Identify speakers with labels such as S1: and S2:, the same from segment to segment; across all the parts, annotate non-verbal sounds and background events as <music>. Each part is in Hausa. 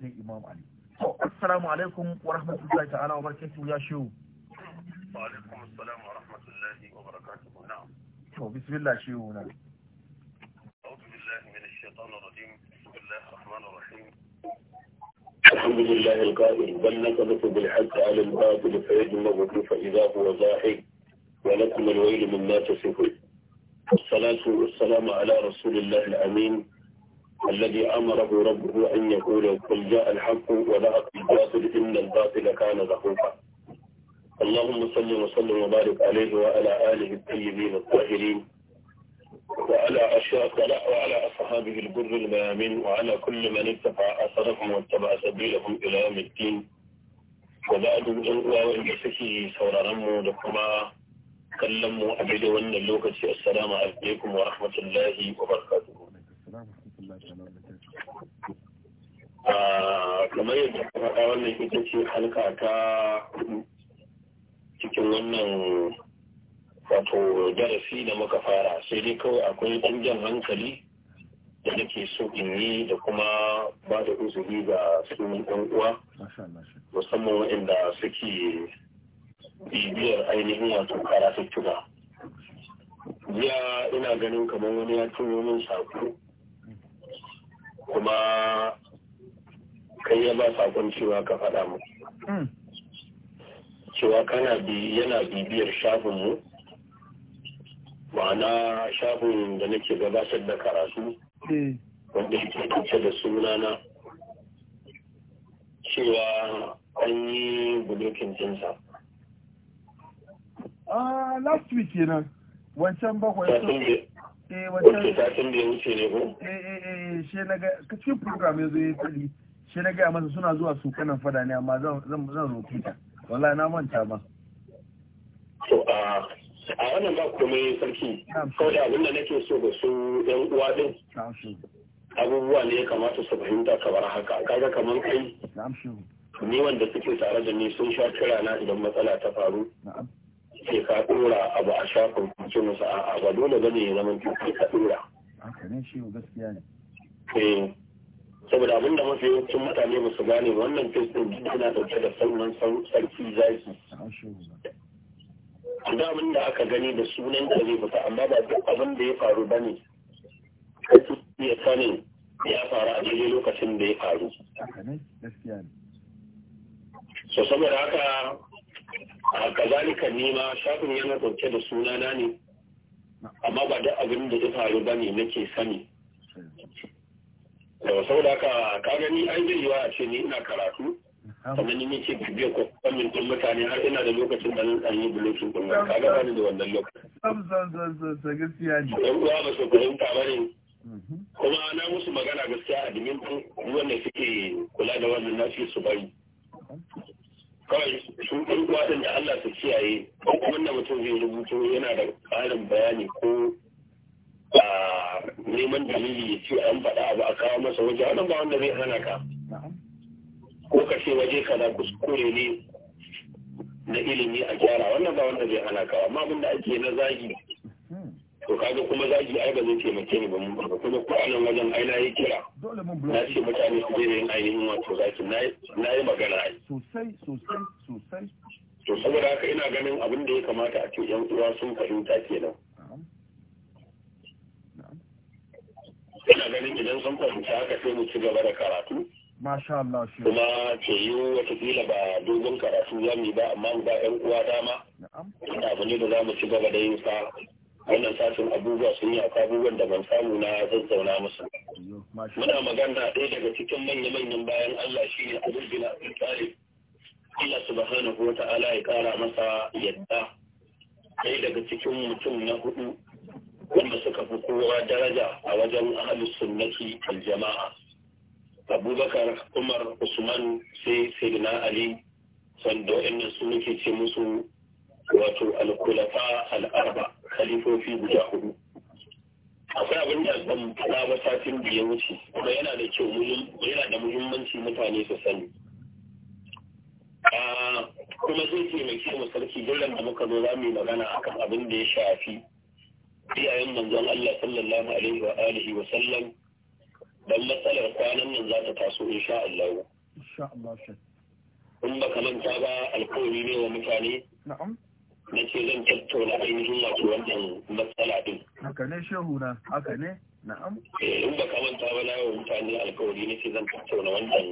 S1: sai imam ali to assalamu alaikum wa rahmatullahi ta'ala wa barakatuhu ya shehu wa alaikum assalam wa rahmatullahi أعوذ بالله من الشيطان الرجيم بسم الله الرحمن الرحيم الحمد لله القائل بل نقذف بالحق على الباطل وكيف فإذا هو ضاحي ولكم الويل مما تصفون الصلاة والسلام على رسول الله الأمين الذي أمره ربه أن يقول قل جاء الحق وذهب الباطل إن الباطل كان زهوقا اللهم صل وسلم وبارك عليه وعلى آله الطيبين الطاهرين وعلى أشياء وعلى أصحابه البر الميامين وعلى كل من اتبع أثرهم واتبع سبيلهم إلى يوم الدين وبعد الأولى والمسكي رمو لكما كلموا أبدا وأن اللوكة السلام عليكم ورحمة الله وبركاته kamar yadda ka faɗa wannan ita ce halka ta cikin wannan wato darasi da muka fara sai dai kawai akwai ɗan hankali da nake so in yi da kuma ba da uzuri ga sunan ɗan uwa musamman waɗanda suke bibiyar ainihin wato karatuttuka jiya ina ganin kamar wani ya turo min saƙo kuma kai ya ba sakon cewa ka faɗa mu hmm. cewa kana yana bibiyar shafin mu ma'ana shafin da nake gabatar da karatu eh. wanda yake kuce da sunana cewa an yi bulokin jinsa ah last week kenan wancan bakwai eh wancan satin da ya wuce ne ko eh eh, eh she na ga cikin program ya zo ya fadi she na ga masa suna zuwa su kanan fada ne amma zan zan zan ta wallahi na manta ma to a a wannan ba komai sarki kawai abin da nake so ga su yan uwa din abubuwa ne ya kamata su fahimta kamar haka kaga kamar kai ni wanda suke tare da ni sun sha kira na idan matsala ta faru ke ka dora abu a shafin kuncin musu a ba dole ba ne ya zama ke ka dora. Eh, saboda abinda mafi yawancin mutane ba su gane wannan fesin jini na dauke da sauran sarki zaki. Duk abin da aka gani da sunan da zai fita amma ba duk abin da ya faru ba ne. Kasu ya sani ya faru a daidai lokacin da ya faru. So saboda haka kazalika ni ma shafin yana ɗauke da sunana ne amma ba da abin da ya faru ba ne nake sani da saboda haka ka ni an zai yiwa a ce ni ina karatu sannan ni nake bibiya ko kwamin kun mutane har ina da lokacin da nan yi bulokin ɗin kaga ba ni da wannan
S2: lokacin. gaskiya ne. uwa
S1: ba su fahimta ba ne. Mhm. Kuma na musu magana gaskiya a dimin ɗin wanda suke kula da wannan na su bari. kawai sun ɗan gwadon da Allah su kiyaye wannan mutum zai rubuto yana da ƙarin bayani ko a neman dalili ya ce an faɗa abu a kawo masa waje wannan ba wanda zai hana ka ko ka ce waje kaza kuskure ne na ilimi a gyara wannan ba wanda zai hana ka amma abin da ake na zagi to kaga kuma zagi ai ba zai taimake ni ba mun ba kuma ko a nan wajen ai nayi kira na ce mutane su je yin ainihin wato zaki na yi magana ai
S2: sosai sosai sosai
S1: to saboda haka ina ganin abin da ya kamata a ce yan uwa sun fahimta kenan ina ganin idan sun fahimta haka sai mu ci gaba da karatu Masha
S2: Allah shi. Kuma
S1: ke yi watakila ba dogon karatu za mu yi ba amma mu ba 'yan uwa dama. Abu ne da za mu ci gaba da yin sa wannan sashen abubuwa sun yi akwai abubuwan da ban samu na zazzauna musu muna magana ɗaya daga cikin manya-manyan bayan Allah shi ne a Bin Abdul Talib Allah subhanahu wa ta'ala ya ƙara masa yadda ɗaya daga cikin mutum na hudu wanda suka fi kowa daraja a wajen ahlus sunnati aljama'a. Abubakar Umar Usman sai Sayyidina Ali sanda wa'annan su nake ce musu wato alkulafa al'arba. khalifofi guda hudu akwai abin da ban faɗa ba satin da ya wuce kuma yana da kyau yana da muhimmanci mutane su sani ah, kuma zai taimake mu sarki dillan da muka zo za mu yi magana akan abin da ya shafi iyayen manzon Allah sallallahu alaihi wa alihi wa sallam dan matsalar kwanan nan za ta taso insha Allah insha Allah in ba ta ba alƙawari ne wa mutane na'am na ce zan tattauna ainihin wato wannan matsala din.
S2: Haka ne shehu na, haka ne, na'am.
S1: Eh, in ba manta ba na yawan mutane alkawari na ce zan tattauna wannan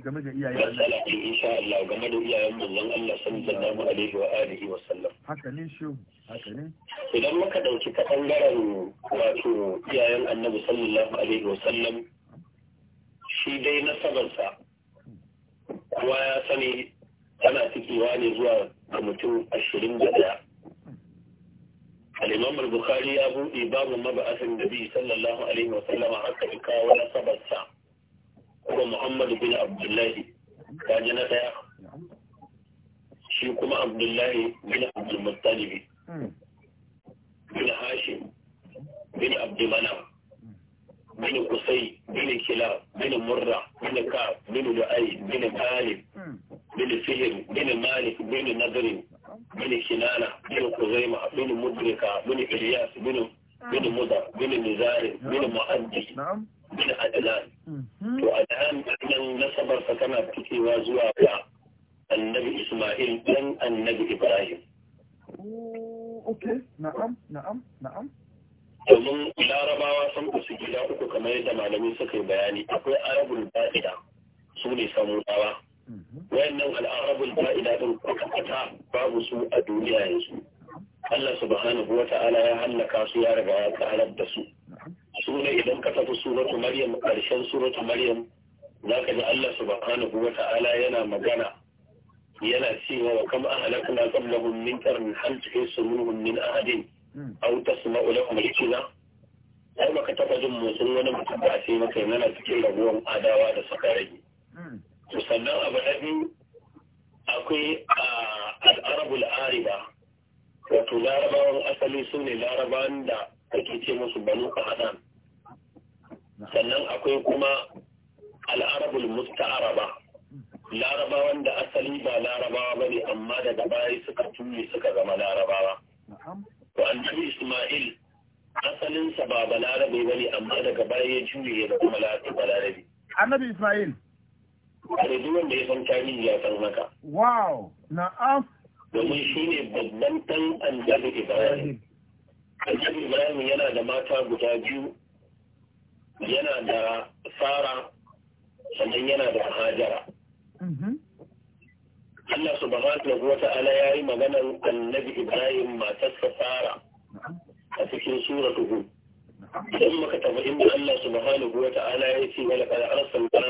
S2: game da iyayen matsala
S1: din insha Allah game da iyayen manzon Allah sallallahu alaihi wa alihi wa sallam.
S2: Haka ne shehu,
S1: haka ne. Idan muka dauki ta bangaren wato iyayen Annabi sallallahu alaihi wa sallam shi dai nasabarsa kowa ya sani Ana fitowa ne zuwa ga mutum ashirin da ɗaya. alimam al-Bukhari ya buɗe babu mabasin da biyu sallallahu alaihi wa sallama a karka wani sabarsa kuma Muhammadu bin Abdullahi ta ji na daya. Shi kuma Abdullahi bin Abdul Muttalibi hmm. bin Hashim bin Abdul Manaw. من قصي من كلاب من مرة من كعب من لؤي من غالب من فهر من مالك من نضر من كنانة من خزيمة من مدركة من إلياس من من مضر من نزار من مؤدي من عدنان وعدنان أن نصبر فكما بكي وزوى النبي إسماعيل بن النبي إبراهيم
S2: أوكي نعم نعم نعم
S1: domin larabawa sun fusu gida uku kamar yadda malamai suka yi bayani akwai arabul ba'ida su ne samudawa wayannan al'arabul ba'ida din kwata babu su a duniya yanzu Allah subhanahu wa ta'ala ya hallaka su ya riga ya karar da su su ne idan ka tafi suratu maryam karshen suratu maryam zaka ji Allah subhanahu wa ta'ala yana magana yana cewa wa kam ahlakna qablahum min qarnin hal tahisu min ahadin Hmm. au tasma'u lahum rikina ai baka taba jin motsin wani mutum ba sai maka yana cikin rabuwar adawa da suka rage hmm. to sannan abu na biyu akwai al'arabul ariba wato larabawan asali su ne larabawan da ake ce musu banu qadan sannan akwai kuma al'arabul musta'araba larabawan da asali ba larabawa ba ne amma daga baya suka tuni suka zama larabawa to annabi Isma'il asalinsa ba balarabe bane amma daga baya ya juye ya kuma balarabe annabi Isma'il kare duk wanda ya san tarihi ya san maka. wow na'am domin shi ne babban dan annabi Ibrahim annabi Ibrahim yana da mata guda biyu yana da Sara sannan yana da Hajara mm-hmm. Allah subhanahu wa ta'ala ya yi maganar annabi Ibrahim matarsa Sara a cikin sura tuhu. Idan muka tafi Allah subhanahu wa ta'ala ya ce wala kada arsalna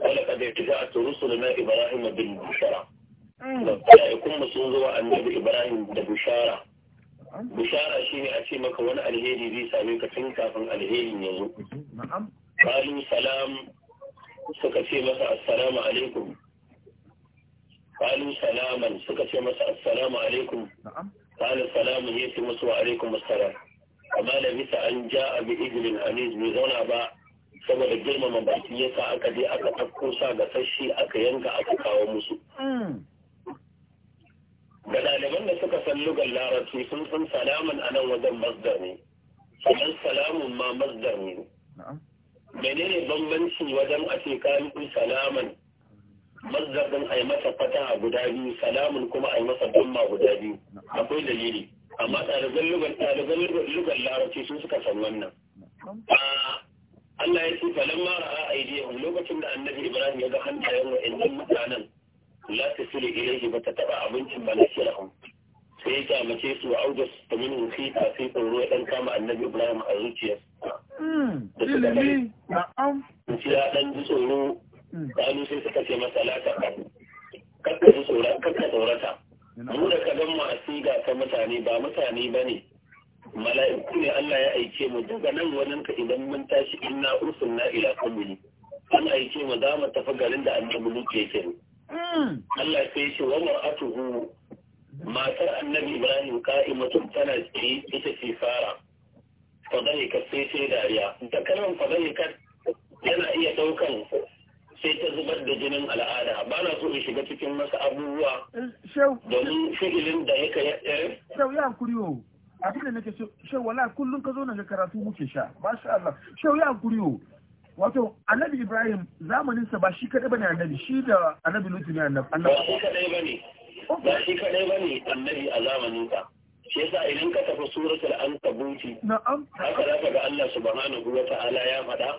S1: wala kada itija'at na Ibrahim bin bushara. Mala'ikun mu sun zuwa annabi Ibrahim da bushara. Bushara ne a ce maka wani alheri zai same ka tun kafin alherin ya zo. Kalu salam suka ce masa assalamu alaikum. قالوا سلاما سكت مساء alaikum. عليكم نعم قال سلام يأتي wa alaikum السلام amma da bisa an ja a bi izinin anis mai zauna ba saboda girmama baki yasa aka je aka tafko sa ga sashi aka yanka aka kawo musu. Hmm. Ga ɗaliban da suka san lugar larabci sun san salaman a nan wajen masdar ne, sannan salamun ma masdar ne. Menene bambanci wajen a ce salaman mazhabin a yi masa fataha guda biyu salamun kuma a yi masa dumma guda biyu akwai dalili amma ɗaliban lugar larabci sun suka san wannan ah, Allah ya ce falan mara a aidiyahum lokacin da annabi Ibrahim ya ga hannayen wa'annan mutanen la da ilayhi ba ta taba abincin ba na hun sai ya mace su wa su min ta sai tsoro ya dan kama annabi Ibrahim a zuciya
S2: hmm,
S1: da dan tsoro Hmm. sai suka ce masa lakaka kakka su tsora kakka tsorata mu da ka gan masu ta mutane ba mutane ba ne mala'iku ne Allah ya aike mu daga nan wajen ka idan mun tashi inna na ila qaumini an aike mu za mu tafi garin da annabi Luke yake hmm. Allah sai shi wa ma'atuhu matar annabi Ibrahim qa'imatu tana ci ita ce fara fadai sai sai dariya da kalmar fadai yana iya daukan sai ta zubar da jinin al'ada ba na so in shiga cikin masa abubuwa eh, domin fi'ilin da ya kai eh? shau ya kuriyo abin da nake shau wala kullum ka zo na karatu muke sha ba sha Allah shau ya kuriyo wato annabi ibrahim sa ba shi kaɗai bane annabi shi da annabi lutu ne annabi ba shi kaɗai bane ba shi kaɗai bane annabi a zamanin ka, shi yasa idan ka tafi suratul ankabuti na'am haka ka ga Allah subhanahu wa ta'ala ya faɗa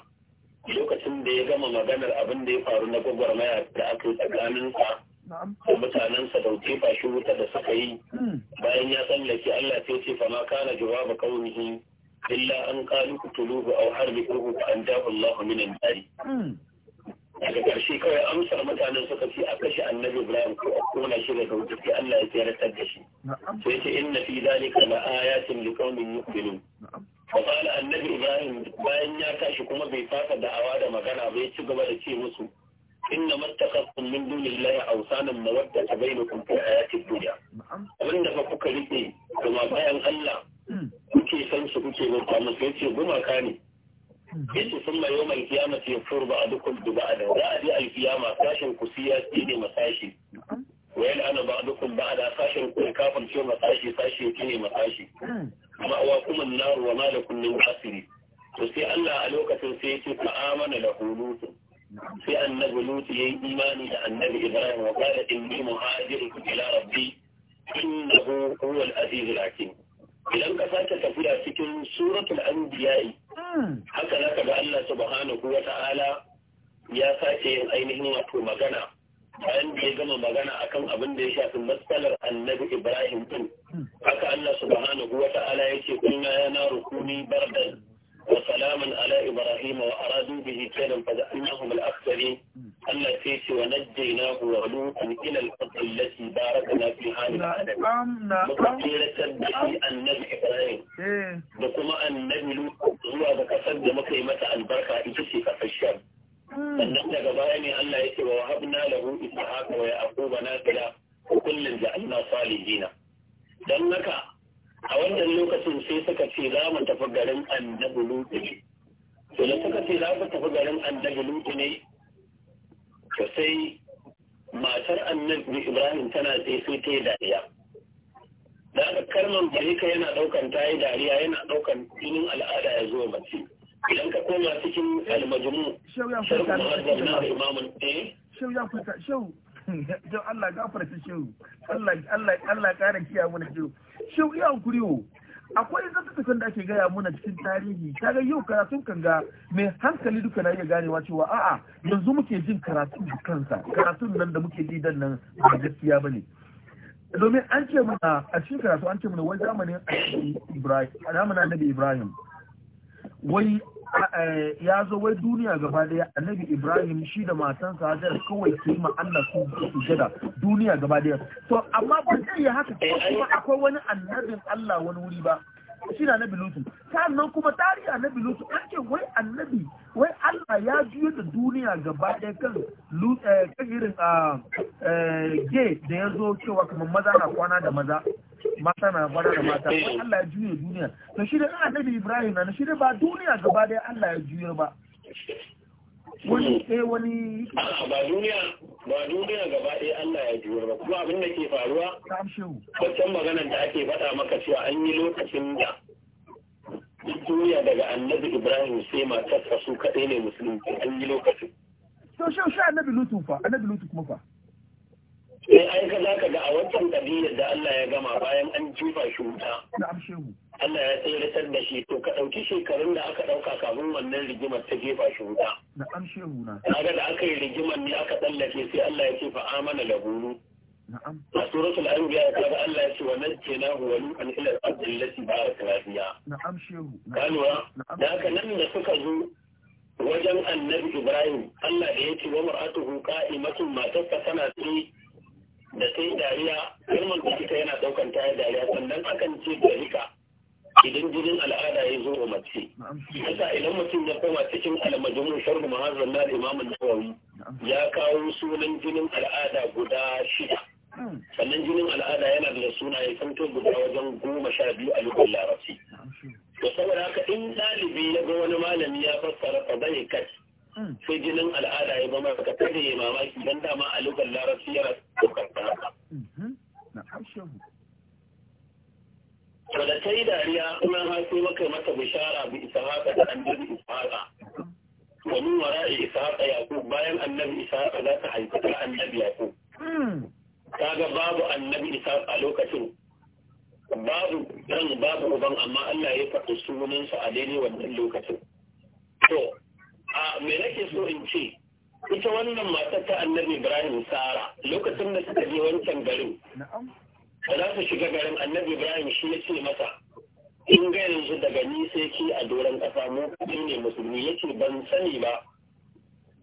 S1: lokacin da ya gama maganar abin da ya faru na gwagwarmaya da aka yi tsakaninsa da mutanensa da tefa shi wuta da suka yi hmm. bayan ya tsallake Allah sai ce fama kana jawaba kaunihi illa an qalu qutuluhu aw harbiquhu fa anjahu Allah min an-nar hmm. daga ƙarshe kawai amsar mutanen suka ce a kashe annabi Ibrahim ko a kona shi daga wuta sai Allah ya tsayar da shi sai ce inna fi a la ayatin liqaumin yu'minun faƙala annabi ibrahim bayan ya tashi kuma bai fasa da'awa da magana ba ya ci gaba da ce musu inna mattakastum min dunillahi awsanan mawadda bainakum fil hayatid dunya abinda fa kuka rike kuma bayan Allah hmm. kuke san su kuke bauta musu yace gumaka ne hmm. yace sun ma yawmal qiyamati yakfur ba'dukum bi ba'd za a ji alkiyama sashin ku siya ne masashi wa yal'anu ba'dukum ba'da sashin ku kafin ce masashi sashi ne masashi hmm. ma'awakum an-nar wa malakum min asiri to sai Allah a lokacin sai yake fa amana da hulutu sai annabi lutu yayi imani da annabi ibrahim wa qala inni muhajirun ila rabbi innahu huwa al-aziz al-hakim idan ka sake tafiya cikin suratul anbiya hmm. haka zaka ga Allah subhanahu wa ta'ala ya sake yin ainihin wato magana bayan da ya gama magana akan abin da ya shafi matsalar annabi Ibrahim din haka Allah subhanahu wa ta'ala yake kunna ya na rukuni bardan wa salaman ala Ibrahim wa aradu bihi kaidan fa ja'alnahum al-aktharin Allah ta ce wa najjaynahu wa lutan ila al-ardi allati barakna fiha min adam muka da shi annabi Ibrahim eh. da kuma annabi Lut zuwa ga kasar da muka yi mata albarka ita ce kasar Sham
S2: Hmm. sannan
S1: daga baya ne Allah yake wa habna lahu ishaqa wa yaquba nafila kullun ja'alna salihina dan naka, a wannan lokacin sai suka ce za mu tafi garin annabi lutu ne to da suka ce za mu tafi garin annabi lutu ne to sai matar annabi ibrahim tana tsaye sai ta yi dariya da aka kalmar gare ka yana daukan ta yi dariya yana daukan jinin al'ada ya zo mace idan ka koma cikin almajmu sharhu muhazzab na imamun eh shehu ya fita shehu <laughs> don Allah gafarta shehu Allah Allah Allah kare kiya mana shehu shehu ya hankuri wo akwai zantukan da ake gaya mana cikin tarihi Ta ga yau karatun kan ga mai hankali duka na iya ganewa cewa a'a yanzu muke jin karatun kansa karatun nan da muke ji dan nan ba gaskiya ba ne. domin an ce mana a cikin karatu an ce mana wani zamanin Ibrahim zamanin Annabi Ibrahim wai eh, ya zo wai duniya gaba daya annabi ibrahim shi da matansa hajar kawai ke yi ma'alla su sujada duniya gaba daya to amma ba zai yi haka kuma akwai wani annabin allah wani wuri ba shi na annabi lutu sannan kuma tarihi annabi lutu an ce wai annabi wai Allah ya juyo da duniya gaba ɗaya kan eh, kan irin ah, eh, gay da ya zo cewa kamar maza na kwana da maza mata na kwana da mata wai Allah ya juyo duniya to shi da annabi Ibrahim na shi da ba duniya gaba ɗaya Allah ya juyo ba wani sai wani ba duniya ba duniya gaba ɗaya Allah ya juyar ba kuma abin da ke faruwa wancan maganar da ake faɗa maka cewa an yi lokacin da duniya daga annabi Ibrahim sai matarsa su kaɗai ne musulunci an yi lokacin to shi sai annabi Lutu fa annabi Lutu kuma fa sai an ka zaka ga a wancan ƙabilar da Allah ya gama bayan an jifa shi wuta na'am shehu Allah ya tsiratar da shi to ka ɗauki shekarun da aka ɗauka kafin wannan rigimar ta jefa shi wuta. Na amshe Kaga da aka yi rigimar ne aka tsallake sai Allah ya ce fa amana da buru. Na'am. A suratul anbiya kaga Allah ya ce wa najjina huwa lutan ila al-ardh allati barakna fiha.
S2: Na'am shehu.
S1: Da nan da suka zo wajen annabi Ibrahim Allah da ya ce wa mar'atuhu qa'imatun matarsa tana tsaye da sai dariya kalmar da kika yana daukan ta dariya sannan akan ce da rika idan jinin al'ada ya zo wa mace yasa idan mutum ya koma cikin almajumu sharhu muhazzam na imam nawawi ya kawo sunan jinin al'ada guda shida sannan jinin al'ada yana da suna ya kai guda wajen goma sha biyu a lugar larabci to saboda haka in ɗalibi ya ga wani malami ya fassara fa zai kai sai jinin al'ada ya zama ka kada ya mamaki dan dama a lugar larabci yana ɗaukar haka
S2: mm-hmm.
S1: to da ta yi dariya kuma har sai maka mata bishara bi isa haka da annabi ishaqa wa min wara'i ishaqa yaqub bayan annabi haka za ta haifi da annabi Ta hmm. kaga babu annabi isa a lokacin babu dan babu uban amma Allah ya faɗi sunansa a daidai wannan lokacin to a me nake so in ce ita wannan matar ta annabi Ibrahim Sara lokacin da suka je wancan garin ba za su shiga garin annabi ibrahim shi ya ce masa in ga yanzu daga ni sai ke a doron ƙasa mu kudi ne musulmi ya ce ban sani ba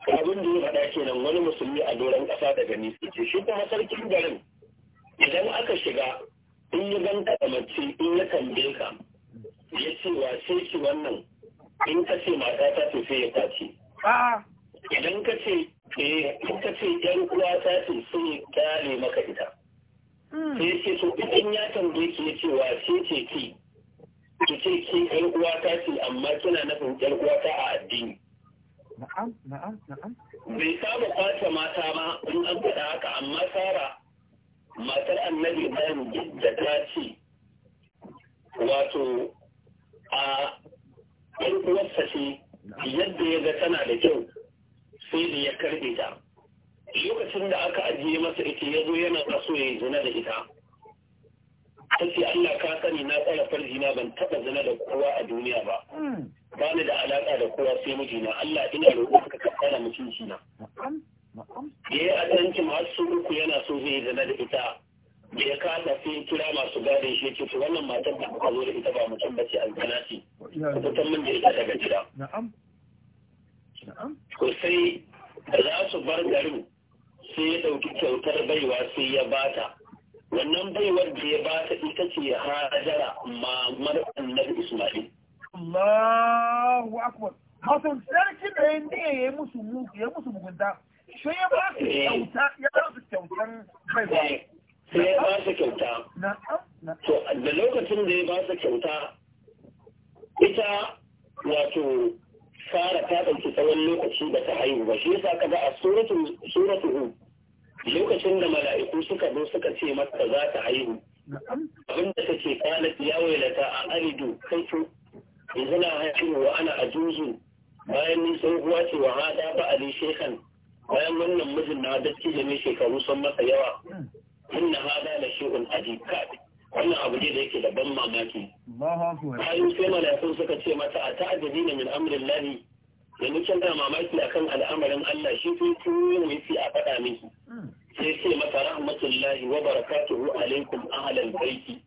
S1: abin da ya faɗa kenan wani musulmi a doron ƙasa daga ni ce shi kuma sarkin garin idan aka shiga in ya ganta da mace in ya tambaye ka ya ce wa sai ki wannan in ka ce mata ta to sai ya tace idan ka ce eh in ka ce yan uwa ta to sai ya maka ita Mm. sai ce to idan ya tambaye ki wa ce ki ki ce ki uwa uwata
S2: ce amma kina nufin uwa ta a addini na'am na'am na'am bai
S1: saba kwace mata ma in an faɗa haka amma sara matar annabi bayan da ta ce wato a yan uwarsa ce yadda ya ga tana da kyau sai da ya karɓe ta lokacin da aka ajiye masa ita ya zo yana kaso ya yi zina da ita ta ce Allah ka sani na tsara na ban taɓa zina da kowa a duniya ba hmm. ba ni da alaƙa da kowa sai mijina Allah ina roƙo ka ka tsara na. ya yi a masu uku yana so zai zina da ita da ya kasa sai kira masu gadin shi ce to wannan matan da aka zo da ita ba mutum ba ce alkana ce mutum min da ita daga gida ko sai da za su bar garin sai ya ɗauki kyautar baiwa sai ya bata wannan baiwar da ya bata ita ce hajara mamar annabi isma'il Allahu akbar Hasan sarki da ya ne ya musu muku ya musu mugunta sai ya ba su eh. kyauta ya ba su kyautan baiwa eh, sai ya ba su kyauta to da lokacin da ya ba su kyauta ita wato fara ta ɗauki tsawon lokaci da ta haihu ba shi yasa kaga a suratul suratul lokacin da mala'iku suka zo suka ce mata za ta haihu abinda ta ce kalat ya wailata a alidu kaifu yanzu na wa ana ajuzu bayan ni tsohuwa ce wa hada ba ali shekan bayan wannan mijin na da ni shekaru sun masa yawa inna hada la shi'un ajib wannan abu ne da yake da ban mamaki bayan sai mala'ikun suka ce mata a ta'ajabi min amrillahi yanzu can da mamaki akan al'amarin Allah shi kun tuyo mu a faɗa miki hmm. sai ce masa rahmatullahi wa barakatuhu alaikum ahlal baiti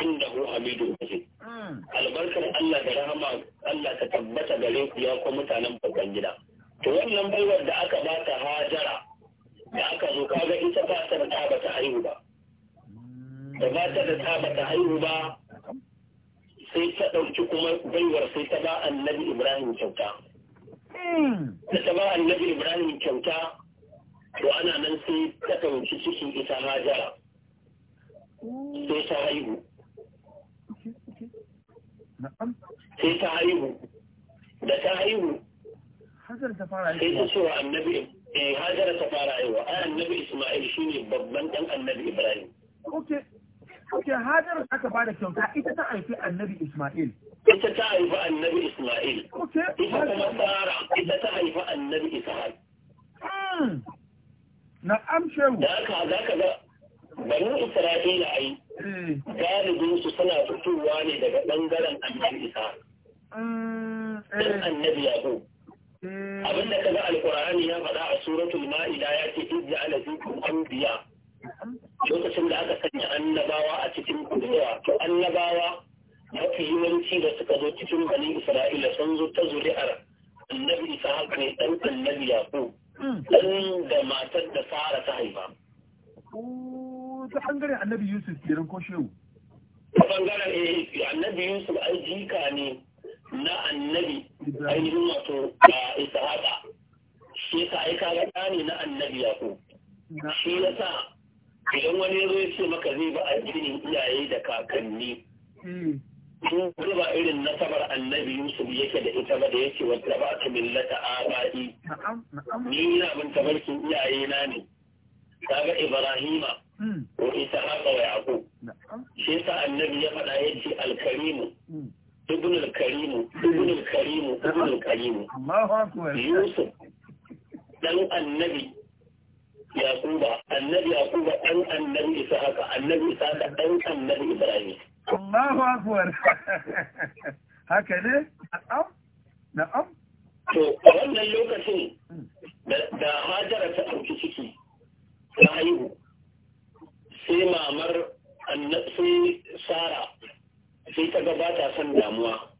S1: innahu hamidu majid hmm. albarkar Allah da rahama Allah ta tabbata gare ku ya kuma mutanen babban gida to wannan baiwar da aka ba ta hajara da aka zo kaga ita ba ta da ba ta haihu ba da ba ta da ta ba ta haihu ba sai ta ɗauki kuma baiwar sai ta ba annabi Ibrahim kyauta ta ba annabi ibrahim kyauta to ana nan sai ta kawance ciki ita hajara sai ta haihu sai ta haihu da ta haihu
S2: sai ta ce wa annabi
S1: eh hajara ta fara haihuwa ai annabi isma'il shi ne babban ɗan annabi ibrahim Ok, ok, hajara ba bada kyauta ita ta haifi annabi isma'il ita ta haifi annabi Ismail. Ita kuma Sara ita ta haifi annabi Ishaq. Hmm. Na amshewu. Da aka za ka ga banu Isra'ila ai eh. galibin su suna fitowa ne daga ɓangaren annabi Ishaq.
S2: Hmm, Dan eh.
S1: annabi Yaƙub. Eh. Abin da ka ga Alƙur'ani ya faɗa a suratul Ma'ida ya ce idda ala zikun Lokacin da aka sanya annabawa a cikin kudewa to annabawa mafi yawanci da suka zo cikin bani isra'ila sun zo ta zuri'ar annabi isa haka ne dan annabi yaƙo dan hmm. da matar da fara ta haifa ta ɓangaren annabi yusuf kenan ko shehu ta ɓangaren eh, annabi yusuf ai jika ne na annabi ainihin wato a isa haka shi ka aika ga ɗani na annabi yaƙo shi ya sa idan wani ya zo ya ce maka zai ba a jini iyaye da kakanni eh. in ba irin nasabar annabi Yusuf yake da ita ba da yake wata ba ta millata aba'i ni na bin tabarkin iyaye na ne kaga Ibrahima wa hmm. Ishaqa wa Yaqub shi sa annabi ya faɗa yace al-Karimu ibn al-Karimu hmm. ibn al-Karimu ibn karimu Yusuf dan annabi Yakuba, annabi Yakuba dan annabi Ishaqa annabi Ishaqa dan annabi Ibrahim Allahu akbar <laughs> haka ne na'am na'am to a wannan lokacin da hajara ta ɗauki ciki ta haihu sai mamar sai sara sai ta gabata son damuwa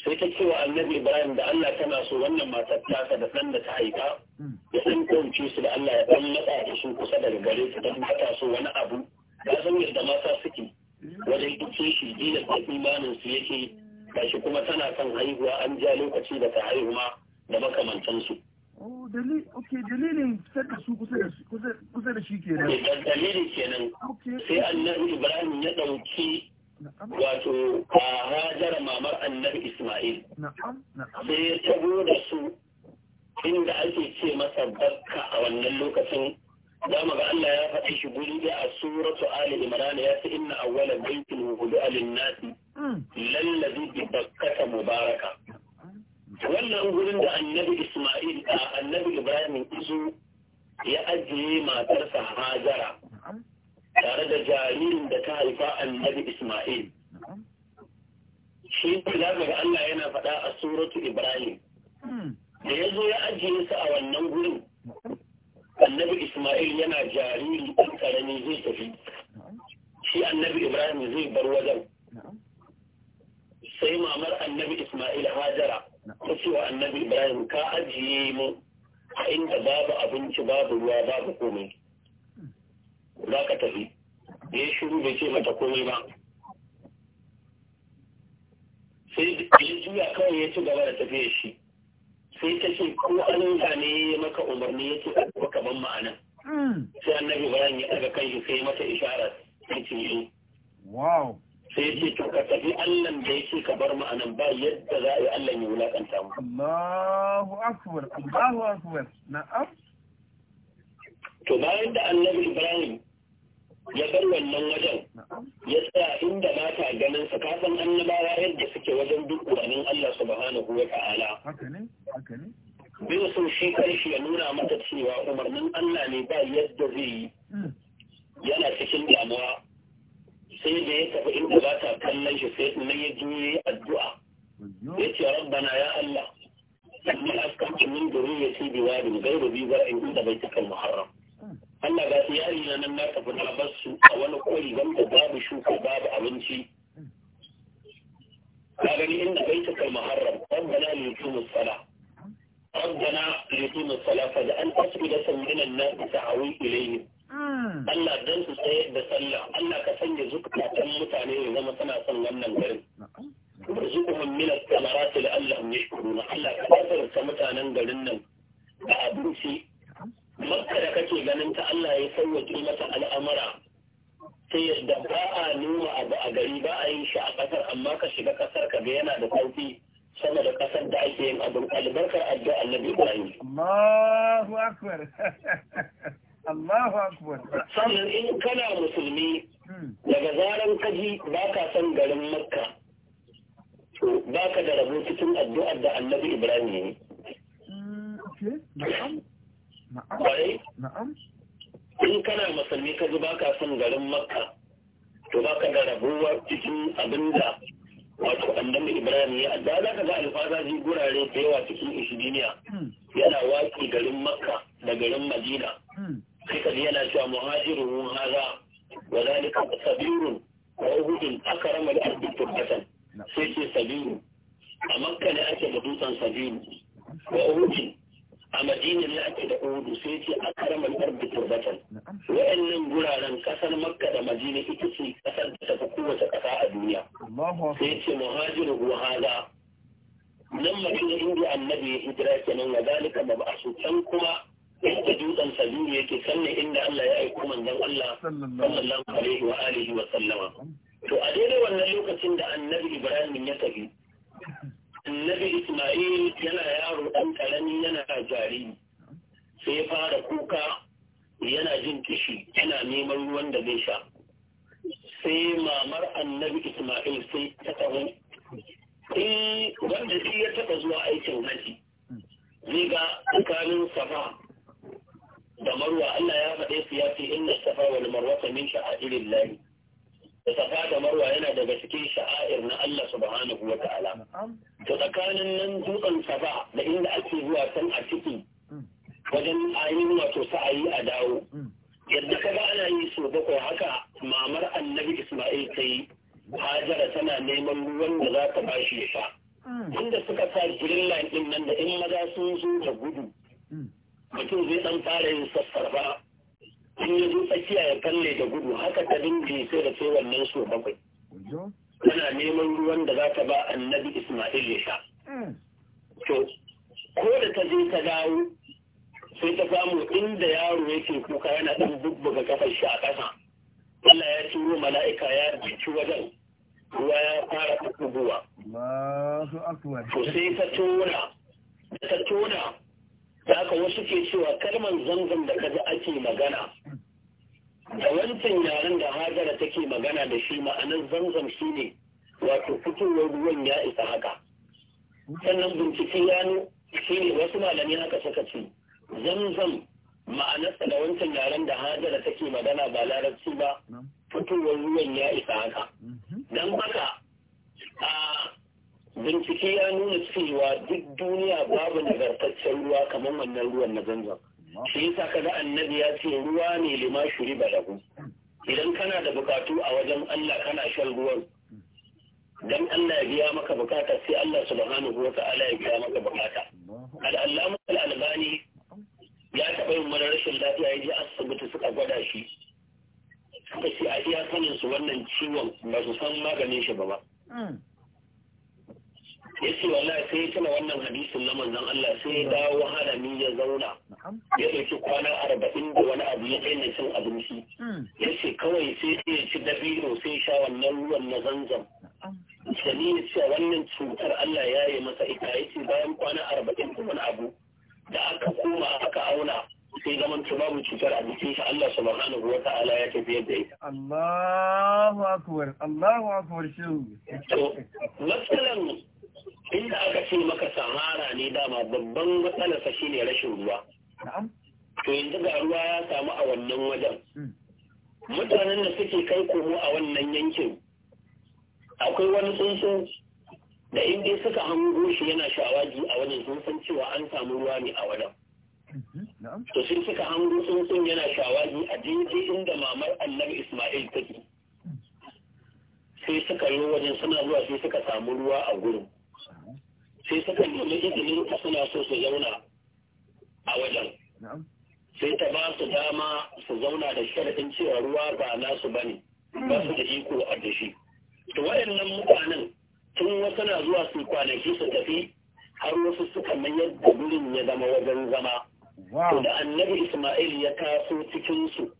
S1: sai ta cewa annabi ibrahim da allah tana so wannan matar tasa da ɗan da ta haifa ya ɗan ɗauke su da allah ya ɗan matsa da su kusa daga gare su don ba ta so wani abu ba san yadda mata suke wajen kuce shi ji da imanin su yake kashi kuma tana son haihuwa an ja lokaci da ta haihu da makamantansu. Oh, Oke dalilin su kusa da shi ke nan. Dalilin kenan. Eh, Sai annabi Ibrahim ya ɗauki wato a hajar mamar annabi Ismail. Sai ya tago da su inda ake ce masa bakka a wannan lokacin za mu ga Allah ya faɗi shi guri da a suratu Ali Imran ya ce inna awwala baytin wudu'a lin-nasi hmm. lallazi bi bakkata mubaraka wannan gurin da annabi Isma'il a annabi Ibrahim izo ya ajiye matarsa Hajara tare da jaririn da ta haifa annabi Isma'il shi ne za mu ga Allah yana faɗa a suratu Ibrahim hmm. da ya zo ya ajiye su a wannan gurin annabi ismail yana jariri ɗan ƙarami zai tafi shi annabi ibrahim zai bar wajen sai mamar annabi ismail hajara ta ce wa annabi ibrahim ka ajiye mu a inda babu abinci babu ruwa babu komai za ka tafi ya shiru bai ce mata komai ba sai ya juya kawai ya ci gaba da tafiya shi sai ta ce ko Allah ne ya maka umarni ya ce ka kaman ma'ana hmm. sai annabi bayan ya daga kai sai mata ishara sai ce yi wow sai ya ce to ka tafi Allah da ya ce ka bar ma'anan ba yadda za a yi Allah ya wulakanta mu Allahu akbar Allahu akbar na'am to bayan da annabi Ibrahim ya bar wannan wajen ya tsaya inda ba ta ganin sa kasan annabawa yadda suke wajen duk wani Allah subhanahu wa ta'ala bin sun shi karshe ya nuna mata cewa umarnin Allah ne ba yadda zai yi hmm. yana cikin damuwa sai da ya tafi inda ba ta kallon shi sai na ya juye addu'a ya ce rabbana ya Allah sannan askan min duriyati biwadin gairu bi zar'in inda baitikal muharram Allah ga iyali na nan na tafi na su a wani kori wanda babu shuka babu abinci ka gani inda bai ta kalma haram rabbana liyuqimu as-salah rabbana liyuqimu as-salah fa da an tasbida samminan nas ta'awi ilayhi hmm. Allah dan su tsayar da sallah Allah ka sanya zukatan mutane ya zama suna son wannan garin warzuqhum min ath-thamarati la'allahum yashkurun Allah ka azurta mutanen garin nan a abinci makka da kake ganin ta Allah ya sauwaƙe mata al'amura sai yadda ba a nuna abu a gari ba a yin shi a ƙasar amma ka shiga ƙasar ka ga yana da ƙarfi sama da ƙasar da ake yin abin albarkar addu'a annabi Ibrahim. Allahu akbar. <laughs> Allahu akbar. Sannan in kana musulmi hmm. daga zaran kaji ba ka san garin Makka. Ba ka da rabo cikin addu'ar da annabi Ibrahim ya yi. Hmm, na'am in kana musulmi ka ji baka son garin makka to baka da rabuwa cikin abinda wato annabi ibrahim ya da za ka ga alfazaji gurare da yawa cikin ishidiniya hmm. yana waki garin makka da garin madina hmm. sai ka yana cewa muhajiru haza wa zalika Sabiru wa uhudun akrama al-ardi turbatan sai ce sabiru a makka ne ake da dutsen sabiru wa uhudun a madina ne ake da uhudu sai ce a karamar arbi batal. wa'annan guraren kasar makka da madina ita ce kasar da tafi kowace kasa a duniya sai ce muhajiru wahala. nan madina inda annabi ya hijira kenan wa zalika mab'asu can kuma inda dutsen sabiri yake sannan inda Allah ya aiko manzon Allah sallallahu alaihi wa alihi wa sallama to a daidai wannan lokacin da annabi Ibrahim ya tafi annabi isma'il yana yaro ɗan ƙarami yana jariri sai ya fara kuka yana jin kishi yana neman ruwan da zai sha sai mamar annabi isma'il sai ta taho in eh, wanda shi ya taɓa zuwa aikin haji zai ga tsakanin safa da marwa Allah ya faɗe su ya ce inna safa wal marwa min sha'airillah da safa da marwa yana daga cikin sha'air na Allah subhanahu wa ta'ala to tsakanin nan dutsen safa da inda ake zuwa san a ciki mm. wajen ainihin wato sa'ayi a dawo mm. yadda ka ga ana yi so bakwai haka mamar annabi isma'il ta yi hajara tana neman ruwan da za ta ba shi ya sha mm. inda suka sa green line din nan da in maza sun zo da gudu mutum zai dan fara yin sassarfa in ya zuwa tsakiya ya kalle da gudu haka ta dinga sai da sai wannan so bakwai tana neman ruwan da za ta ba annabi isma'il ya sha eh. to ko da ta je ta dawo sai ta samu inda yaro yake kuka yana ɗan bubbuga kafar shi a ƙasa Allah ya turo mala'ika ya bici wajen ruwa ya fara kubuwa to sai ta tona ta tona da haka wasu ke cewa kalmar zangon da kaji ake magana da wancan yaren da hajara take magana da shi ma'anar zanzam shi ne wato fitowar ruwan ya isa haka sannan bincike ya shi ne wasu malami haka suka ce zanzam ma'anarsa da wancan yaren da hajara take magana ba larabci ba fitowar ruwan ya isa haka
S2: don haka
S1: a bincike ya nuna cewa duk duniya babu nagartaccen ruwa kamar wannan ruwan na zanzan shi yasa kaga annabi ya ce ruwa ne lima shuri lahu idan kana da bukatu a wajen Allah kana shan ruwan dan Allah ya biya maka bukata sai Allah subhanahu wa ta'ala ya biya maka bukata al-allama al-albani ya taɓa yin wani rashin lafiya ya je asibiti suka gwada shi suka ce a iya sanin su wannan ciwon ba su san maganin shi ba ba hmm. yace ce wallahi sai ya tuna wannan hadisin na manzon Allah sai ya dawo ni ya zauna ya dauki kwana arba'in da wani abu ya daina cin abinci hmm. yace kawai sai ya ci dabino sai sha wannan ruwan na zanzam sani ya ce wannan cutar Allah ya yi masa ita ya ce bayan kwana arba'in da wani abu da aka koma aka auna sai zaman babu cutar abinci jikin shi Allah subhanahu wa ta'ala ya tafi da ita. Allahu akbar Allahu akbar shehu. To matsalan inda aka ce maka samara ne dama babban matsalarsa shine rashin ruwa to yanzu ga ruwa ya samu a wannan wajen hmm. mutanen da suke kai komo a wannan yankin akwai wani tsuntsu da in dai suka hango shi yana shawagi a wajen sun san cewa an samu ruwa ne a wajen
S2: hmm.
S1: to sun suka hango tsuntsun yana shawagi a daidai inda mamar annabi ismail take hmm. sai suka yi wajen suna zuwa sai suka samu ruwa a gurin sai ta kan izinin ta suna so su zauna a wajen sai ta ba su dama su zauna da sharaɗin cewa ruwa ba nasu ba ne ba su da iko a dashi to waɗannan mutanen tun wasu na zuwa su kwanaki su tafi har wasu suka mayar da gurin ya zama wajen zama to da annabi isma'il ya taso cikinsu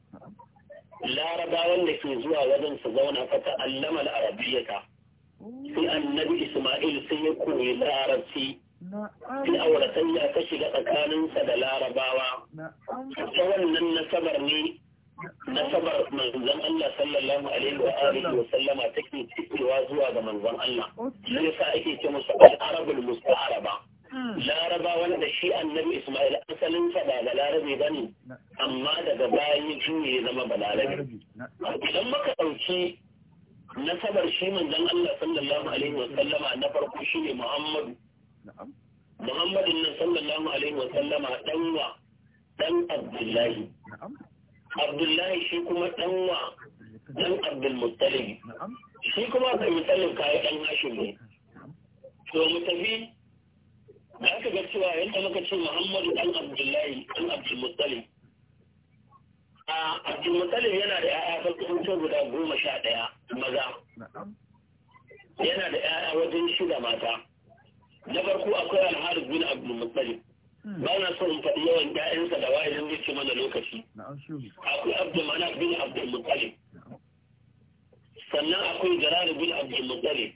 S1: larabawan da ke zuwa wajen su zauna fata allama al'arabiyyata sai annabi Ismail sai ya koyi larabci
S2: sai auratan
S1: sanya ta shiga tsakaninsa da larabawa ta wannan nasabar ne nasabar manzon Allah sallallahu alaihi wa alihi wa sallama take cewa zuwa ga manzon Allah shi yasa ake ce musu al-arabul musta'araba laraba wanda shi annabi Ismail asalin sa ba da larabe bane amma daga baya ya juye ya zama balarabe idan muka dauki nasabar shi manzon Allah sallallahu alaihi wa sallama na farko shi ne Muhammadu Muhammadin nan sallallahu alaihi wa sallama danwa dan Abdullahi Abdullahi shi kuma danwa dan Abdul Muttalib shi kuma Abdul Muttalib kai dan Hashim ne to mu tafi da aka ga cewa yanda muka ce Muhammadu dan Abdullahi dan Abdul Muttalib A Abdulmutsalin yana da ‘ya'ya farko guda goma sha ɗaya maza. Yana da ‘ya'ya wajen shida mata. Na farko akwai alharis bin Abdulmutsalin. Hmm. Ba na son in faɗi yawan ‘ya'yansa da wa'izin zai ce mana lokaci. Akwai Abdulmana bin Abdulmutsalin. Sannan akwai Jarar bin Abdulmutsalin.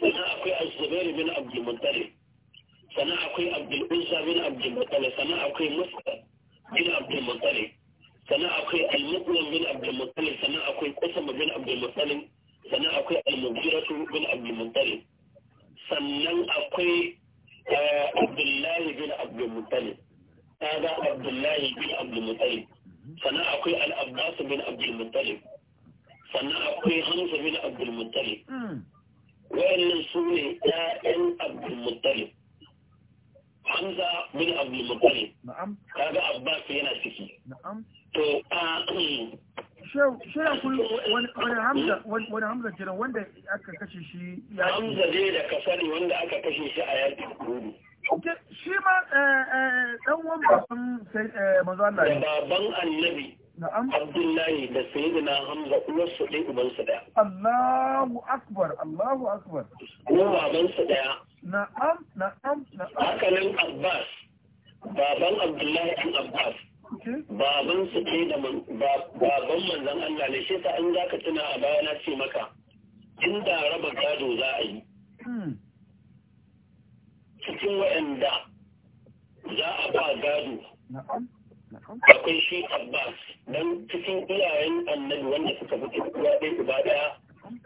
S1: Sannan akwai Azubair bin Abdulmutsalin. Sannan akwai Abdulunsa bin Abdulmutsalin. Sannan akwai Musa bin Abdulmutsalin. sannan akwai al-muqlim bin abdul muttalib sannan akwai qasam bin abdul muttalib sannan akwai al-mughiratu bin abdul muttalib sannan akwai eh, abdullahi bin abdul muttalib kaga abdullahi bin abdul muttalib sannan akwai al-abbas bin abdul muttalib sannan akwai hamza bin abdul muttalib hmm. wayannan su ne ƴaƴan abdul muttalib hamza bin abdul muttalib na'am kaga abbas yana ciki na'am to shirin kun wani hamza hmm? wani hamza jira wanda aka kashe shi
S2: ya hamza dai
S1: da ka wanda aka kashe shi a yaƙi kudu shi ma eh, eh, wani baban eh, manzo Allah ne annabi na'am abdullahi da sayyidina hamza uwarsu ɗaya ubansu daya.
S2: Allahu akbar Allahu akbar
S1: ko babansu ɗaya
S2: Na'am, na'am,
S1: na'am. Hakanan Abbas, baban Abdullahi ɗan Abbas, baban su ce da baban manzan Allah ne shi sa an za ka tuna a baya na ce maka, inda raba gado za a yi. Hmm. Cikin waɗanda za a ba gado. Akwai shi Abbas, don cikin iyayen annabi wanda suka fi kuwa ɗaya uba ɗaya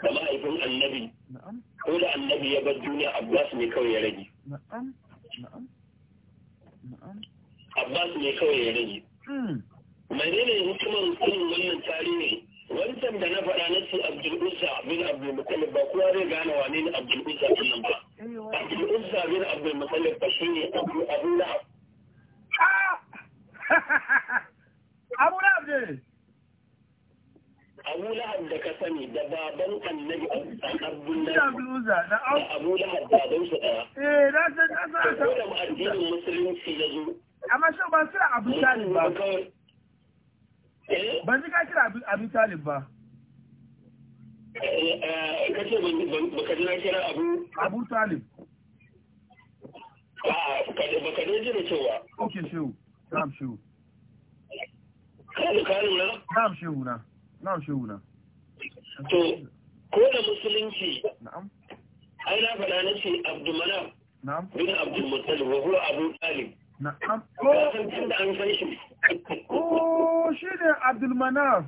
S1: da ma'aikin annabi ko da annabi ya bar duniya abbas ne kawai ya rage abbas ne kawai ya rage hmm. hukumar sanin wannan tarihi wancan da na faɗa na su abdul bin abdul ba kowa zai gane wane ne abdul uzza din nan ba eh, abdul bin abdul ba shine abu abu <laughs> abu ne abu lahab da ka sani da baban annabi abdullahi da abu lahab baban su daya eh na san na san ko da addinin musulunci ya zo amma shan ba su abu talib ba eh? ban ji ka kira abu talib ba eh, eh, ka ce ba ka na kira abu abu talib ah, ba ka ji da cewa ok shehu na'am shehu
S2: kana da karin na
S1: na'am shehu na na'am shehu na to ko da musulunci na'am ai na faɗa na ce abdulmanaf na'am bin abdulmuttalib wa huwa abu talib na'am ko san da an san shi ko oh, shi ne abdulmanaf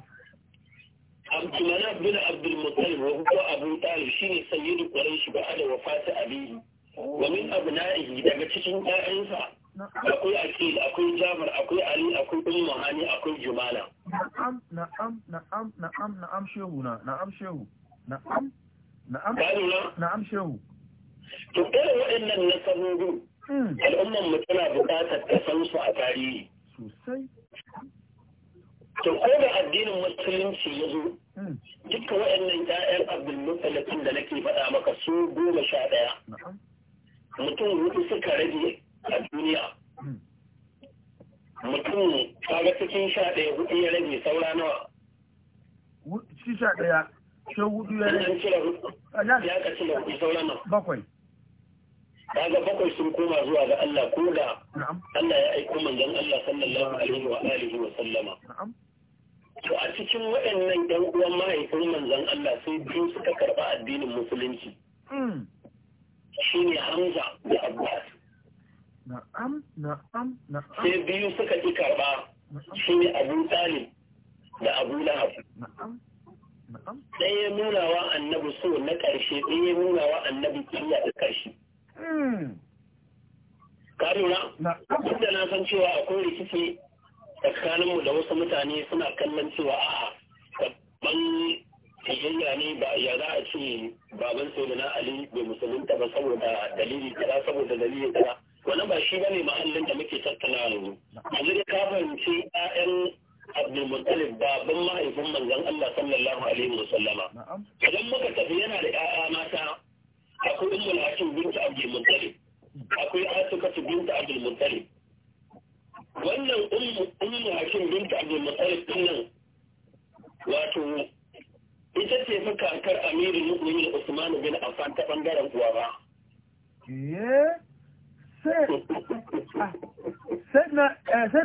S1: abdulmanaf bin abdulmuttalib wa huwa abu talib shine sayyidu quraish ba wafati abi oh. wa min abna'ihi daga cikin ƴaƴansa akwai akil akwai jafar akwai ali akwai ummu hani akwai jumala na'am na'am na'am na'am na'am shehu na na'am shehu na'am na'am na'am shehu to irin waɗannan nasarorin hmm. al'umman mu tana buƙatar ta san su a tarihi sosai to ko da addinin musulunci ya zo hmm. duka waɗannan ƴaƴan abdulmutallafin da nake faɗa maka su goma sha ɗaya mutum hudu suka rage a duniya mutum kaga cikin sha ɗaya hudu ya rage saura nawa cikin sha ɗaya sha hudu ya rage ya ka cire hudu saura nawa bakwai kaga bakwai sun koma zuwa ga Allah ko da Allah ya aiko manzon Allah sallallahu alaihi wa alihi wa sallama to a cikin waɗannan ɗan uwan mahaifin manzon Allah sai biyu suka karɓa addinin musulunci hmm. shine Hamza da Abbas
S2: Na'am, na'am, na'am.
S1: Sai biyu suka ƙi karɓa shi ne Abu Talib da Abu Lahab. Na'am. Ɗaya ya nuna wa annabi so na ƙarshe, ɗaya ya nuna wa annabi kiyya da ƙarshe.
S2: Hmm.
S1: karuna abin da na san cewa akwai rikici tsakaninmu da wasu mutane suna kallon cewa a'a babban tijiyya ne ba ya za a ce baban sai na Ali bai musulunta ba saboda dalili kaza saboda dalili kaza. wani ba shi bane mahallin da muke tattala yanzu yanzu da ka fahimci ƴaƴan abdulmuttalib baban mahaifin manzon Allah sallallahu alaihi wa sallama idan muka tafi yana da ƴaƴa mata akwai ummul hakim binta abdulmuttalib akwai atikatu binta abdulmuttalib wannan ummul hakim binta abdulmuttalib din nan wato ita ce fa kakar amirul mu'minin Usman bin Affan ta bangaren kuwa ba eh? سيدنا عثمان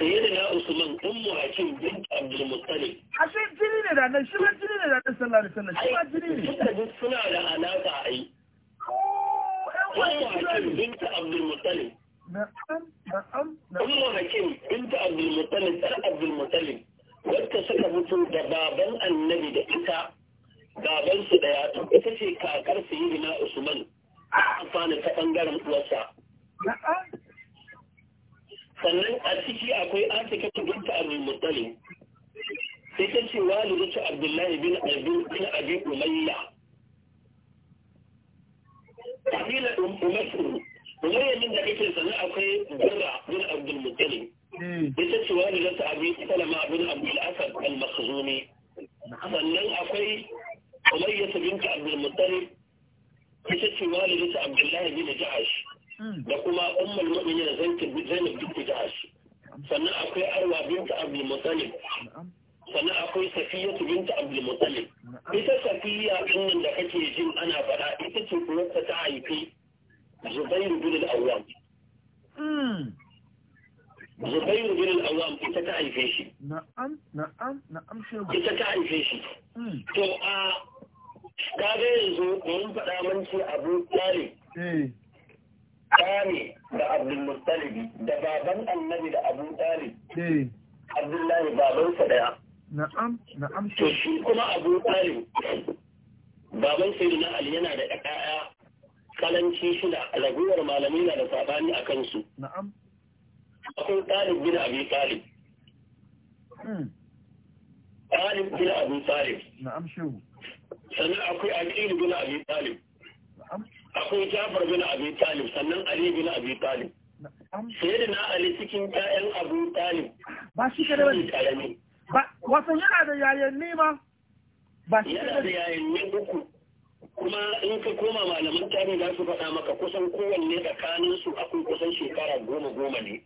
S1: eh, usman عثمان usman ummu abdul da shi ma jini ne suna da abdul abdul abdul suka da baban annabi da ita baban su daya ita kakar usman amfani ta ɓangaren uwarsa. Sannan a ciki akwai Atika ta binta Abdul Muttali. Sai ta ce ta Abdullahi bin bin Abi Umayya. Kabila um, Umayya Umayya min da kake sannan akwai Gura bin Abdul Muttali. Hmm. Ita ce ta Abi Salama bin Abdul Asad al-Makhzumi. Hmm. Sannan akwai Umayya binta Abdul mutane. ita ce ta abdullahi bin jahash hmm. da kuma ummul mu'minin zainab bin jahash sannan akwai arwa binta abdul muttalib sannan akwai safiya binta abdul muttalib ita safiya din da kake jin ana faɗa ita ce kuwarta ta haifi zubairu bin al-awwam hmm. zubairu bin al-awwam ita ta haife shi
S2: na'am na'am na'am shi ita ta haife
S1: shi hmm. to a kaga yanzu mun faɗa mun ce abu talib eh. kane da abdulmustalibi da baban annabi da abu talib eh. abdullahi babansa daya
S2: na'am na'am to shi kuma
S1: abu talib baban sayyidina ali yana da ƴaƴa kalanci da alaguwar malamai na da sabani a kansu na'am akwai talib gina abi talib hmm. talib bin abu talib na'am shehu sannan akwai aqilu bin abi talib akwai jafar bin abi talib sannan ali bin abi talib sai da na ali cikin ƴaƴan abu talib ba shi kada wani ba wasan yana da ne ma ba shi yana da ne uku kuma in ka koma malaman tarihi za su faɗa maka kusan kowanne tsakanin su akwai kusan shekara goma goma ne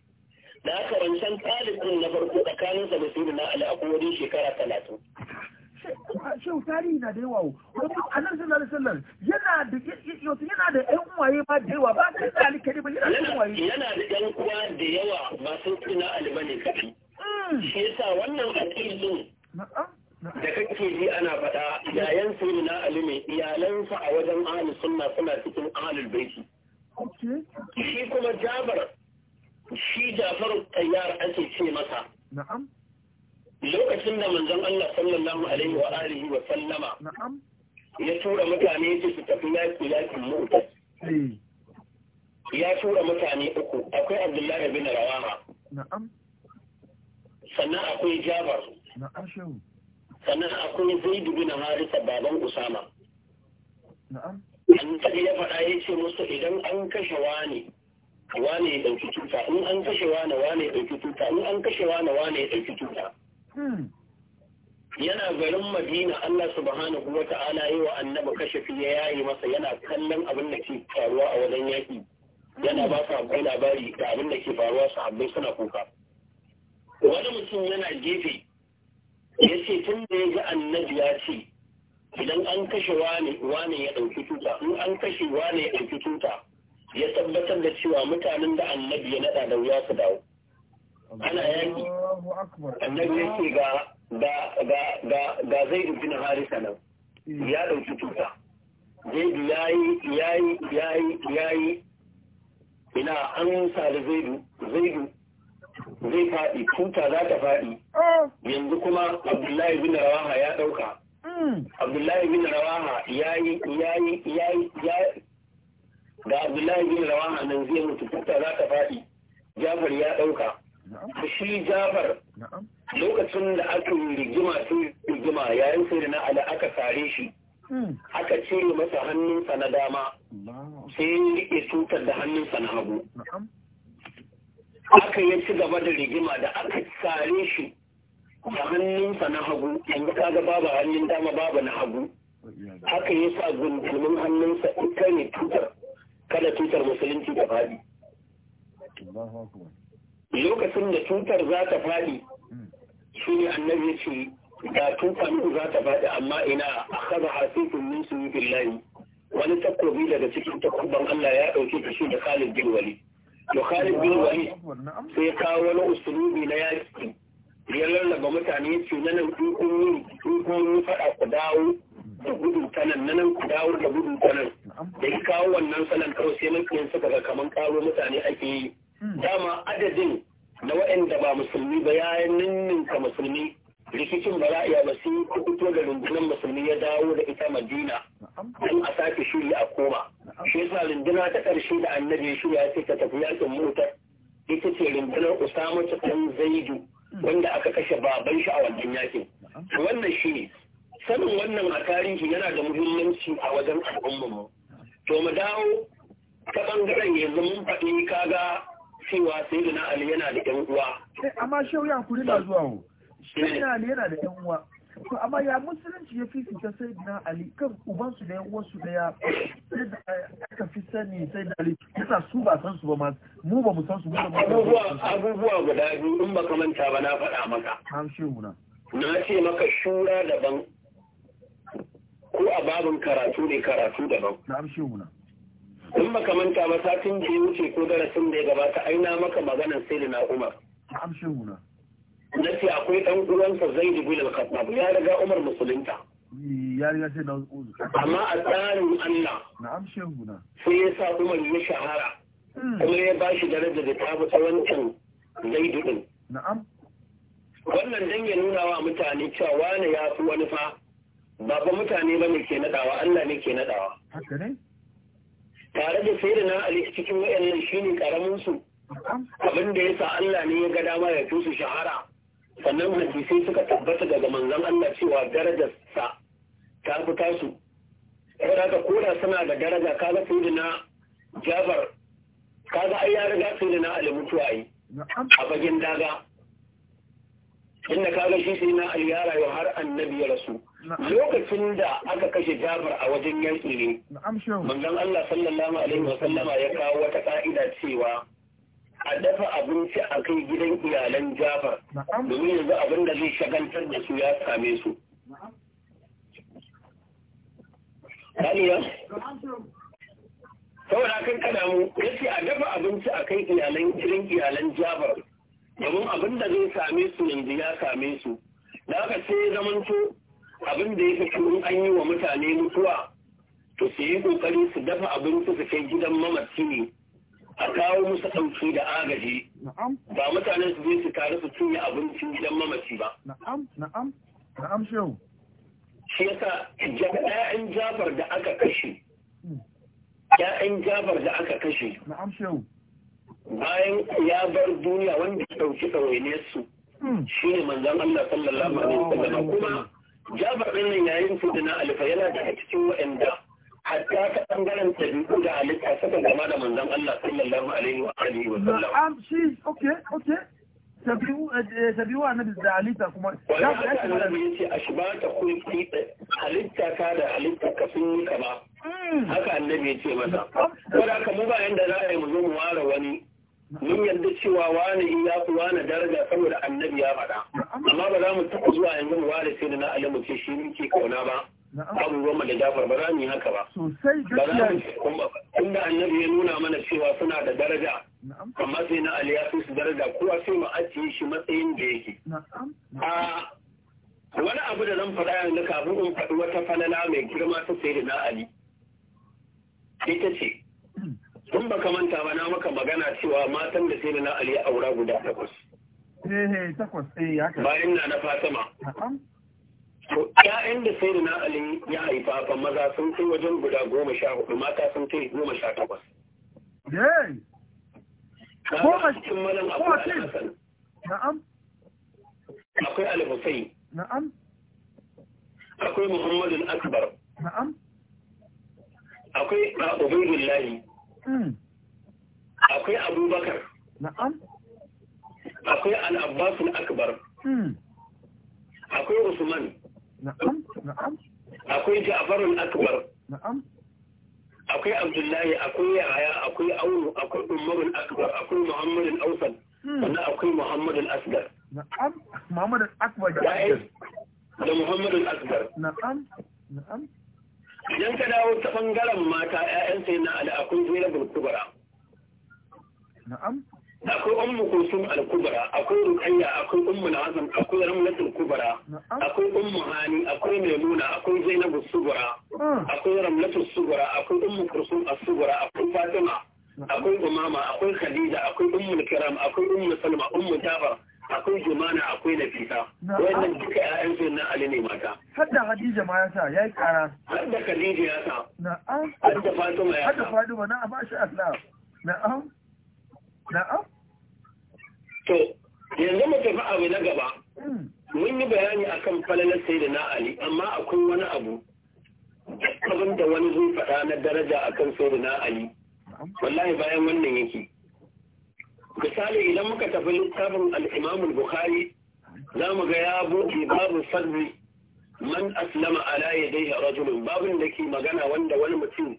S1: da aka wancan talibin na farko tsakaninsa da sirri na ali akwai wajen shekara talatin na da yawa o wani yana da yana da da yawa ba ba yana da mm. shi yasa wannan addinin? da kake ana faɗa yayan sirri na a wajen ahlus sunna suna cikin shi kuma jabar shi jafar tayyar ake ce masa na'am lokacin da manzon Allah sallallahu alaihi wa alihi wa sallama ya tura mutane su tafi yaki yakin mota ya tura mutane uku akwai Abdullahi bin Rawaha sannan akwai Jabar sannan akwai Zaid bin Harisa baban Usama Annabi ya faɗa ya ce musu idan an kashe wani wane ya ɗauki tuta in an kashe wane wane ya ɗauki tuta in an kashe wane wane ya ɗauki tuta Hmm. yana garin madina Allah subhanahu wa ta'ala yi wa annabi fiye ya yayi masa yana kallon abin da ke faruwa a wajen yaki yana ba su akwai labari da abin da ke faruwa su abin suna kuka wani mutum yana gefe ya ce tun da ya ga annabi ya ce idan an kashe wane wane ya ɗauki tuta in an kashe wane ya ɗauki tuta ya tabbatar da cewa mutanen da annabi ya naɗa da wuya su dawo ana yaki annabi ya ce ga ga zai rufi na harisa nan eh. ya ɗauki tuta zaidu ya yi ya yi ya yi ya yi ina an sa da zaidu zaidu zai faɗi tuta za ta faɗi ah. yanzu kuma abdullahi bin rawaha ya ɗauka hmm. abdullahi bin rawaha ya yi ya yi ya yi ya yi da abdullahi bin rawaha nan zai mutu tuta za ta faɗi jafar ya ɗauka shi jafar lokacin da aka yi rigima su rigima yayin sai na ala aka sare shi hmm. aka cire masa hannunsa na dama sai ya cutar da hannunsa na hagu aka yi ci gaba da rigima da aka sare shi da hannunsa na hagu yanzu ga babu hannun dama babu na hagu haka ya sa gundulmin hannunsa ita ne tutar kada tutar musulunci ta faɗi lokacin da tutar za ta faɗi shi ne annabi ce da tuta muku za ta faɗi amma ina a kaza hasifin min su billahi wani takobi daga cikin takobban Allah ya ɗauke ta shi da Khalid bin wali to Khalid bin wali sai ya kawo wani usulubi na yaki ya lallaba mutane ce nanan nan faɗa ku dawo da gudun ta nan ku dawo da gudun ta nan da ya kawo wannan sanan kawai sai mulkin suka ga kaman karo mutane ake yi Hmm. dama adadin na waɗanda ba musulmi ba ya yi ninninka musulmi rikicin ba za a ba sun kubuto da rundunar musulmi ya dawo da ita madina don a sake shiri a koma shi yasa runduna ta ƙarshe da annabi shi ya ce ta tafi yakin motar ita ce rundunar usama ta kan zaidu hmm. wanda aka kashe baban shi a wannan yakin wannan shi ne sanin wannan a tarihi yana da muhimmanci a wajen al'ummar mu to mu dawo ta bangaren yanzu mun faɗi kaga cewa sai da Ali yana da ƴan uwa. Eh, amma shehu ya kuri na zuwa wo. Sai na Ali yana da ƴan uwa. To amma ya musulunci ya fifita sai na Ali kan ubansu da ƴan uwansu da ya sai da aka fi sani sai da Ali yasa su ba san su ba ma mu ba mu san su ba. Abubuwa abubuwa guda biyu in ba ka manta ba na faɗa maka. Ham shehu na. Na ce maka shura daban ko a babin karatu ne karatu daban. Na shehu na. in baka manta ba satin da ya wuce ko darasin da ya gabata aina maka maganar sai na umar na ce akwai ɗan uwansa zai dubu da khattab ya riga umar musulunta ya riga sai na amma a tsarin allah sai ya sa umar ya shahara hmm. kuma ya ba shi daraja da ta wancan zai dubu wannan dan ya nuna wa mutane cewa wani ya fi wani fa ba ba mutane ba ne ke nadawa allah ne ke nadawa haka ne tare da sai da na ali cikin wayannan shine karamin su abin da sa Allah ne ya ga dama ya fi su shahara sannan hadisai suka tabbata daga manzon Allah cewa darajar sa ta fi tasu saboda ka koda suna da daraja ka ga sai da na Jabar ka ga ai ya riga sai da na ali mutuwa yi a bagin daga inda ka ga shi sai na ali ya rayu har annabi ya rasu lokacin da aka kashe jabar a wajen yanki ne manzon Allah sallallahu alaihi wa sallama ya kawo wata ka'ida cewa a dafa abinci a kai gidan iyalan jabar domin yanzu abin da zai shagantar da su ya same su saboda kan kada mu yace a dafa abinci a kai iyalan gidan iyalan jabar domin abin da zai same su yanzu ya same su da aka ce zamanto abin da ya fi an yi wa mutane mutuwa to su yi kokari su dafa abinci su kai gidan mamaci ne a kawo musu ɗauki da agaji ba mutane su je su tare su cinye abincin gidan mamaci ba
S2: na'am na'am na'am shehu
S1: shi yasa ƴaƴan jafar da aka kashe ƴaƴan hmm. jafar da aka kashe na'am shehu bayan ya bar duniya wanda ya ɗauki ɗawainiyar su hmm. shi ne manzan Allah sallallahu alaihi wasallam kuma jabar nan yayin su da na alifa yana daga cikin waɗanda hatta ta ɓangaren tabi'u da halitta suka zama da manzon Allah sallallahu alaihi wa alihi wa sallam. Am shi okay okay tabi'u tabi'u eh, eh, annabi da halitta kuma ya ga shi da yace ashbata kulli halitta ka da halitta ka sun yi kama. Hmm. Haka annabi ya ce masa. Ko da ka mu ba yanda za a yi mu zo mu ware wani mun yarda cewa wani ya fi wani daraja saboda annabi ya faɗa amma ba za mu taɓa zuwa yanzu mu wani sai da na alamu ce shi muke kauna ba abubuwan mu da jafar ba za mu yi haka ba ba za mu da annabi ya nuna mana cewa suna da daraja amma sai na ali ya fi su daraja kowa sai mu ajiye shi matsayin da yake a wani abu da zan faɗa yanzu kafin in faɗi wata falala mai girma ta sai da na ali ita ce in baka manta ba na maka magana cewa matan da sai na Ali aura guda takwas
S2: eh, eh takwas eh haka
S1: bayan na na Fatima to ƴaƴan da sai na Ali ya haifa fa maza sun kai wajen guda goma sha hudu mata sun kai goma sha takwas eh goma cikin malam akwai na'am akwai al-Husayn na'am akwai Muhammadu Akbar na'am akwai Ubaidullahi Hmm. akwai abubakar akwai al'abbasul akbar hmm. akwai usman akwai ja'farul akbar akwai abdullahi akwai yahaya akwai aunu akwai umarul akbar akwai muhammadin ausal hmm. sannan akwai muhammadin asgar na'am muhammadin akbar da muhammadin asgar na'am na'am idan ka dawo ta bangaren mata 'ya'yansa sai na akwai zainabul kubra na'am akwai ummu kulsum al akwai rukayya, akwai ummu na azam akwai ramlatul kubra akwai ummu hani akwai maimuna akwai zainabu Sugura ah. akwai ramlatul Sugura akwai ummu Kursun as-subra akwai fatima akwai umama akwai khadija akwai ummu kiram akwai ummu salma ummu jabar, akwai jumana akwai na fita. wannan duka ƴaƴan su na ali ne mata hadda hadija ma ya sa yayi kara hadda khadija ya sa na'am hadda fatima ya sa hadda fatima na ba shi Allah na'am na'am to yanzu mu tafi abu na gaba hmm. mun yi bayani akan falalar sayyidina ali amma akwai wani abu abin da wani zai faɗa na daraja akan sayyidina ali wallahi bayan wannan yake misali idan muka tafi littafin al-Imam bukhari za mu ga ya buɗe babu fadli man aslama ala yadayhi rajulun babin da ke magana wanda wani mutum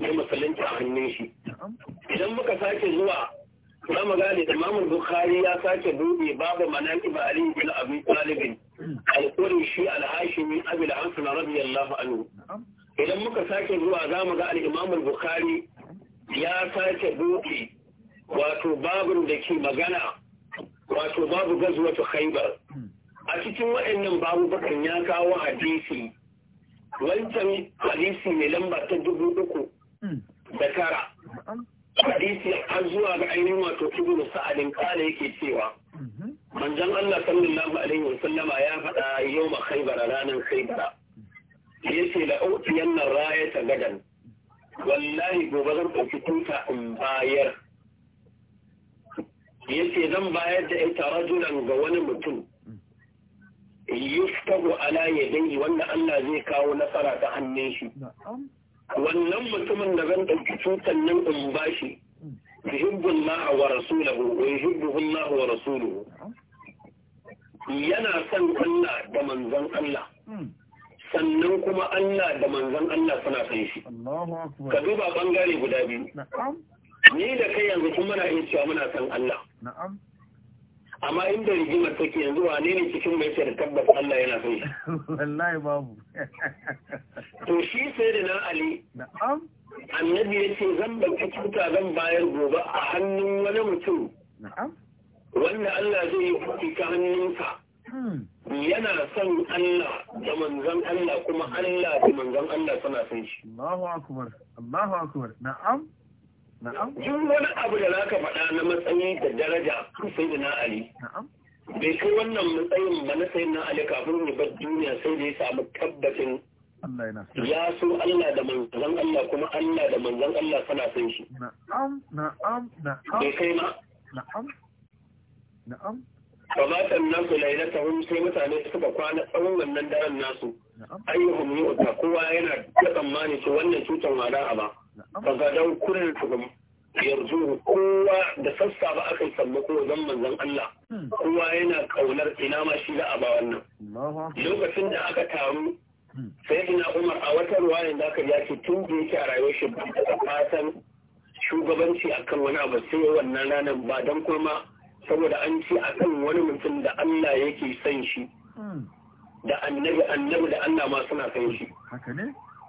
S1: ya musulunta a hannun shi idan muka sake zuwa za mu gane Imam bukhari ya sake buɗe babu manaqib ali ibn abi talib al-qurashi al-hashimi abi al-hasan radiyallahu anhu idan muka sake zuwa za mu ga al-Imam bukhari ya sake buɗe wato babin da ke magana wato babu gazuwatu khaibar a cikin waɗannan babu bakan ya kawo hadisi wancan hadisi mai lamba ta dubu uku da tara hadisi har zuwa ga ainihin wato da sa'adin kala yake cewa manzon Allah sallallahu alaihi wasallama ya faɗa yau ma khaibar ranar khaibar yace da utiyan nan rayata gadan wallahi gobe zan ɗauki tuta in bayar yace zan bayar da ita rajulan ga wani mutum yuftahu ala yadayhi wanda Allah zai kawo nasara ta hannun shi wannan mutumin da zan ɗauki tutan nan in bashi yuhibbun wa rasuluhu wa yuhibbuhullahu wa rasuluhu yana son Allah da manzon Allah hmm. sannan kuma Allah da manzon Allah suna son shi ka duba bangare guda biyu ni da kai yanzu kuma na iya cewa muna son Allah na'am amma inda rigimar take yanzu wane ne cikin mai da tabbas Allah yana son
S2: shi <laughs> wallahi babu
S1: to shi sai da na ali na'am annabi ya ce zan ka cuta zan bayar gobe a hannun wani mutum na'am wanda Allah zai yi kuɗi ta hannunsa hmm. yana son Allah da manzon Allah kuma Allah da manzon Allah suna son shi Allahu akbar Allahu akbar na'am duk wani abu da zaka faɗa na matsayi da daraja sai da na ali bai kai wannan matsayin ba na sayin na ali kafin bar duniya sai da ya samu tabbacin ya so Allah da manzan Allah kuma Allah da manzan Allah suna son shi na'am
S2: na'am na'am bai kai ma na'am
S1: na'am kamatan ta hun sai mutane suka kwana tsawon wannan daren nasu yi yu'ta kowa yana da tsammani ce wannan cutar wada a ba fagadan kullum tukum yanzu kowa da sassa ba aka sammako zan manzan Allah hmm. kowa yana kaunar ina ma shi za a ba wannan lokacin da aka taru hmm. sai ina umar a wata ruwaya da aka ya ce tun da yake a rayuwar shi ba ta fatan shugabanci akan wani abu sai wannan ranar ba don kuma saboda an ce akan wani mutum da Allah yake san shi hmm. da annabi annabi da Allah ma suna san shi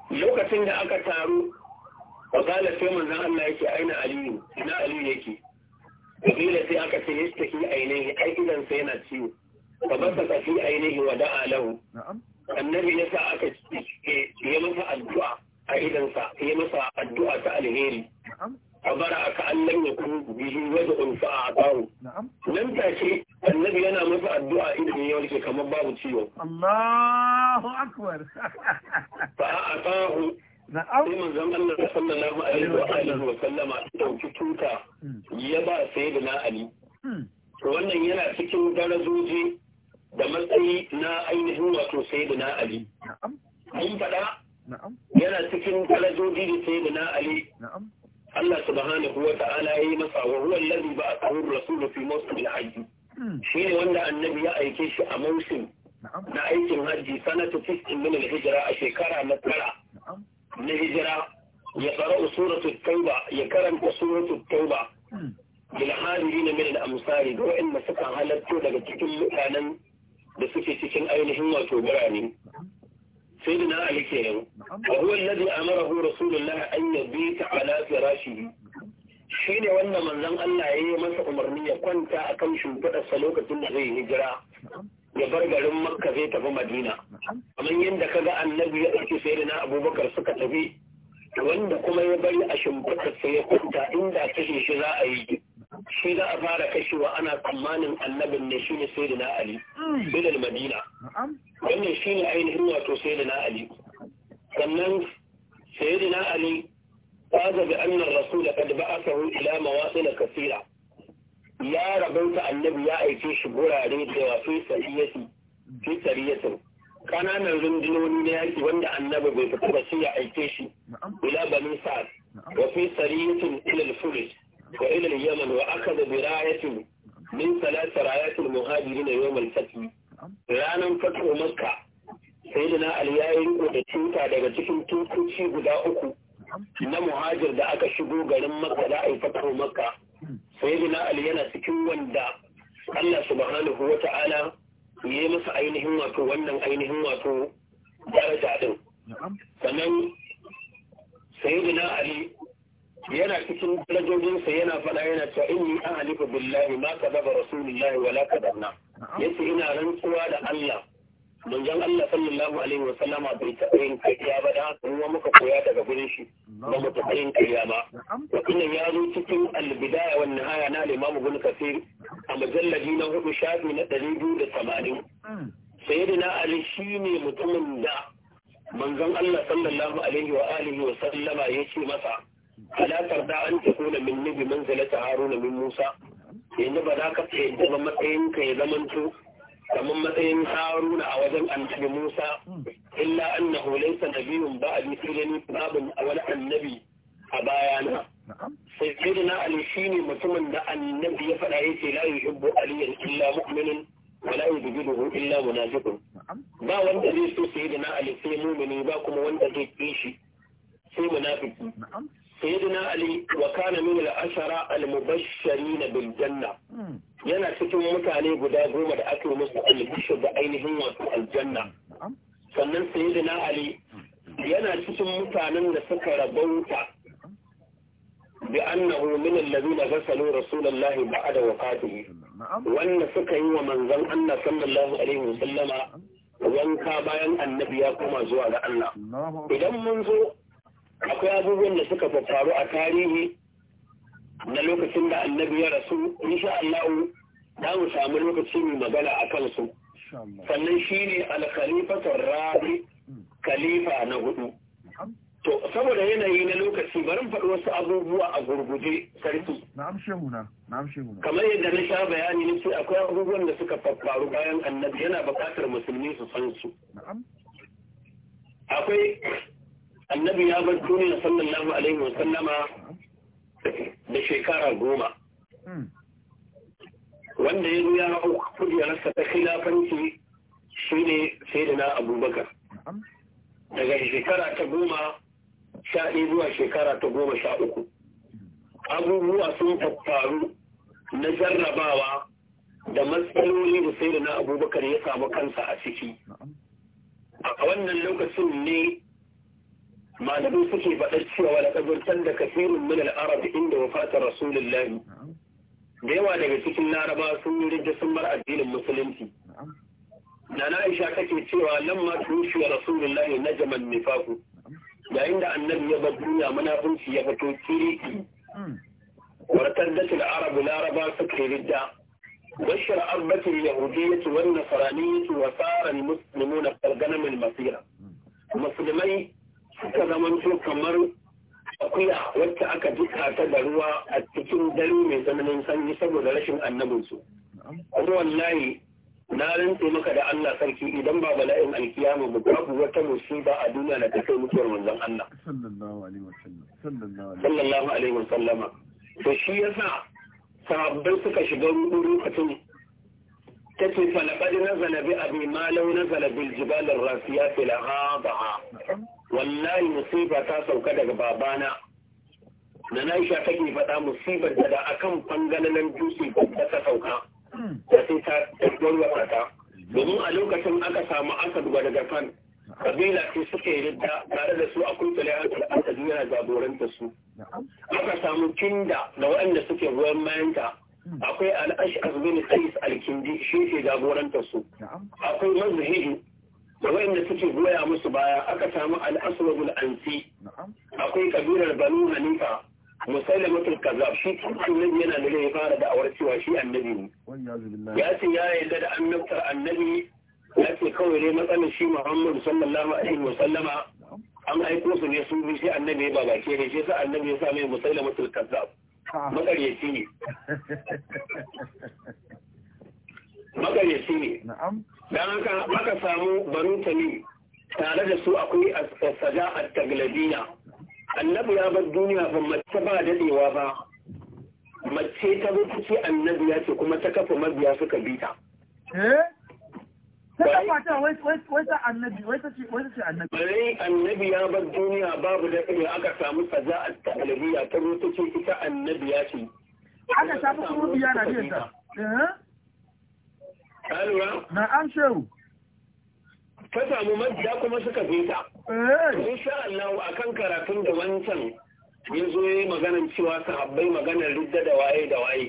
S2: lokacin da aka taru وقال سيما ذا الله يكي
S1: أين علي ina علي يكي وقيل سي أكا يستكي عينيه أي إذا سينا تسيو فبسط في عينيه ودعا له النبي يسا أكا يمسى الدعاء أيضا يمسا الدعاء تألهيري نعم عبارة كأن لم يكن به وضع فأعطاه لم تأتي النبي أنا مسا الدعاء إذن يولك كما باب تسيو
S2: الله أكبر
S1: فأعطاه na'am sai manzon da sallallahu alaihi wa alihi wa sallama dauki tuta hmm. ya ba sayyidina Ali hmm. to wannan yana cikin darajoji da matsayi na ainihin wato sayyidina Ali mun faɗa yana cikin darajoji da sayyidina Ali Allah subhanahu wa ta'ala ya yi masa wa huwa alladhi ba'athahu ar-rasul fi mawsim al-hajj hmm. shi ne wanda annabi ya aike shi a mawsim na aikin hajji sanata 90 min al-hijra a shekara na tara na hijira ya tsara suratul tauba ya karanta suratul tauba bil hadirina min al amsari ga wanda suka halatto daga cikin mutanen da suke cikin ainihin wato birane sai da na ali kenan wa huwa alladhi amarahu rasulullah an yabita ala firashihi shine wannan manzon Allah ya yi masa umarni ya kwanta akan shimfiɗarsa lokacin da zai hijira ya bar garin makka zai tafi madina kamar yadda kaga annabi ya ɗauki sai na abubakar suka tafi wanda kuma ya bari a sai ya kwanta inda kashe shi za a yi shi za a fara kashewa ana tsammanin annabin ne shi ne sai na ali bilal madina wannan shi ne ainihin wato sai na ali sannan sai na ali ta zabi annan rasula kad ba'athahu ila mawasil kasira ya rabauta annabi ya aike shi gurare da ya sariyasi fi sariyasin kananan rundunoni na yaki wanda annabi bai fita ba sai ya aike shi ila bani sa'ad wa fi sariyatin ila al-fulis wa ila al-yaman wa akada bi rayatin min salati rayatil muhajirin yawm al-fath ranan fatu makka sayyidina ali ya yi da tuta daga cikin tukuci guda uku na muhajir da aka shigo garin makka da ai fatu makka sayyidina ali yana cikin wanda Allah subhanahu wa ta'ala ya yi masa ainihin wato wannan ainihin wato daraja din sannan sayyidina ali yana cikin darajojinsa yana faɗa yana cewa inni ahlifu billahi ma kadaba rasulullahi wala kadabna yace ina rantsuwa da Allah manzon Allah sallallahu alaihi wa sallama bai taɓa yin kariya ba da haka wa muka koya daga gurin shi ba mu taɓa yin kariya ba wannan ya zo cikin albidaya wannan haya na limamu bin kasir a majalladi na hudu shafi na ɗari biyu da tamanin sayyidina ali shine mutumin da manzon Allah sallallahu alaihi wa alihi wa sallama ya ce masa halakar da an kona min nabi manzalata haruna min musa yanzu ba za ka yadda ba matsayinka ya zamanto kamar matsayin haruna a wajen annabi musa illa annahu laysa nabiyyun ba'di sai ni babin wani annabi a bayana sai na ali shi ne mutumin da annabi ya faɗa ya yace la yuhibbu aliyan illa mu'minun wa la hu illa munafiqun ba wanda zai so na ali sai mu'mini ba kuma wanda zai ƙi shi sai munafiki na ali wa kana min al-ashara al-mubashshirin bil janna hmm. yana cikin mutane guda goma da aka yi musu albishir da ainihin wasu aljanna sannan sai na ali yana cikin mutanen da suka rabauta bi annahu min allazina ghasalu rasulullahi ba'da wafatihi wanda suka yi wa manzon Allah sallallahu alaihi wasallama wanka bayan annabi ya koma zuwa ga Allah idan mun zo akwai abubuwan da suka faru a tarihi na lokacin da annabi ya rasu insha Allah za mu samu lokaci mu magana a kansu sannan shine al-khalifatur rabi khalifa na hudu to saboda yanayi na lokaci bari mu faɗi wasu abubuwa a gurguje sarki
S2: na'am na na'am shehuna
S1: kamar yadda na sha bayani ne sai akwai abubuwan da suka faru bayan annabi yana buƙatar musulmi su san su na'am akwai annabi ya bar duniya sallallahu alaihi wa sallama da shekara goma hmm. wanda ya ya hau kujerarsa ta khilafanci shi ne sai na abubakar daga shekara ta goma sha ɗaya zuwa shekara ta goma sha uku abubuwa sun faru na jarrabawa da matsaloli da sai na abubakar ya samu kansa a ciki a wannan lokacin ne malamai suke faɗa cewa da da kafirin min al inda wafatar rasulullahi da yawa daga cikin laraba sun yi rijda sun bar addinin musulunci da na aisha take cewa lamma tushi wa rasulullahi jaman nifaku yayin da annabi ya bar duniya munafunci ya fito kiriki hmm. wartar da arabu laraba suka yi rijda بشر أربة اليهودية wa وصار المسلمون كالغنم masira. Musulmai. suka zamanto kamar akuya wacce aka duka ta da ruwa a cikin dare mai tsananin sanyi saboda rashin annabinsu. Kuma wallahi na rantse maka da Allah sarki idan ba bala'in alkiyama ba babu wata musiba a duniya da ta kai mutuwar manzon Allah. Sallallahu alaihi wa sallama, To shi yasa sahabbai suka shiga ruɗu lokacin ta ce falaqad nazala bi abi ma law nazala bil jibal ar-rasiyat wallahi musiba ta sauka daga babana na ta take faɗa musibar da da akan fangalalen dutse da ta sauka da sai ta warwata ta domin a lokacin aka samu asad wa daga fan kabila ce suka ridda tare da su a kuntule hankali yana jagoranta su aka samu kinda da waɗanda suke goyon mayanta. akwai al'ash azbin qais al-kindi shi ke jagoranta su akwai mazhidi da wayanda suke goya musu baya aka samu al-aswadul ansi akwai kabilar banu hanifa musailamatul kazzab shi annabi yana da ya fara da'awar cewa shi annabi ne ya ce ya yarda da annabtar annabi ya ce kawai dai matsalar shi muhammadu sallallahu alaihi wa sallama an aiko su ne sun bi shi annabi ya babake ne shi sa annabi ya sa mai musailamatul kazzab
S2: ah. makaryaci ne <laughs> makaryaci
S1: ne na'am dan haka aka samu barutani, tare da su akwai as-saja at-taglabiyya annabi ya bar duniya ba mace ba dadewa ba mace ta zo ce annabi ya ce kuma ta kafa mabiya suka bi ta eh
S2: sai ka wai ta annabi wai ta ce wai ta ce annabi
S1: bare annabi ya bar duniya babu da kai aka samu saja at-taglabiyya ta zo ce ita annabi ya ce aka samu rubiya na biyar ta eh? ka na an shehu ka samu majiya kuma suka bi ta eh. insha Allah akan karatun da wancan ya zo yi maganar cewa habbai maganar ridda da waye da waye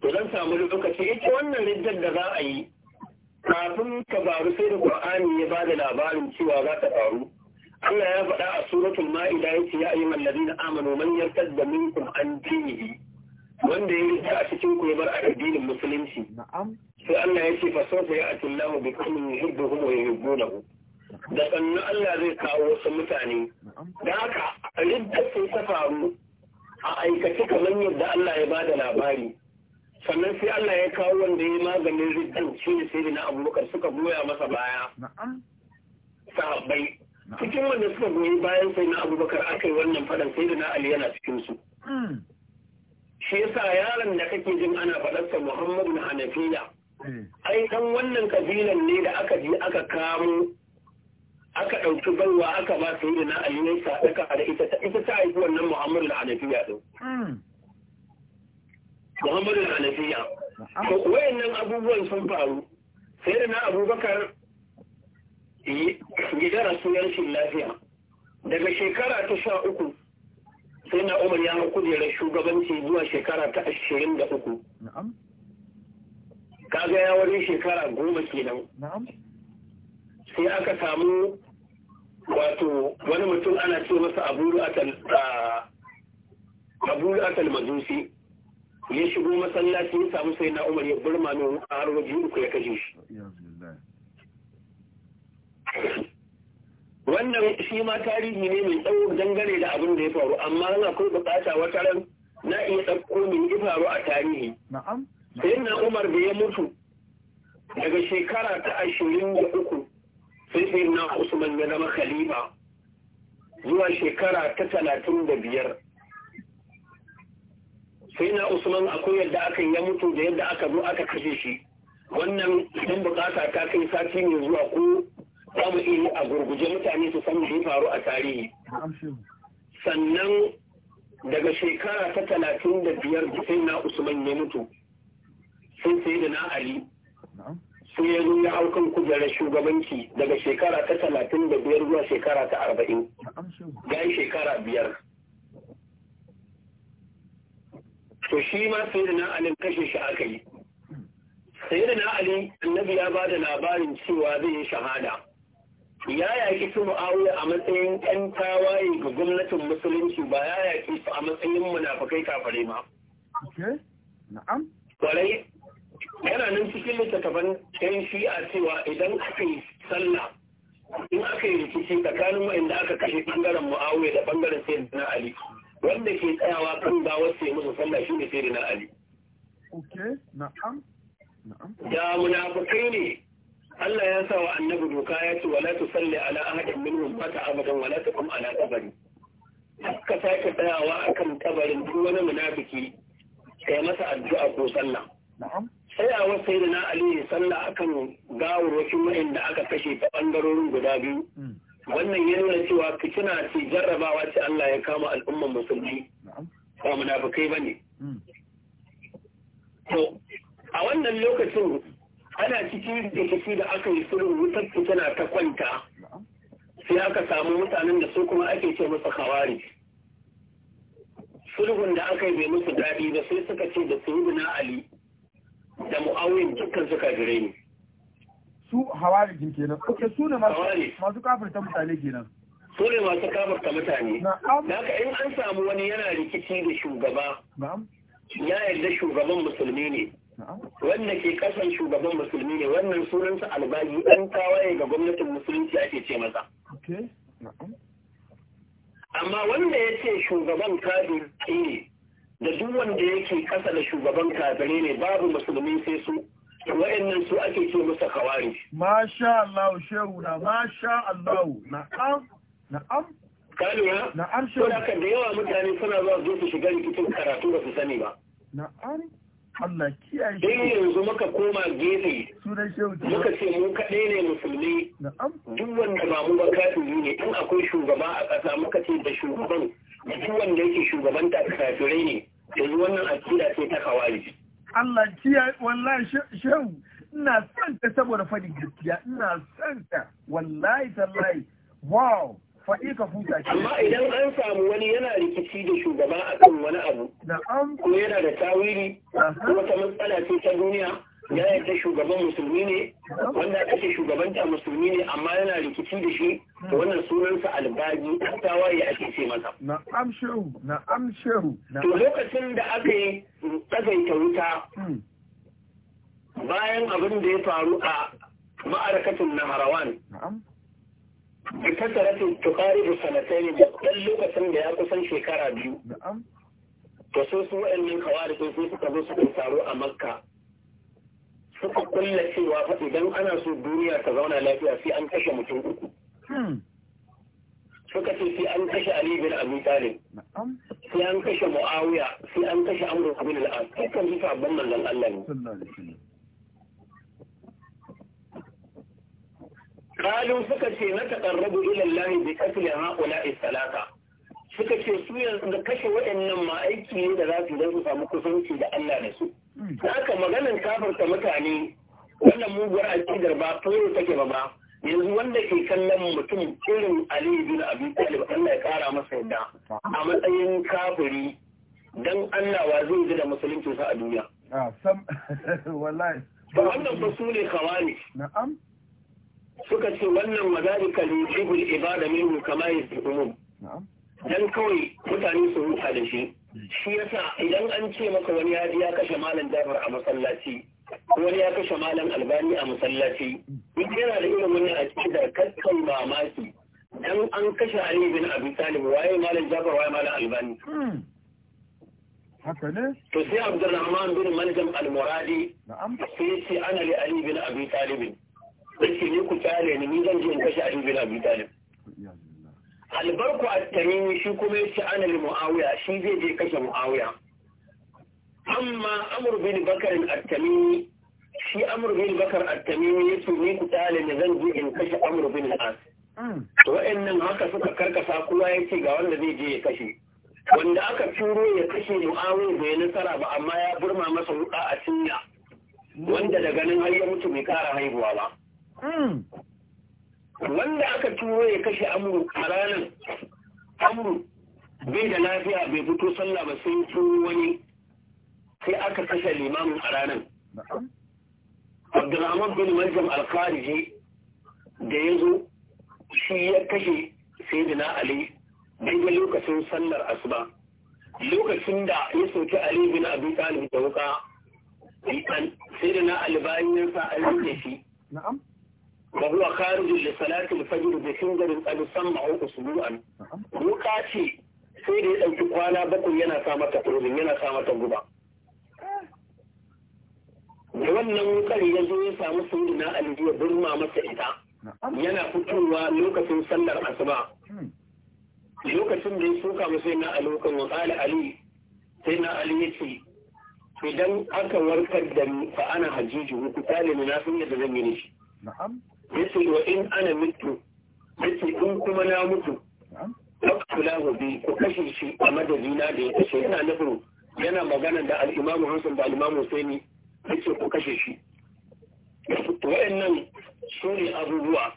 S1: to zan samu lokaci ita wannan riddar da za a yi kafin ka faru sai da Qur'ani ya ba da labarin cewa za ta faru Allah ya faɗa a suratul ma'ida yace ya ayyuhal ladina amanu man yartadda minkum an dinihi wanda ya yi a cikin ku ya bar addinin musulunci sai Allah ya ce fa sawfa ya'ti Allahu bi qaumin yuhibbuhum wa yuhibbunahu da sannan Allah zai kawo wasu mutane da haka ridda sun ta faru a aikace kamar yadda Allah ya bada labari sannan sai Allah ya kawo wanda ya maganin riddan shi ne sai na abubakar suka goya masa baya sahabbai cikin wanda suka goyi bayan sai na abubakar aka yi wannan faɗan, sai na ali yana cikin su. Hmm. shi yasa yaron da kake jin ana faɗarsa muhammadu na hanafiya hmm. ai dan wannan kabilan ne da aka ji aka kamo aka ɗauki baiwa aka ba su yi na aliyu sadaka da ita ta ita ta haifi wannan muhammadu na hanafiya ɗin hmm. muhammadu hanafiya to wayannan abubuwan sun faru sai da na abubakar gidan rasuwar shi lafiya daga shekara ta sha uku sai na umar ya kujerar shugabanci zuwa shekara ta ashirin da uku kaga ya wani shekara goma kenan sai aka samu wato wani mutum ana ce masa aburu atal majusi ya shigo masallaci ya samu sai na umar ya burma ne a waje uku ya kashe shi wannan shi ma tarihi ne mai tsawo dangane da abin da ya faru amma ana akwai bukata wata ran na iya ɗauko min ya faru a tarihi sai na umar da ya mutu daga shekara ta ashirin da uku sai sai na usman ya zama khalifa zuwa shekara ta talatin da biyar sai na usman akwai yadda aka ya mutu da yadda aka zo aka kashe shi wannan idan bukata ta kai sati ne zuwa ko za mu iya a gurguje mutane su san yi faru a tarihi sannan daga shekara ta talatin da biyar da sai na usman ya mutu sai sai da na ali sai ya aukan ya kujerar shugabanci daga shekara ta talatin da biyar zuwa shekara ta arba'in ya yi shekara biyar to shi ma sai da na ali kashe shi aka yi sai da na ali annabi ya ba da labarin cewa zai yi shahada ya yaƙi su mu'awiya a matsayin ɗan tawaye ga gwamnatin musulunci ba ya yaƙi su a matsayin munafukai kafare ma. Na'am. Kwarai, yana nan cikin littattafan ɗan shi'a cewa idan aka yi sallah in aka yi rikici tsakanin wa'inda aka kashe ɓangaren mu'awiya da ɓangaren sai na Ali. Wanda ke tsayawa kan gawar sai musu sallah shi ne sai na Ali. na'am. Da munafukai ne Allah ya sa wa annabi doka ya ce wala salli ala ahadin minhum mata abadan wala taqum ala qabri ka sake tsayawa kan kabarin duk wani munafiki kai masa addu'a ko sallah Tsayawa sai da na ali sallah akan gawarwakin wa'inda aka kashe ta bangarorin guda biyu hmm. wannan ya nuna cewa fitina ce jarrabawa ce Allah ya kama al'ummar musulmi ba munafikai bane hmm. to a wannan lokacin ana cikin rikici da aka yi sulhu wutar tana ta kwanta sai aka samu mutanen da su kuma ake ce musu kawari sulhun da aka yi bai musu daɗi ba sai suka ce da sayyidina ali da mu'awin dukkan suka jire ni su hawarijin kenan ok su ne masu kafirta mutane kenan su ne masu kafirta mutane da aka in an samu wani yana rikici da shugaba ya yarda shugaban musulmi ne wanda ke kasan shugaban musulmi ne wannan sunansa albagi ɗan tawaye ga gwamnatin musulunci ake ce masa amma wanda ya ce shugaban kafin ne da duk wanda yake kasa da shugaban kafirai ne babu musulmi sai su wa'annan su ake ce masa kawari masha Allah shehu na masha Allah na'am na'am Kaliya? na'am shehu da yawa mutane suna zuwa su shiga rikicin karatu ba su sani ba na'am
S2: Allah kiyaye shi. yanzu muka koma gefe.
S1: Sunan shehu. Muka ce mu kaɗai ne musulmi. Na'am. Duk wanda ba mu ba kafiri ne in akwai shugaba a ƙasa muka ce da shugaban duk wanda yake shugaban shugabanta kafirai ne. Yanzu wannan akida ce ta kawari. Allah kiyaye wallahi shehu ina son ta saboda faɗin gaskiya ina son ta wallahi tallahi wow faɗi ka huta shi. Amma idan an samu wani yana rikici da shugaba akan wani abu. ko yana da tawiri ko Wata matsala ce ta duniya. Ya ta shugaban musulmi ne. Wanda aka ce ta musulmi ne amma yana rikici da shi. To wannan sunansa albaji tawaye ake ce masa. Na'am shehu. Na'am
S2: shehu. To
S1: lokacin da aka yi tsagaita wuta. Hmm. Bayan abin da ya faru a ma'arakatun Naharawan. Na'am. da kasaratu tukaribu sanatai da ɗan lokacin da ya kusan shekara biyu to so su waɗannan kawarikin sai suka zo suka taro a makka suka kulla cewa fa idan ana so duniya ta zauna lafiya sai an kashe mutum uku suka ce sai an kashe Ali bin Abi Talib sai an kashe Muawiya sai an kashe Amr bin al-As dukkan su sabon manzon Allah ne قالوا suka نتقرب إلى الله بقتل هؤلاء الثلاثة سكتي سوية كشوة su أيكي لذات ذات فمكسنتي لألا نسو هناك مغانا كافر كمتعني wannan muguwar alƙidar ba kawai take ba ba yanzu wanda ke kallon mutum irin aliyu bin abi talib Allah ya kara masa yadda a matsayin kafiri dan Allah wa zai ji da musulunci sa a duniya a sam wallahi
S2: to wannan su ne kawari
S1: na'am suka ce wannan mazalika yujibul ibada minhu kama yasdumu dan kawai mutane su huta da shi shi yasa idan an ce maka wani ya ya kashe malam Jafar a masallaci wani ya kashe malam Albani a masallaci duk yana da irin wannan da kakkan mamaki dan an kashe Ali bin Abi Talib waye malam Jafar waye malam Albani
S2: hmm. haka ne
S1: to sai Abdurrahman bin Maljam al-Muradi sai ce ana li Ali bin Abi Talib yake ku tsare ni ni zan je in kashe Ali bin Abi Talib albarku at-tamimi shi kuma yace ana li muawiya shi zai je kashe muawiya amma amr bin bakar at-tamimi shi amr bin bakar at-tamimi yace ni ku tsare ni zan je in kashe amr bin al-as to wa'annan haka suka karkasa ya yace ga wanda zai je ya kashe wanda aka turo ya kashe muawiya bai nasara ba amma ya burma masa wuka a cinya wanda daga nan har ya mutu bai kara haihuwa ba Mm. wanda aka turo ya kashe amuru a ranar amuru bai da lafiya bai fito sallah ba sai turo wani sai aka kashe limamin a ranar abdulrahman bin maljam alfariji da ya zo shi ya kashe sai na ali daidai lokacin sallar asuba lokacin da ya soki ali bin abin talib da wuka sai da na ali bayan yansa sa an shi wa huwa kharijul li salati al-fajr bi hingarin qad sam'u usbu'an wuka sai da ya dauki kwana bakwai yana sa mata kullun yana sa mata guba da wannan wukar ya zo ya samu sunna aliyu ya burma masa ita yana fitowa lokacin sallar asuba lokacin da ya suka mu na alukan wa qala ali sai na ali yace idan aka warkar da ni fa ana hajiji ku tale ni na san yadda zan yi shi yace wa in ana mutu yace in kuma na mutu aqtulahu bi ku kashe shi a madadina da ya kashe yana nufin yana magana da al-Imam Hassan da al-Imam Husaini yace ku kashe shi to nan su ne abubuwa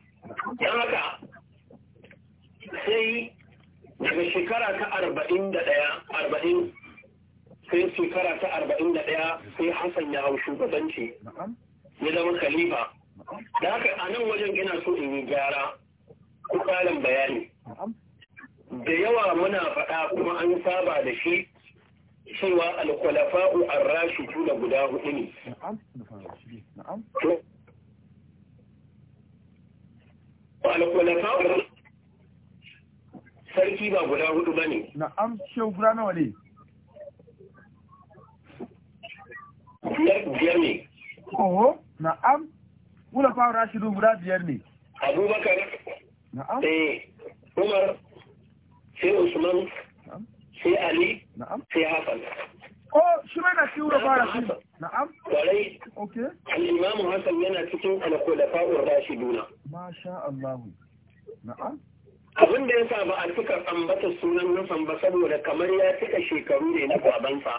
S1: dan haka sai daga shekara ta arba'in da ɗaya arba'in sai shekara ta arba'in da ɗaya sai Hassan ya hau shugabanci ya zama khalifa da haka a nan wajen ina so in yi gyara ko ƙarin bayani da yawa muna faɗa kuma an saba da shi cewa alkwalafa'u an rashi tuna guda hudu ne alkwalafa'u sarki ba guda hudu ba ne na'am shehu guda nawa ne biyar ne oho na'am kula fa rashidu guda biyar ne abubakar na'am eh umar sai usman sai ali na'am sai hasan Oh, shi mai na ciwo da fara shi. Na'am. Kwarai. Okay. al Hassan yana cikin al-Khulafa'ur Rashiduna.
S2: Masha Allah.
S1: Na'am. abin da ya sa ba a cika ambata sunan nufan ba saboda kamar ya cika shekaru ne na babansa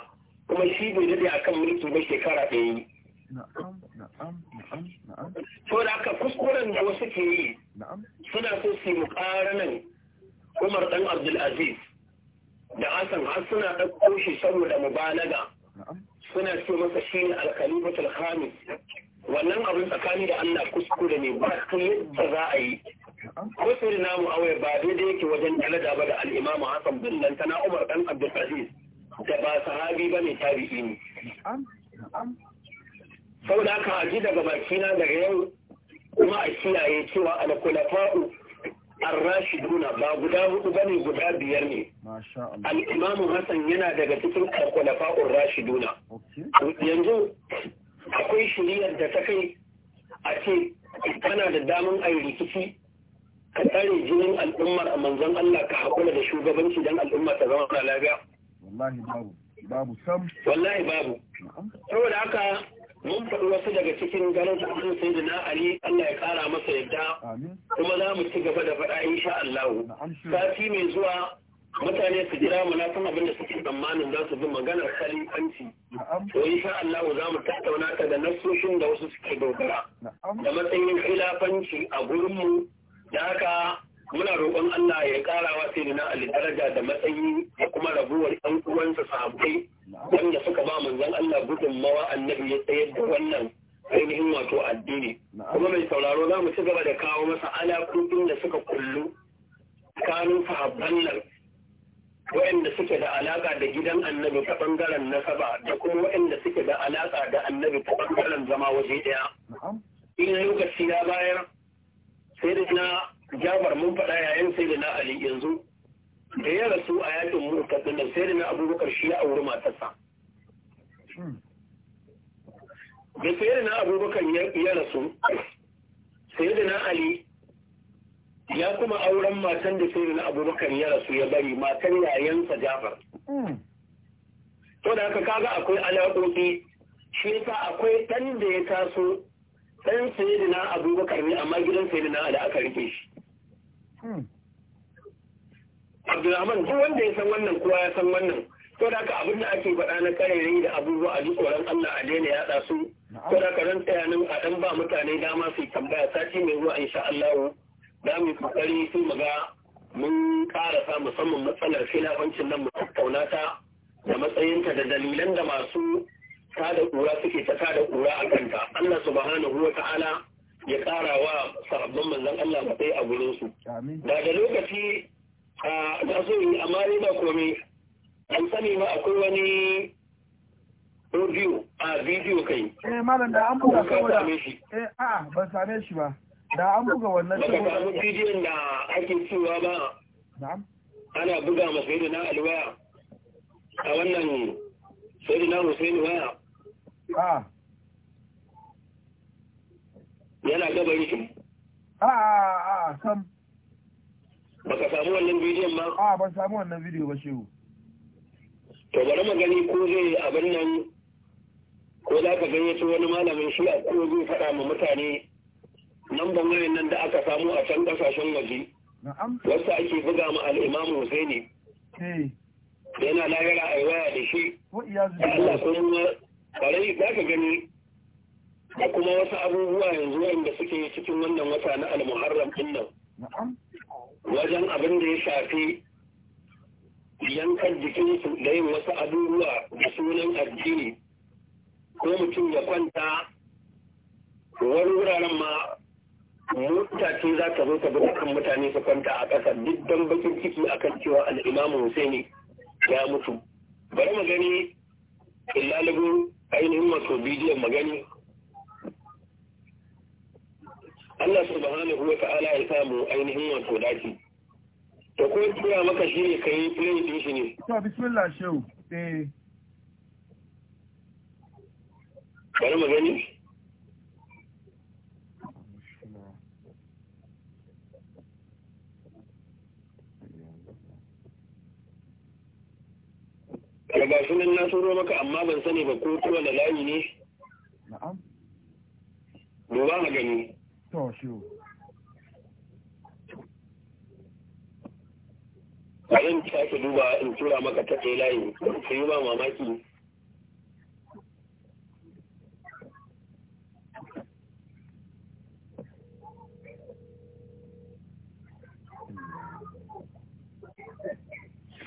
S1: kuma shi bai dade akan mulki ba shekara ɗaya
S2: na'am.
S1: to da aka kuskuren da wasu ke yi suna so su yi nan umar dan abdulaziz da hassan har suna ɗauko shi saboda mubalaga suna ce masa shi ne alkalimatul hamis wannan abin tsakani da allah kuskure ne ba ta yadda za a yi kusuri namu awai ba daidai yake wajen dalada ba da al'imamu hassan bin nan tana umar dan abdulaziz da ba sahabi ba ne tabi'i ne saboda haka a ji daga bakina daga yau kuma a kiyaye cewa alkulafa'u ar-rashiduna ba guda hudu bane guda biyar ne al-imam Hassan yana daga cikin alkulafa'ur rashiduna yanzu akwai shiriyar da ta kai a ce kana da damun ayi rikici ka tsare jinin al'ummar a manzon Allah ka hakura da shugabanci don al'umma ta zama lafiya wallahi babu babu sam wallahi babu saboda haka mun faɗi wasu daga cikin ganin abin sai da na Allah ya ƙara masa yadda kuma za mu ci gaba da faɗa insha allahu. sati mai zuwa mutane su jira mu na san abin da suke tsammanin za su bi maganar khalifanci to insha allahu za mu tattauna ta da nasoshin da wasu suke dogara da matsayin khilafanci a gurin mu da haka muna roƙon Allah ya ƙara wa na Ali daraja da matsayi da kuma rabuwar ɗan uwansa sahabbai wanda suka ba manzon Allah gudunmawa annabi ya tsayar da wannan ainihin wato addini kuma mai sauraro za mu ci gaba da kawo masa alaƙoƙin da suka kullu tsakanin sahabban nan waɗanda suke da alaƙa da gidan annabi ta ɓangaren nasaba da kuma waɗanda suke da alaƙa da annabi ta ɓangaren zama waje
S2: ɗaya
S1: in lokaci na bayar sai da jabar mun faɗa yayin sai da na ali yanzu da ya rasu a yakin mutar da sai da na abubakar shi ya auri matarsa da sai da na abubakar ya rasu sai da na ali ya kuma auren matan da sai da na abubakar ya rasu ya bari matan yayansa jabar to da haka kaga akwai alaƙoƙi shi yasa akwai ɗan da ya taso ɗan da na abubakar ne amma gidan da na ali aka rike shi Abdulrahman duk wanda ya san wannan kowa ya san wannan. Ko da ka abin da ake faɗa na karerai da abubuwa a duk tsoron Allah a daina ɗa su. Ko da ka ranta yanin a ɗan ba mutane dama su tambaya sati mai zuwa insha Allah Da mu yi kokari su ga? mun samu musamman matsalar filafancin nan mu tattauna ta da matsayinta da dalilan da masu tada ƙura suke ta tada ƙura a kanta. Allah subhanahu wa ta'ala ya ƙara wa sahabban manzan Allah matsayi a gurinsu. daga lokaci a so yi amma ne ba komai an sani ma akwai wani audio a bidiyo kai eh malam da an buga saboda eh a ban same shi ba da an buga wannan shi ba samu bidiyon da ake cewa ba na'am ana buga ma yadda na alwaya a wannan sai na Hussein waya yana gabari a a a sam baka samu wannan bidiyon ba a ban samu wannan bidiyo ba shehu to bari mu gani ko zai abin nan ko za ka gayyato wani malamin shi a ko zai faɗa ma mutane Nan ban wayan nan da aka samu a can kasashen waje wasu ake buga ma al'imam Husaini eh. yana lahira a waya da shi Allah kuma ƙwarai za ka gani da kuma wasu abubuwa yanzu wanda suke cikin wannan wata na almuharram din
S2: nan
S1: wajen abin da ya shafi yankan jikinsu da yin wasu abubuwa da sunan addini ko mutum ya kwanta wani wuraren ma mota ce za ta zo ta bi kan mutane su kwanta a ƙasa duk don bakin ciki kan cewa al'imamu Hussaini ya mutu bari magani gani ainihin wato bidiyon magani Allah subhanahu wa ta'ala ya samu ainihin wato dace to ko tura maka shi ne kai play din shi ne to bismillah shehu eh bari mu gani Daga nan na turo maka amma ban sani ba ko tuwa da layi ne? Na'am. Duba a gani. tọ́ ṣe o. abin da ake duba in tura maka ta ɗaya layi sai yi ba mamaki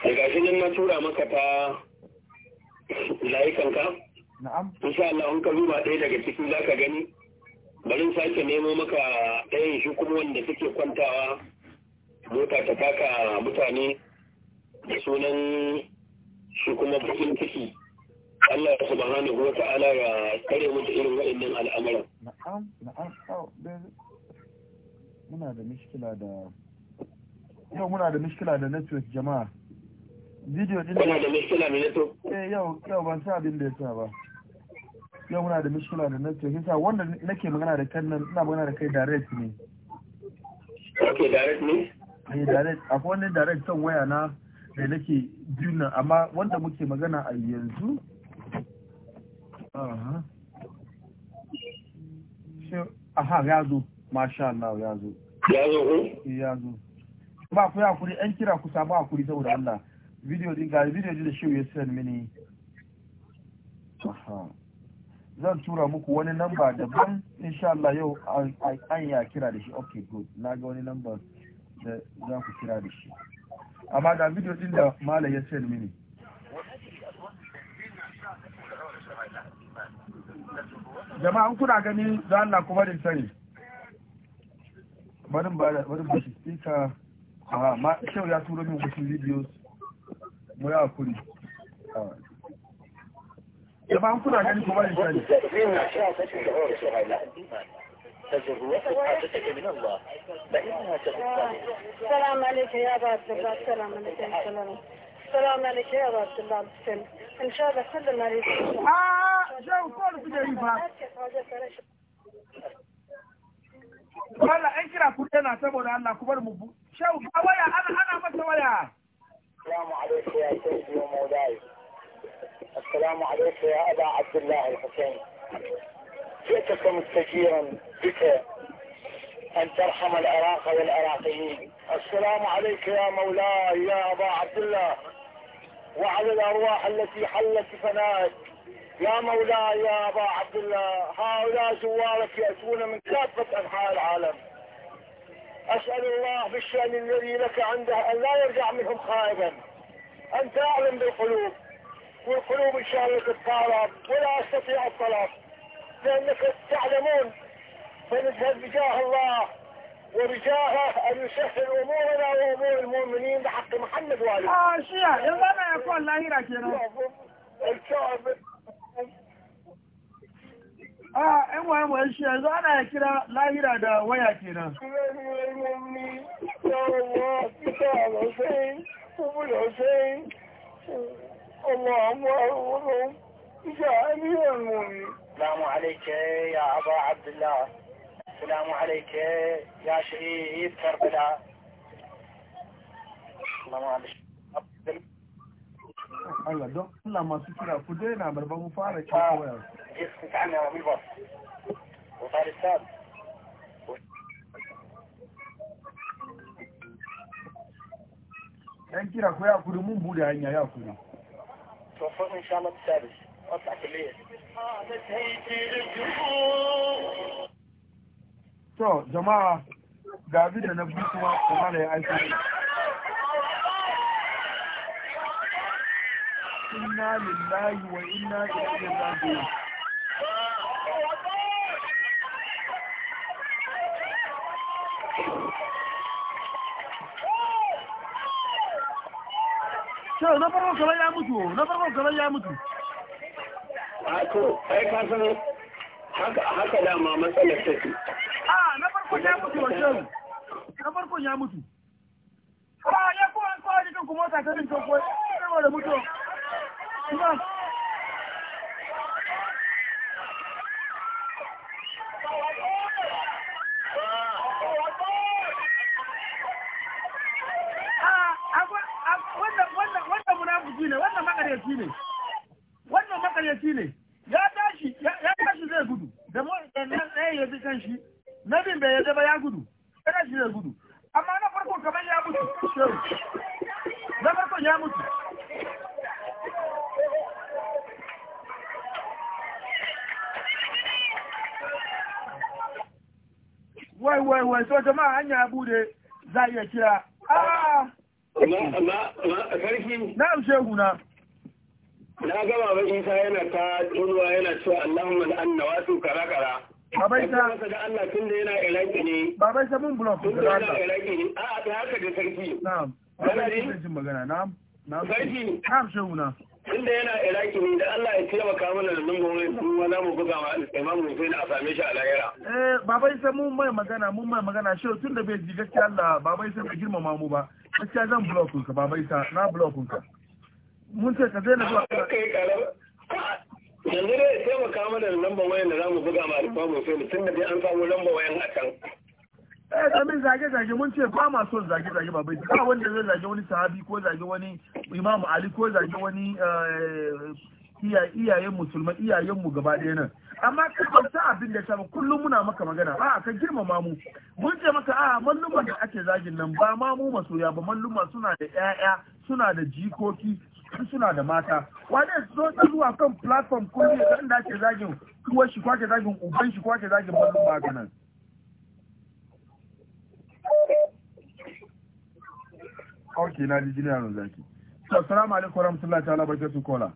S1: da gashi nan na tura maka ta layikanka na'am insha Allah in ka duba ɗaya daga ciki za ka gani bari sake nemo maka ɗayan shi kuma wanda suke kwantawa mota ta taka mutane da sunan shi kuma bakin ciki Allah subhanahu wa ta'ala ya kare mu da irin waɗannan al'amuran.
S2: Na'am, na'am,
S1: muna da mishkila da yau muna da mishkila da network jama'a. Video din da mishkila da network? Eh yau yau ban sa abin da ya sa ba. yau muna da mishkila da nan to sa wanda nake magana da kan nan ina magana da kai direct ne ok direct ne eh direct akwai wani direct son waya na da nake biyun nan amma wanda muke magana a yanzu aha ya zo masha Allah ya zo ya zo ko eh, ya zo ba ku ya kuri an kira ku samu hakuri saboda Allah video din ga video din da shi ya san mini aha zan tura muku wani lamba daban insha Allah yau an ya kira da shi okay good na ga wani lamba da za ku kira da shi amma ga video din da malam ya send mini jama'an kuna gani za Allah kuma da sani bari bari ba shi tsika a ma shau ya turo min wasu videos mu ya kuri da ba kuna ganin kuma da السلام عليك يا ابا عبد الله السلام عليك يا السلام عليك يا ابا عبد الله ان شاء الله سلم عليك اه
S2: جو كل في جيبها
S1: Wala ‘yan kira ku yana saboda Allah ku bar mu bu. Shau, a waya ana ana masa waya. Salamu alaikum ya السلام عليك يا أبا عبد الله الحسين جئتك مستجيرا بك أن ترحم العراق والعراقيين السلام عليك يا مولاي يا أبا عبد الله وعلى الأرواح التي حلت فنائك يا مولاي يا أبا عبد الله هؤلاء زوارك يأتون من كافة أنحاء العالم أسأل الله بالشأن الذي لك عنده أن لا يرجع منهم خائبا أنت أعلم بالقلوب والقلوب إن شاء الله تتقارب ولا أستطيع الطلب لانكم تعلمون فنذهب بجاه الله ورجاهه أن يسهل أمورنا وأمور المؤمنين بحق محمد والي آه شيخ الله ما يكون لا اه اه امو ‘yan wayan انا shi لا يرى دا ويا lahira da waya kenan. Kuma da Hussein, اللهم أولهم جعلني المؤمن السلام عليك يا أبا عبد الله السلام عليك يا شهيد كربلاء Allah don Allah masu kira ku daina barba mu fara cin koyar. Jikin ta hanyar wani bas. Wata lissab. Yan kira ku ya kuri mun bude hanya ya kuri. توفق ان شاء الله بالسادس واطلع الليل to jama'a ga da na biyu kuma kuma da ya aiko inna lillahi wa inna ilaihi raji'un to na farko kamar ya mutu na farko kamar ya mutu ai ka san haka haka da ma matsalar take a na farko ya mutu wannan na farko ya mutu ba ya ko an ko da kuma ta kanin to ko mutu makaryaci ne wannan makaryaci ne ya tashi ya tashi zai gudu da nan ɗaya ya ji kan shi na bin bai yadda ba ya gudu ya tashi zai gudu amma na farko kamar ya mutu na farko ya mutu wai wai wai so jama'a hanya ya bude za a iya kira a ah! na shehu na na ga baba isa yana ta tunuwa yana cewa allahumma la'anna wasu kara kara baba isa da allah tun da yana iraki ne baba isa mun blog tun da yana iraki ne a a haka da sarki na'am baba isa jin magana na'am na'am sarki na'am shehu wuna tun da yana iraki ne da allah ya taimaka mana da wani sun wani mu buga ma imam hussein a same shi a lahira eh baba isa mun mai magana mun mai magana shi tun da bai ji gaskiya allah baba isa bai girmama mu ba gaskiya zan blog ka baba isa na blog ka mun ce ka daina zuwa yanzu dai taimaka mana da lambar wayan da za mu buga ma alifa mu sai mutum da dai an samu lambar wayan a can eh kamin zage zage mun ce ba ma son zage zage ba bai ba wanda zai zage wani sahabi ko zage wani imam ali ko zage wani eh, iyayen musulma iyayen mu gaba ɗaya nan amma ka kwanta abin da shafa kullum muna maka magana a ka girmama mu mun ce maka a malluma da ake zagin nan ba ma mu masoya ba malluma suna da ƴaƴa suna da jikoki in suna da mata wane zo zuwa kan platform ko ne ga inda zagin uwar shi kwace zagin uban shi kwace zagin ballon maganin? ok na ji jini yaron zaki so assalamu alaikum warahmatullahi ta'ala barkatu kola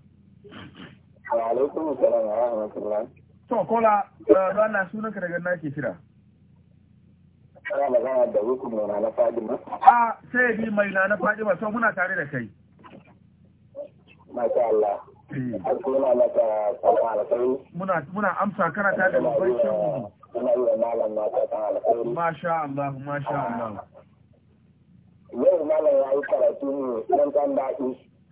S1: wa alaikum assalam wa rahmatullahi to kola ba eh, na sunan ka daga na ke kira Ana magana da hukumar na na Fadima. A, ah, sai bi mai na na Fadima, so muna tare da kai. Masha Allah. Hmm. Alkuna maka kama alkhairi. Muna muna amsa kana ta da babban shehu. Muna yi wa malam mata kan alkhairi. Masha Allah, masha Allah. Yau malam ya yi karatu ne don kan daɗi.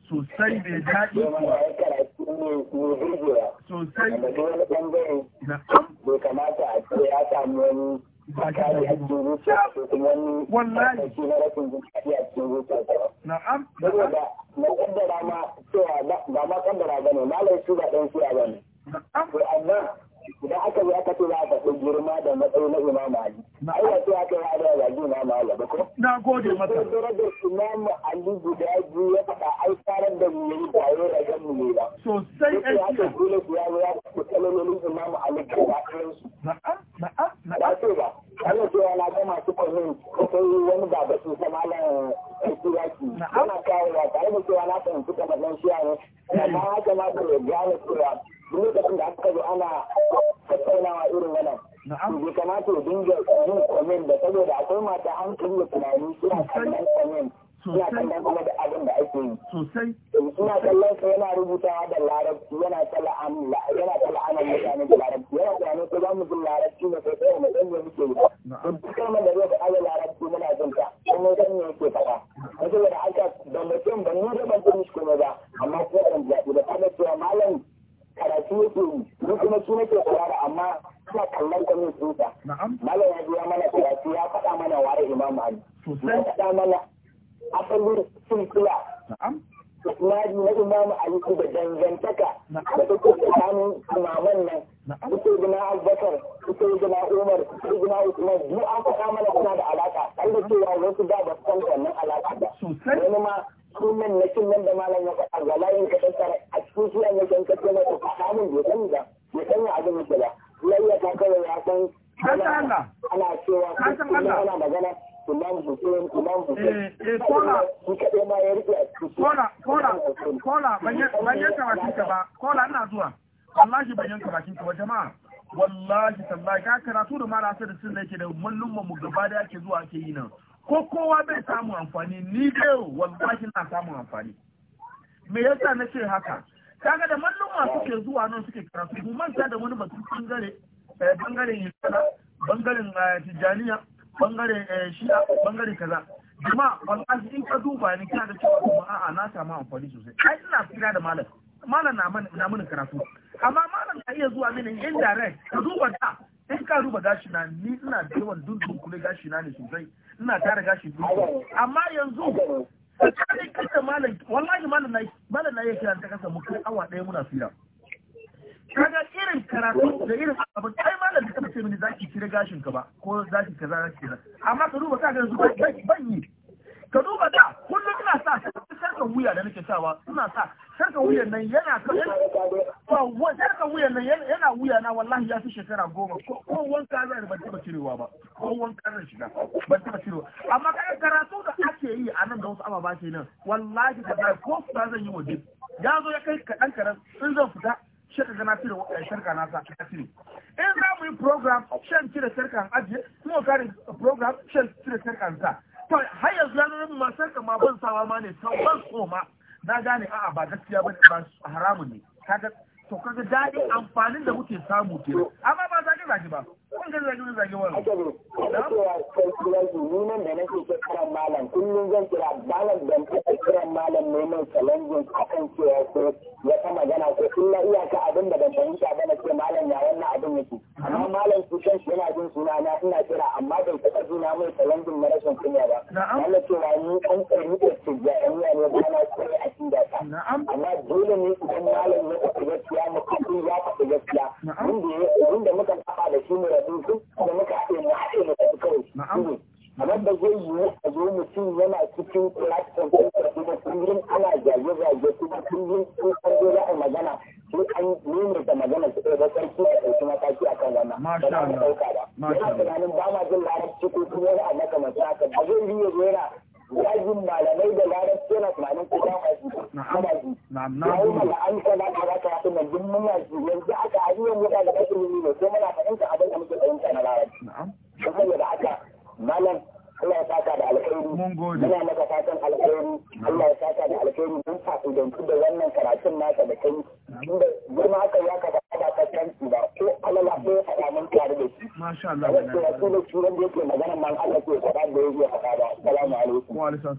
S1: Sosai mai daɗi kuwa. Ya yi karatu ne ne zirgiya. Sosai. Da wani ɓangare. Na'am. Bai kamata a ce ya samu wani ba ta yi hajjin zuciya ko kuma wani wallahi shi na rashin zuciya a cikin zuciya na'am saboda na kaddara ma cewa ba ma kaddara bane malai su ba dan shiya bane na'am amma idan aka yi. aka ce za a girma da matsayi na imam ali a tura aka yi adaya zagi na ali ba ko na gode maka sai dora da imam ali guda biyu ya faɗa ai tsarar da mu yi ba yau da gan mu yi ba sosai ai ya ce dole ku ya ya ku kalolin imam ali ko ba kan su na'a na'a na'a ce ba ana cewa na ga masu kwanin sai wani baba su sama aiki A' yana kawo ba tare da cewa na fahimci kamar nan shi ne amma haka ma cewa lokacin da aka zo ana tattaunawa irin wannan na'am bai kamata ya dinga yin comment da saboda akwai mata an kulle tunani suna kallon comment suna kallon kuma da abin da ake yi sosai eh, suna kallon sa yana rubutawa da larabci yana kala amla yana kala amal mutane da larabci yana tunanin ko za mu bin larabci ne sai sai mu san me muke yi na'am duk kalmar da zai faɗa da larabci muna jin ta kuma san me yake faɗa saboda haka ban da ban ni da ban san shi kuma ba amma ko ban ji da ta cewa malam karatu yake yi ni kuma su nake kula amma suna kallon ka min tuta malam ya biya mana karatu ya faɗa mana waye imam ali ya faɗa mana asalin sun kula isnadi na imamu ali da dangantaka da take tsakanin imaman nan ita gina abubakar ita gina umar ita gina usman mu an faɗa mana suna da alaƙa an da cewa wasu da ba san wannan alaƙa ba wani ma sunan na cin nan da malam ya faɗa ga layin ka tattara a cikin sunan na can kacce na faɗa da bai sani ba bai sanya abin yake ba layyaka kawai ya san ana cewa ana magana Imam eh, eh, a ka ba. Kola ina zuwa. ban ka ba jama'a. karatu da marasa da yake da mallumman mu gaba da zuwa ake yi Ko kowa bai samu amfani ni dai wallahi na samun amfani. Me yasa na ce haka? Kaga da malluma suke zuwa nan suke karatu, mu manta da wani batun bangare, eh, bangaren Yusra, bangaren Tijjaniya, bangare eh, a bangare kaza kuma wallahi in ka duba ni kana da cewa kuma a'a na samu amfani sosai ai ina fira da malam malam na mana na mana karatu amma malam na iya zuwa mini indirect ka duba da in ka duba gashi na ni ina da yawan dundun kuma gashi na ne sosai ina tara gashi dundun amma yanzu ka kasa malam wallahi malam na malam na iya kira ta kasa mu kai awa ɗaya muna fira kaga irin karatu da irin abu kai ma da kake ce mini zaki kire gashin ka ba ko zaki kaza zaki kaza amma ka duba kaga yanzu ban yi ka duba da kullum ina sa sarkan wuya da nake sawa ina sa sarkan wuyan nan yana wa sarkan wuyan nan yana wuya na wallahi ya fi shekara goma ko wanka zan ban ta cirewa ba ko wanka zan shiga ban ta cirewa amma kaga karatu da ake yi a nan da wasu ababa ke nan wallahi da ko fita zan yi waje ya zo ya kai kaɗan kaɗan in zan fita shaka gana na cire eh, sharka na sa ka cire in za mu yi program shan cire sharka ajiye kuma kare program shan cire sharka sa to har yanzu ya nuna ma sharka ma ban sawa ma ne to ban koma na gane a'a ba gaskiya ba ba haramun ne kaga to kaga daɗin amfanin da muke samu ke amma ba zage ba kun ga zage zage wannan ake ne kai kira ni nan da nake ke kira malam kullum zan kira malam dan ka kira malam neman challenge akan cewa ko ya ta magana ko illa iyaka abin da ban fahimta ba na ce malam ya wannan abin yake amma malam su kan yana jin suna na ina kira amma ba sanya mai talandin na kunya ba. Na'am. Allah ce na ni an karbi da su ga ne ba na kare a cikin da Na'am. Amma dole ne idan malam ya faɗi gaskiya mu kuma ya faɗi gaskiya. Na'am. Wanda muka faɗa da shi mu rabu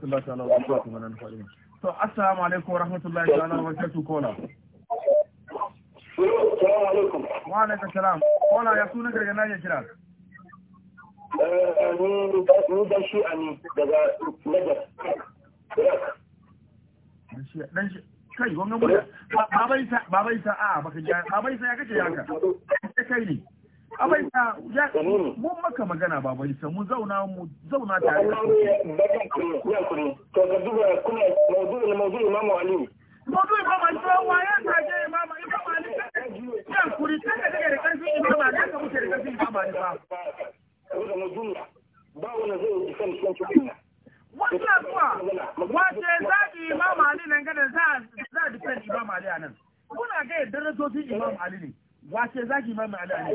S1: rahmatullahi ta'ala wa barakatuhu manan fa'alin to assalamu alaikum wa rahmatullahi ta'ala wa barakatuhu kola Assalamu alaikum. Wa alaikum salam. Kola ya sunan daga nan ya kira. Eh, ni dan shi ani daga Lagos. Dan shi kai gwamnati babai sa babai sa a baka ja babai sa ya kace ya ka. Kai ne. abai ta ya mun maka magana baba isa mu zauna mu zauna tare da ku ya kuri to ga duba kuna mawdu'i mawdu'i imamu ali mawdu'i imamu ali to wa ya tage imamu ma ali ya kuri kada daga da karfin imamu ali ka muke da karfin imamu ali ba saboda mawdu'i ba wani zai yi kan cikin cikin wannan kuwa wace zaɓi imamu ali nan gada za a defend imamu ali a nan kuna ga yadda na imam ali ne wace zagi imamu ali a nan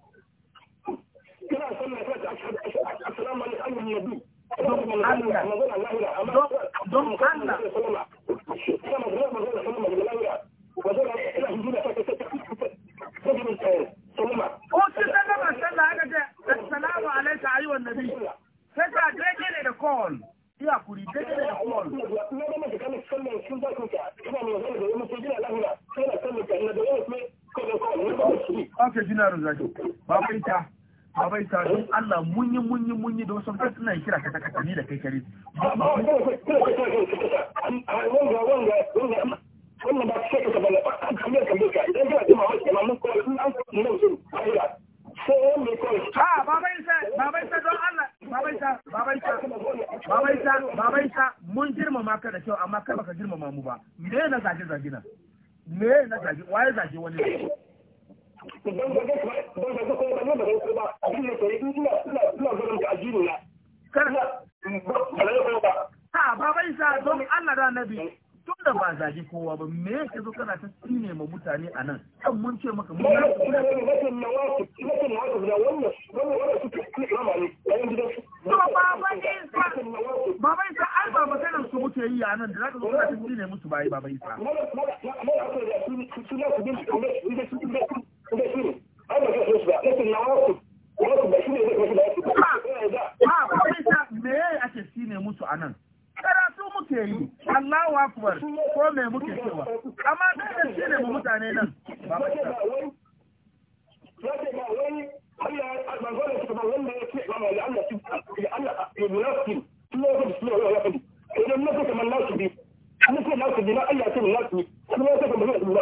S1: kana sallah kana ashhadu assalamu alaikum ayyuhan nabi don Allah don Allah Okay, Gina Rosado. Babu ita. babai ta don Allah mun yi mun yi mun yi don sun kai suna kira ka taka ni da kai kare amma wanda wanda wanda wanda wannan ba sai ka bala ba an kamar kamar ka idan ka ji mamaki amma mun kawai sun an kuma mun sun ayyuka sai wanda kawai ah babai sa babai sa don Allah babai sa babai sa babai sa babai sa mun girmama ka da kyau amma kai baka girmama mu ba me na zage zage na me na zage waye zage wani ne don ba zai don ba kuma ba zai ba ba abin da sai ina ina ina da ajini na kar na ba zai kuma ba ha baba isa Allah da nabi tun da ba zagi kowa ba me yake zo kana ta tsine ma mutane a nan kan mun ce maka mun ina ina ne ba tun nawasu ina tun nawasu da wannan wannan su kuma imama ne yayin gidan su
S2: to baba isa
S1: baba isa ai ba maganar su yi a nan da zaka zo kana ta tsine musu bai baba isa mala su su su su su su kuma shi su na akbar ko me muke cewa amma kai da shi mu mutane nan ba ba wai Allah ya manzo da shi ba wanda ya ce Allah shi Allah ya munafiki kuma ya fadi idan na kuka manna bi an ce su bi na Allah ce munafiki kuma ya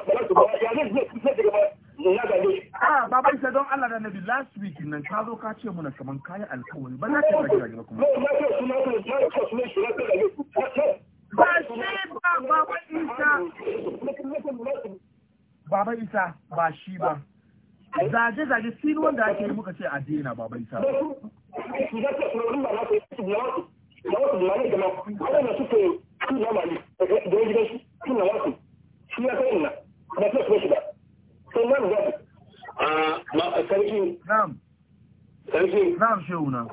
S1: ba ya zai zai daga baya Ah, Baba Isa don Allah da Nabi last week nan ka zo ka ce muna kaman kayan alkawari ba na ka ba kira kuma. Ba ce na ce suna shi Ba shi Isa. Baba Isa ba shi ba. Zage zage sin wanda ake yi muka ce a daina Baba Isa. ba su wasu wasu wasu ba. a sarki na'am sarki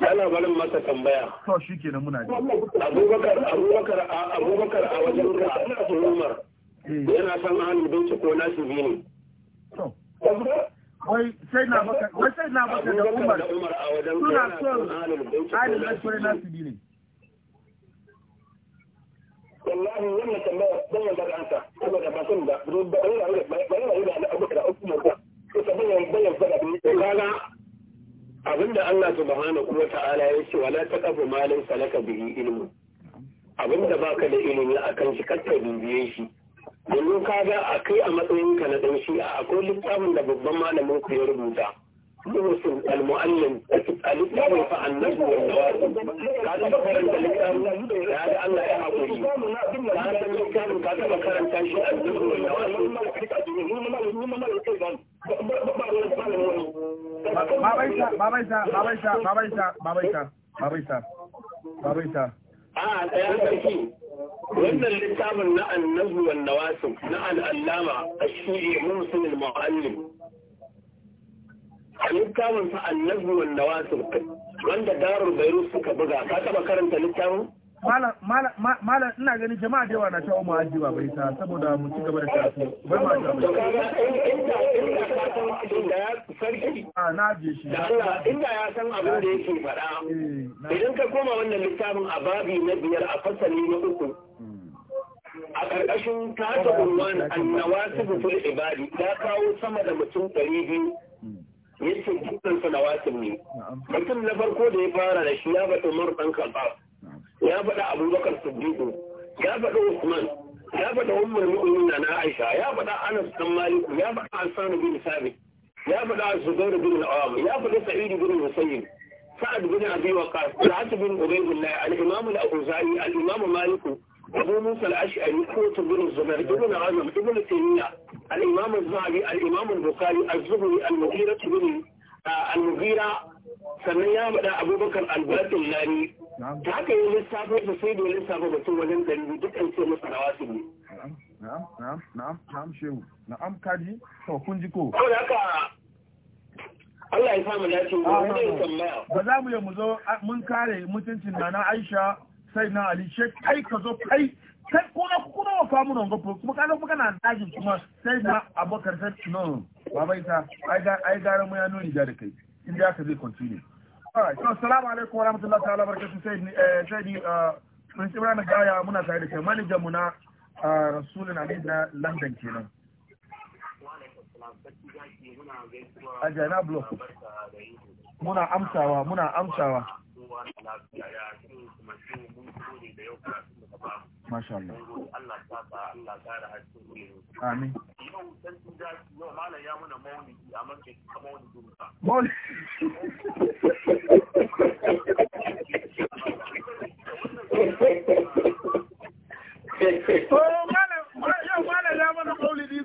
S1: yana barin masa tambaya
S2: to muna ji
S1: abubakar abubakar abubakar a wajen ka ina umar eh. yana san ahlul bait ko nasibi ne to wai sai na baka wai sai na baka da umar suna son ahlul bait ko nasibi wallahi wannan tambaya ban yarda da ansa saboda ba san da ba yana yi ba yana yi da ba da uku mota ko ta ban ban yarda da ni kaga abinda Allah subhanahu wa ta'ala ya ce wala taqafu ma laysa laka bihi ilmu abinda baka da ilimi akan shi kakka bibiye shi domin kaga akai a matsayin ka na dan shi akwai littafin da babban malamin ku ya rubuta يوسف المؤلم كتب ألف لا ينفع النجم والنوازم هذا مكرم الكتاب هذا الله يحبه هذا الكتاب هذا مكرم كان شيء النجم والنوازم Baba Isa, Baba Isa, Baba Isa, Baba Isa, Baba Isa, Baba Isa, Baba Isa. Ah, ɗaya sarki. Wannan littafin na annabi wa nawasim na al'allama a shi Musulun Mu'allim. littafin fa annabi wal kai wanda darul bayrut suka buga ka taba karanta littafin malam ina ganin jama'a da yawa na shawo mu haji ba bai sa saboda mu ci gaba da karatu bai ma ta bai a na je shi da Allah inda ya san abin da yake faɗa
S2: eh, idan
S1: ka koma wannan littafin a babi na biyar a fasali na uku a ƙarƙashin tata unwan annawasibu fil ibadi ya kawo sama da mutum ɗari biyu yace dukkan salawatin ne mutum na farko da ya fara da shi ya faɗi Umar dan Khattab ya faɗi Abubakar Siddiq ya faɗi Usman ya faɗi Ummul Mu'minin na Aisha ya faɗi Anas dan Malik ya faɗi Hassan bin Sabit ya faɗi Zubair bin Awam ya faɗi Sa'id bin Musayyib Sa'ad bin Abi Waqqas Sa'ad bin Ubay bin Al-Imam Al-Auza'i Al-Imam Malik أبو موسى الأشعري قوت بن الزبير ابن ابن تيمية الإمام الزهري الإمام البخاري الزهري المغيرة بن المغيرة sannan ya faɗa abubakar albatun ta haka yi lissafi da sai da lissafi da wajen ce rawa su ne. Allah ya samu dace, ah, tambaya. Ba za mu yi mu zo mun kare mutuncin Nana Aisha sai na ali she kai ka zo kai kai kuna kuna wa famu nan ga kuma kana kuma kana dajin kuma sai na abokar sai no baba ita ai ga ai gara mu ya nuni da kai inda aka zai continue alright so assalamu alaikum wa rahmatullahi ta'ala barakatuh sai ni sai ni mun tsira na gaya muna tare da kai manager mu na uh, rasulun ali na london kenan muna amsawa muna amsawa kowa lafiya ya kuma da yau karatun Allah Allah ta <laughs> Oh, malam, yau malam ya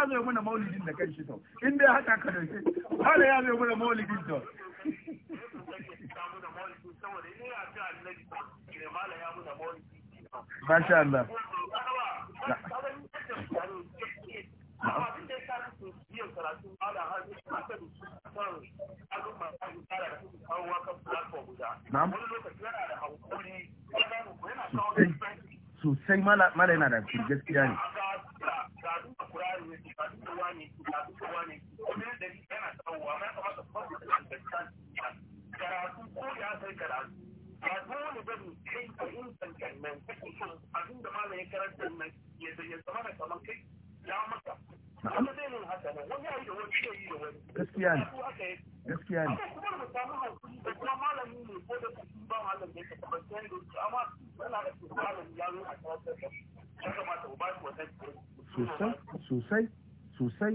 S1: Masha Allah. Na'am. Sosai mala yana da gaskiya ne. karatu ko ya sai karatu a dole bane kai fahimtar kannan kake kan abin da malam ya karanta nan ya zama na kamar kai ya maka amma zai nuna haka nan wani yayi da wani zai yi da wani gaskiya ne gaskiya ne kuma da samu hankali da kuma malami ne ko da kuma ba malam ne ka tabbatar da shi amma yana da malam ya zo a karantar da ya kamata ba shi wannan sosai sosai sosai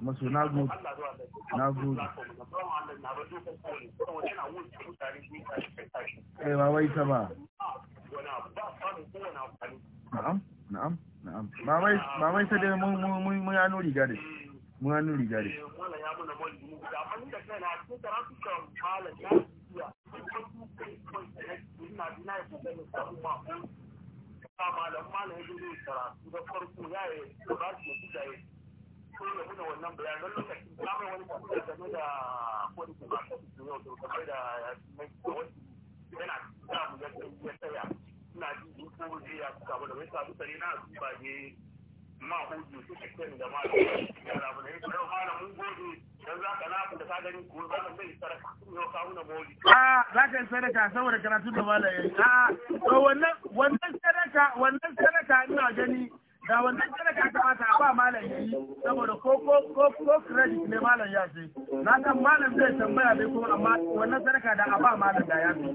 S1: masu na na ba wai ta ba na'am na'am na'am mamai sai dai mun mun da shi mun hannun riga da yana samu ya tsaya ina jin ko zai ya kuka ba da wai sabu sare na su ba ne ma hudu suke kan da ma yara ba da yake yau malamin gobe dan za ka lafi da ka gani ko za ka sai sarka yau ka huna boli a za ka yi sadaka saboda karatu da malaye to wannan wannan sadaka wannan ina gani da wannan sadaka ta a ba malam yi saboda ko ko ko credit ne malam ya ce na san malam zai tambaya bai kuma amma wannan sadaka da a ba malam da ya ce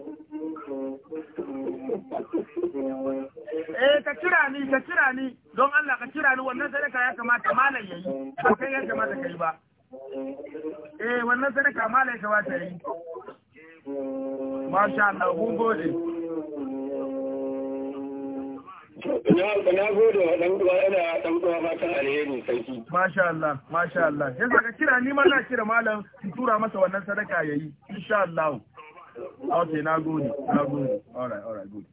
S1: eh ka kira ni ka kira ni don Allah ka kira ni wannan sadaka ya kamata malam yayi ba kai ya kamata kai ba eh wannan sadaka malam ya kamata yi masha Allah mun gode Na gode wa ɗan uwa yana ɗan uwa fatan alheri sarki. Masha Allah, masha Allah. Ya saka kira ni ma kira malam in tura masa wannan sadaka ya yi. Insha Allah. Okay, na gode, na gode. All right, all right, good.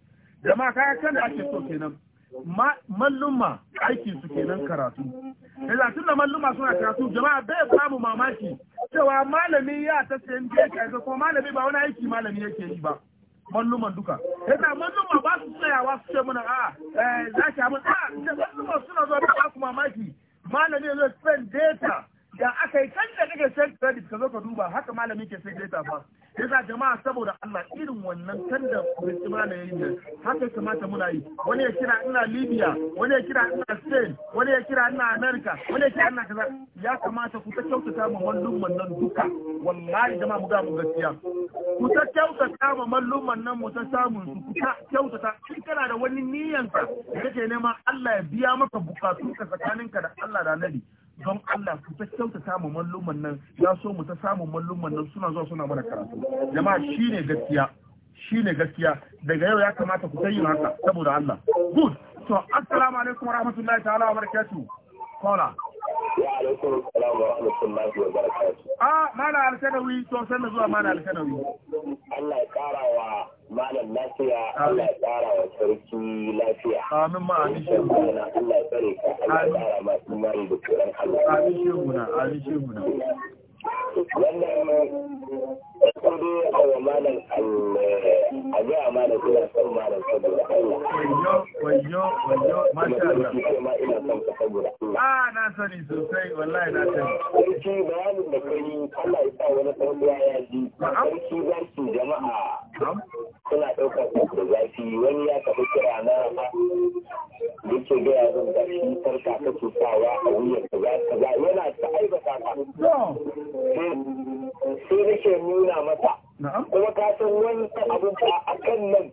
S1: Jama'a kaya kan da ake so kenan. malluma aikin su kenan karatu za tun da malluma suna karatu jama'a bai ba mu mamaki cewa malami ya ta sayan je ka ko malami ba wani aiki malami yake yi ba malluman duka Yana malluma ba su tsayawa su ce mana a ah, eh, za ki abin a ah, malluma suna zuwa ba mamaki malami ya zo spend data da aka yi kan da kake send credit ka zo ka duba haka malami ke send data ba yasa jama'a saboda Allah irin wannan kan da Kristima na yayin nan haka kamata muna yi wani ya kira ina Libya wani ya kira ina Spain wani ya kira ina America wani ya kira ina kaza ya kamata ku ta kyautata ma mallumman nan duka wallahi jama'a mu ga mu gaskiya ku ta kyautata ma mallumman nan mu ta samun su ku ta kyautata in kana da wani niyyanka da kake nema Allah ya biya maka bukatu ka tsakaninka da Allah da Nabi don Allah ku ta kyauta samun malluman nan ya so mu ta samun malluman nan suna zuwa suna mana karatu jama'a shine gaskiya shine gaskiya daga yau ya kamata ku yi haka saboda Allah good to assalamu alaikum warahmatullahi ta'ala wa barakatuh kola wa alaikum assalam wa rahmatullahi wa barakatuh ah mana alkanawi to sanin zuwa mana alkanawi Allah ya wa. malam lafiya Allah ya tsara wa sarki lafiya. Amin ma amin shehu. Allah ya tsare ka Allah ya tsara ma imani da tsoron Allah. Amin shehu na amin Wannan sai dai a wa malam a ga a malam ina son malam saboda Allah. Wayo wayo masha Allah. Kuma ina son ka saboda Allah. na sani sosai wallahi na sani. Sarki bayanin da kai Allah ya sa wani ɗan uwa ya ji. Sarki zarki jama'a. Suna ɗaukar da zafi wani ya taɓa kira na yake gaya zan da shi sarka kake a wuyar ka yana ta aibata sai nake nuna mata kuma ka san wani akan ba a kan nan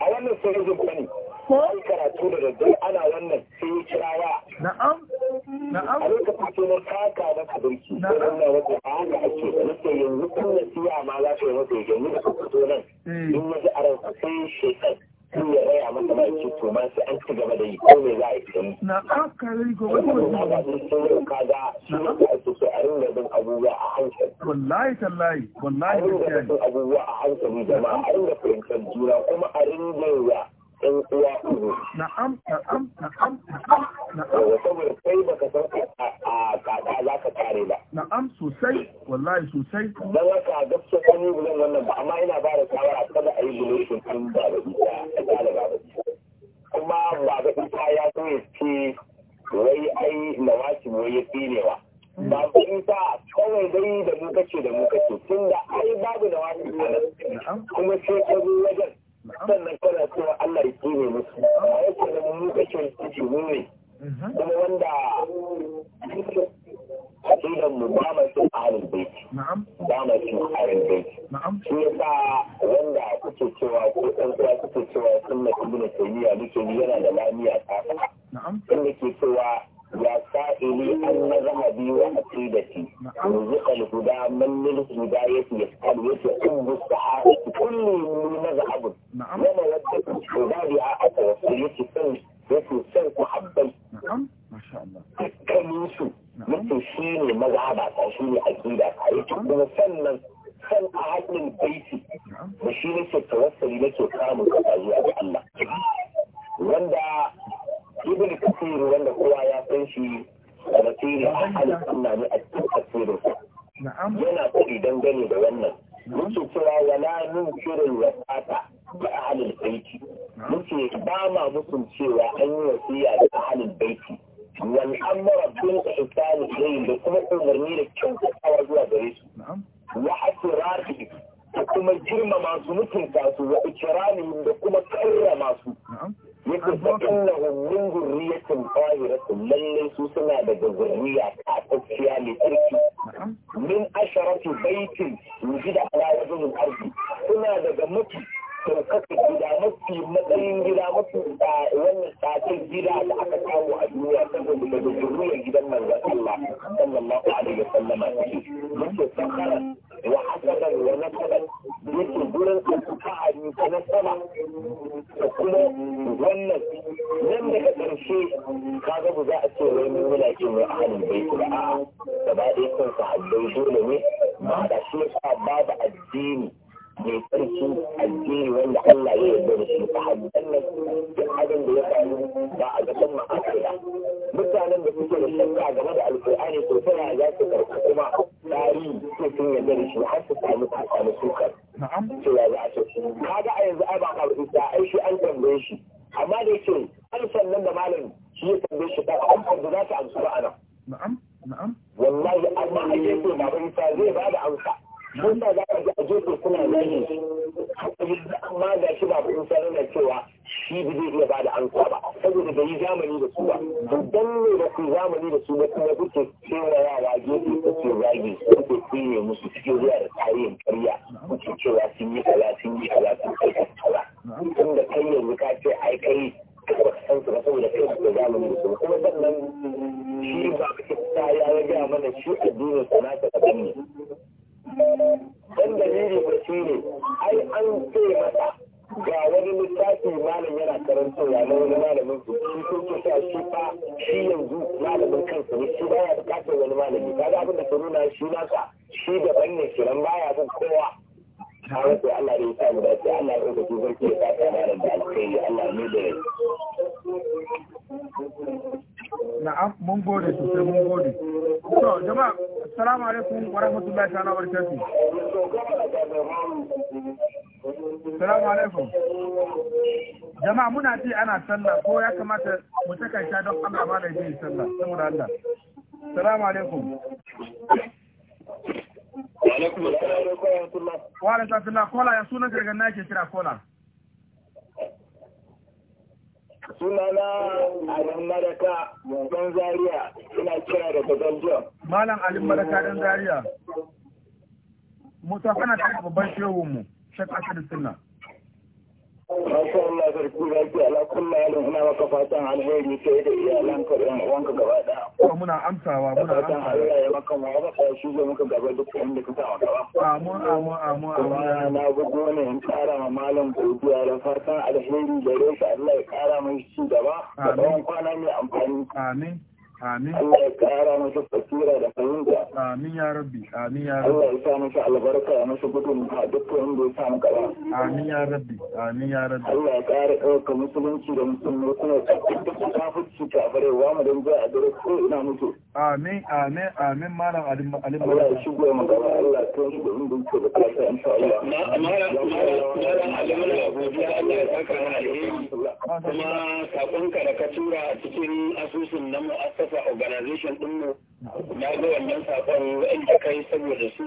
S1: a wannan sai yanzu ba ne karatu da daddare ana wannan sai ya kira ya na'am na'am a lokacin sai na taka na kabirki na'am wata a haka ake nake yanzu kun nasiya ma za su yi masa yanzu da ku fito nan eh. in na ji a sai in ya raya masa ba ce to ma sai an ci gaba da yi ko me za a yi na
S2: aka yi gobe ko ba ba
S1: sun sun kaga shi ne ake so a ringa bin abubuwa a hankali
S2: wallahi tallahi
S1: wallahi a ringa bin abubuwa a hankali jama'a a ringa fahimtar juna kuma a ringa ɗan uwa uku. Na'am, na'am, na'am, na'am. saboda kai baka san a kaka za ka kare ba. Na'am sosai, wallahi sosai. Don haka gaskiya kan yi bulan wannan ba, amma ina ba da shawara kada a yi bulushin kan ba da ita a ba da Kuma ba da ita ya zo ya ce wai ai nawaki wai ya tsinewa. ba ku kawai dai da mu kace da mu kace ai babu da wani kuma sai ka zo wajen sannan kana cewa Allah ya tsine musu ba ya ce da mu kake kuce mu ne mhm. kuma wanda aqidan mu ba mai cin ahlul bait ba mai cin ahlul bait na'am shi yasa wanda kuke cewa ko dan uwa kuke cewa sunna ibnu taymiya nake yana da lamiya ta na'am sun ke cewa ya sa ili an na zama biyu a matsayi da ci yanzu alhuda mallin shiga ya fi ya kan ya fi kun gusta a wasu kullum ne na zahabin yana wadda a aka wasu ya fi son ya son ku habbai kakkanin su ya maza ba ta shi ne a kida ka ya fi kuma sannan san a haɗin baiti da shi ne ke tawassali ne ke kamun kasa zuwa ga Allah wanda ibn kasir wanda kowa ya san shi da basiri a halin sunna ne a cikin tafsirin yana faɗi dangane da wannan muke cewa wala nunkirin wasata da ahalin baiti muke ba ma mutum cewa an yi wasiya da ahalin baiti wal amara bil ihsan ilayhi da kuma umarni da kyautatawa zuwa gare su wa hasirati da kuma girmama su mutunta su wa ikramihim da kuma karrama su yake da innahu min zurriyatin tahiratun lallai su suna daga zurriya ta tsakiya mai tsarki min asharatu baitin yujida da wajhil ardi suna daga mutu karkasa gida mafi matsayin gida mafi wannan tsatar gida da aka kawo a duniya saboda daga zuriyar gidan manzon Allah sallallahu alaihi wa sallama take yake sakara wa hasaban wa nasaban yake gurin alfahari ta nasaba da kuma wannan nan daga ƙarshe kaga ba za a ce wai mun muna ce mai ahalin baiti ba a'a gaba ɗaya sun sahabbai dole ne ba da shi ba babu addini mai tsarki addini wanda Allah ya yarda da shi ta hajji sannan duk abin da ya faru ba a gaban ma'akira mutanen da suke da shakka game da alƙur'ani ko tana za su karɓi kuma tarihi ko sun yarda da shi har su samu su samu sukar cewa za a ce kaga a yanzu ai ba karɓi ta ai shi an tambaye shi amma da yake an sannan da malam shi ya tambaye shi ta an tambaye za ta amsu ba a nan.
S2: Na'am, na'am. Wallahi amma a gefe baban Isa
S1: zai ba da amsa. Mun da za a je a gefe rage amma ga shi ba kun sanar cewa shi ba zai iya bada an ba saboda bai yi zamani da su ba to dan ne da ku zamani da su ba kuma kuke cewa yara gefe kuke zagi kuke tsine musu cikin zuwa da tarihin Salamu alaikum. Jama'a muna ji ana sallah ko ya kamata mu takaita don Allah ba da yi sallah saboda Allah. Salamu alaikum. Wa alaikum assalam wa Kola ya sunan na ke kira kola. sunana Alim Malaka Dan Zaria ina kira daga Belgium. Malam Alim Malaka Dan Zaria. musa kana da babban shehun mu shek asad sunna Masha Allah sarki zaki ala kullu halin ina maka fatan alheri kai da iyalanka da uwanka gaba daya. muna amsawa muna amsawa. Fatan Allah ya maka mu ba ka shi zai muka gaba duk inda ka sa gaba. Amin amin amin amin. Na bugo ne in kara ma malam godiya da fatan alheri gare shi Allah ya kara mai shi gaba. Da tsawon kwana mai amfani. Amin. amin Allah ya masa basira da fahimta amin ya rabbi amin ya rabbi Allah ya sa masa albarka ya masa gudun a dukkan inda ya samu kaba amin ya rabbi amin ya rabbi Allah ya kara ɗauka musulunci da musulmi kuma tsakkin kafirci kafirewa mu don zuwa a dare ko ina mutu
S2: amin amin amin malam alim alim Allah ya shigo mu
S1: gaba Allah ya kawo shigo inda yake da kasa insha Allah malam malam alim ya saka mana alheri kuma sakonka da ka tura a cikin asusun na mu'assasa kafa organization dinmu na ga wannan saƙon inda kai saboda su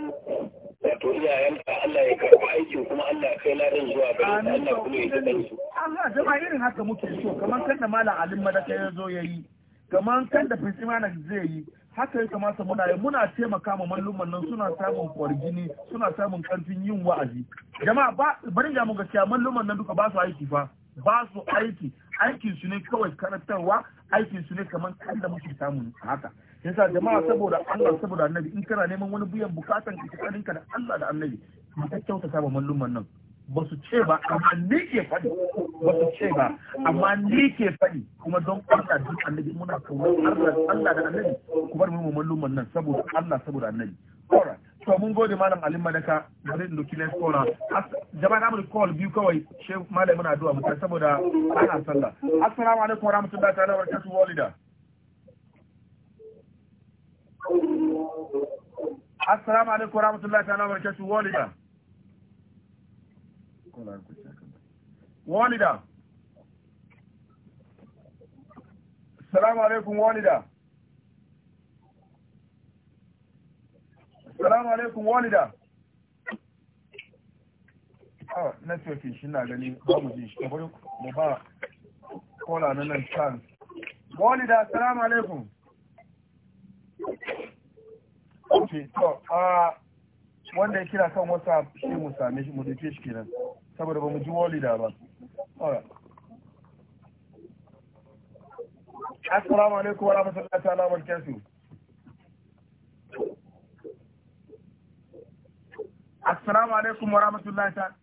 S1: wato iyayenka Allah ya karɓi aikin kuma Allah kai ladan zuwa ga Allah kuma ya ji su. Allah jama'a irin haka muke so kamar kan da Malam Alim Madaka ya zo yayi kamar kan da Fisimana zai yi haka ya kamata muna yi muna taimaka ma malluman nan suna samun kwargini suna samun karfin yin wa'azi jama'a ba bari ga mu gaskiya malluman nan duka ba su aiki fa ba su aiki aikin su ne kawai karantarwa aikin su ne kamar kanda muke samu haka yasa jama'a saboda Allah saboda annabi in kana neman wani biyan bukatan ka tsakanin ka da Allah da annabi ba ka kyautata ba malluman nan ba su ce ba amma ni ke faɗi ba su ce ba amma ni ke faɗi kuma don kwanta duk annabi muna kawo Allah da annabi ku bar mu malluman nan saboda Allah saboda annabi alright to mun gode malam alim madaka da in doki na skola jama'a na mu call biyu kawai she malam muna addu'a mu saboda ana sallah assalamu alaikum warahmatullahi ta'ala wa barakatuh walida assalamu alaikum warahmatullahi ta'ala wa barakatuh walida walida assalamu alaikum walida salamu alaikum walida a ah, networking shi na gani babu ji shi kamar mu ba kola na nan chance walida salamu alaikum ok so a ah, wanda ya kira kan whatsapp shi mu same shi mu duke shi kenan saboda ba mu ji walida ba assalamu alaikum wa rahmatullahi ta'ala wa barakatuh assalamu alaikum wa rahmatullahi ta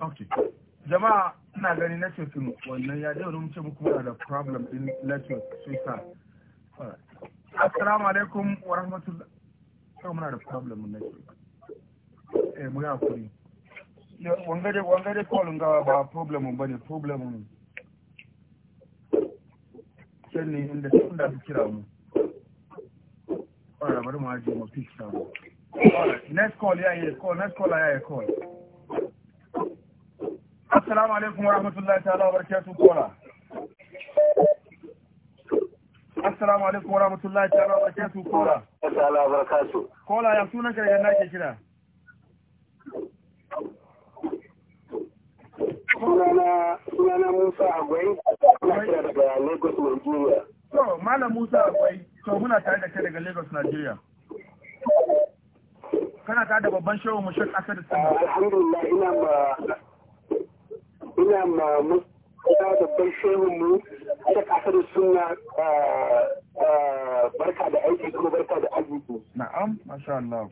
S1: okay jama'a ina gani na cikin wannan ya je mun ce muku muna da problem in lecture sai ka assalamu alaikum wa rahmatullahi ta muna da problem mun ne eh mu ya kuri wangare wangare call ngawa ba problem bane problem can ne inda sun da kira mu ƙwara bari mu ma mu fi samu next call ya yi call next call ya yi call assalamu alaikum wa rahmatullahi ta'ala wa barakatuh kola assalamu alaikum wa rahmatullahi ta'ala wa barakatuh kola assalamu alaikum wa kola ya suna ka yana ke kira sunana Musa Agwai na kira daga Lagos Nigeria So, Malam Musa Agwai to muna tare da kai daga Lagos Nigeria kana tare da babban shehu mu Sheikh Asad Sunna ah, alhamdulillah ina ma ina ma musa babban shehu mu Sheikh Asad Sunna ah, ah, barka da aiki kuma barka da arziki na'am masha Allah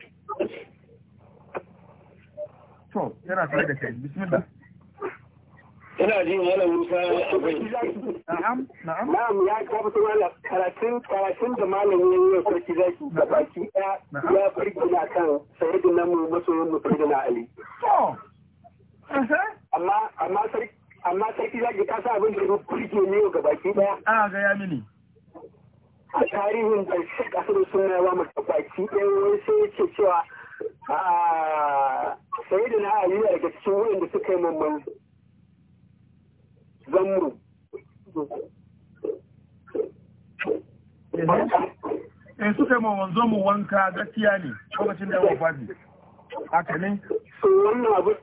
S1: to yana tare da kai bismillah ina ji malam musa akwai na'am na'am na'am ya ka fito karatun karatun da malamin ya yi sarki zaki da baki ya ya farki na kan sayyidina mu masoyin mu sayyidina ali amma amma sarki amma sarki zaki ka sa abin da ya farki ne ga baki daya a ga ya mini a tarihin da shi kasar sunna ya mu baki daya wani sai ya ce cewa ah, da na ali daga cikin da suka yi mamman zamru in eh, suka ma wanzo mu wanka gaskiya ne lokacin da yawan fadi haka ne wannan abu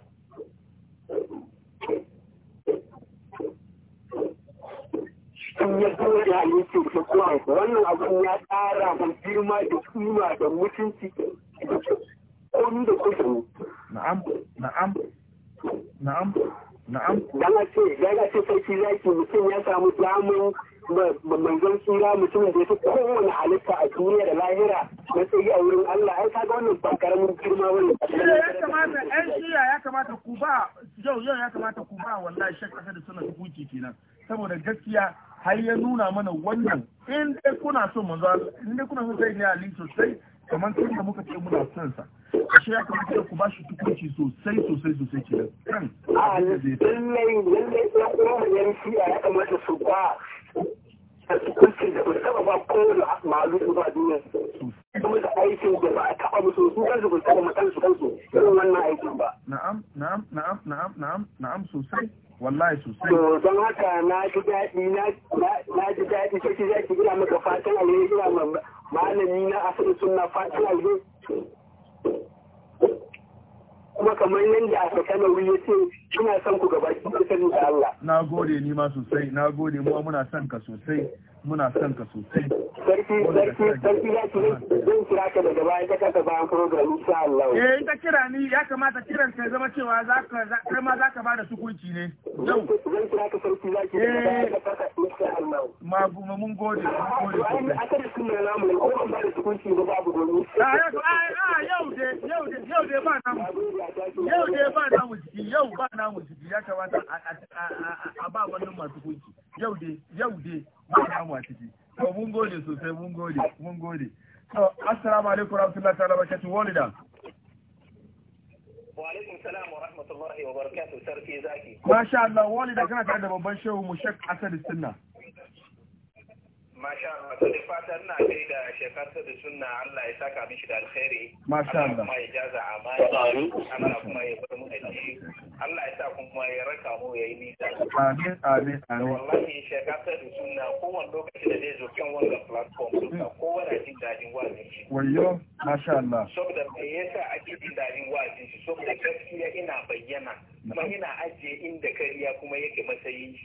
S1: wannan abin ya tsara ma girma da kima da mutunci da komi da kusa na'am na'am na'am Na'am. ce, daga ce sarki zaki mutum ya samu damun manzon tsira mutum da ya fi kowane halitta a duniya da lahira na tsaye a wurin Allah ai kaga wannan ba karamin girma bane. Ya kamata ɗan shiya ya kamata ku ba yau yau ya kamata ku ba wallahi shek kasa da suna hukunci kenan saboda gaskiya har ya nuna mana wannan in dai kuna son manzo in dai kuna son sai ne Ali sosai kamar kan da muka ce muna son sa ashe ya kamata ku ba shi tukunci sosai sosai sosai ke kan a lallai lallai ya kuma yan fiya ya kamata su ba a tukunci da ba saba ba kowane malu ba duniya kuma da aikin da ba a taɓa musu su kansu ba taɓa matansu su irin wannan aikin ba na'am na'am na'am na'am na'am na'am sosai wallahi sosai. To don haka na ji daɗi na ji daɗi sai ki zaki gina maka fatan alheri gina malami na asali suna fatin aljo kuma kamar yadda a saka na wuri yace ina son ku gabaki da sani da Allah na gode ni ma sosai na gode mu muna son ka sosai muna son ka sosai sarki sarki sarki ya ki zan kira ka daga bayan ta kasa bayan program insha Allah eh in ka kira ni ya kamata kiran ka zama cewa zaka kai ma ka bada tukunci ne yau zan kira ka sarki za ki daga bayan ka in insha Allah ma ma mun gode mun gode a kada sun ne namu ne ko ba da tukunci ba babu domin a ah, yau de ah, ah, yau de yau de ba namu yau de ba namu jiki yau ba namu jiki ya kamata a ba wannan masu kunci yau de yau de ba ciki to mun gode sosai mun gode mun gode to assalamu alaikum ta'ala walida wa alaikum salam wa rahmatullahi wa barakatuh sarki zaki masha Allah walida kana tare da babban shehu mu shak asad sunna Masha Allah, to da fata ina kai da shekarta da Allah ya saka mishi da alkhairi. Masha Allah. Kuma ya jaza amana. Allah kuma ya bar mu Allah ya sa kuma ya raka mu yayi nisa. Amin
S2: amin amin. Wallahi
S1: shekarta da suna kowane lokaci da zai zo kan wannan platform duka kowa jin dadin wa'azin shi.
S2: Wayyo, Masha Allah.
S1: Saboda me yasa ake jin dadin wa'azin shi? Saboda gaskiya ina bayyana. kuma yana ajiye inda kariya kuma yake matsayi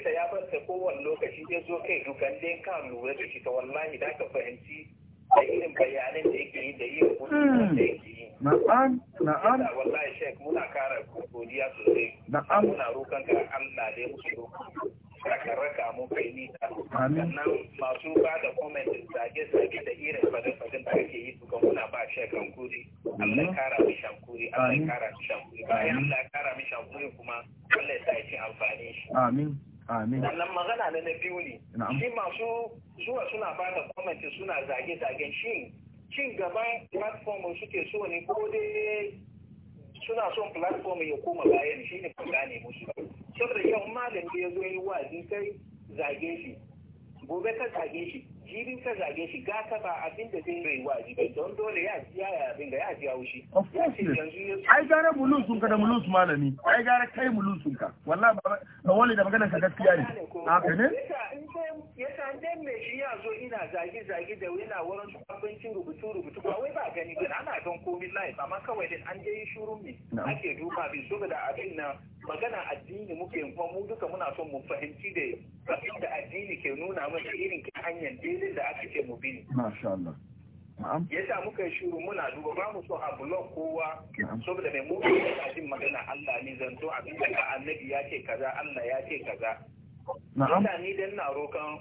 S1: ita ya fasta kowane lokaci ya zo kai dukkan dai ka lura da shi ta wallahi da ka fahimci da irin bayanan da yake yi da irin kudin hmm. da yake
S2: yi na'am na'am
S1: wallahi shek muna kara godiya sosai na'am muna roƙon ka Allah dai musu roƙon ka raka mu kai ni sannan masu ba da comment zage-zage da irin fadin-fadin da ake yi su muna ba shi shankuri Allah kara mi shankuri Allah kara mi shankuri bayan Allah kara mi shankuri kuma Allah ya sa amfani shi
S2: amin amin sannan
S1: magana na na biyu ne shi masu zuwa suna ba da comment suna zage-zagen shi cin gaban platform suke so ne ko dai suna son platform ya koma bayan shi ne gane musu shin yau malami ya zo yi wa'azi sai zage shi gobe ka zage shi jibin ka zage shi gata ba abin da zai rai wa jibai don dole ya jiya ya abin da ya jiya wushi. Of course Ai gara mulun sun ka da mulun su malami. Ai gara kai mulun sun ka. Wallahi ba wani da maganar ka gaskiya ne. ka ne? Yasa in dan mai shi ya zo ina zage zage da wina wurin abincin rubutu rubutu ba wai ba gani ba ana don komi life amma kawai din an je yi shuru ne. Ake duba bi saboda abin nan magana addini muke kuma mu duka muna son mu fahimci da abin da addini ke nuna mana irin hanyar daidai ka'idodin da aka ce mu bini
S2: masha Allah
S1: yasa muka yi shuru muna duba ba mu so a blog kowa saboda mai mu yana jin magana Allah ne zanto abin da annabi ya ce kaza Allah ya ce kaza na'am ni dan na rokan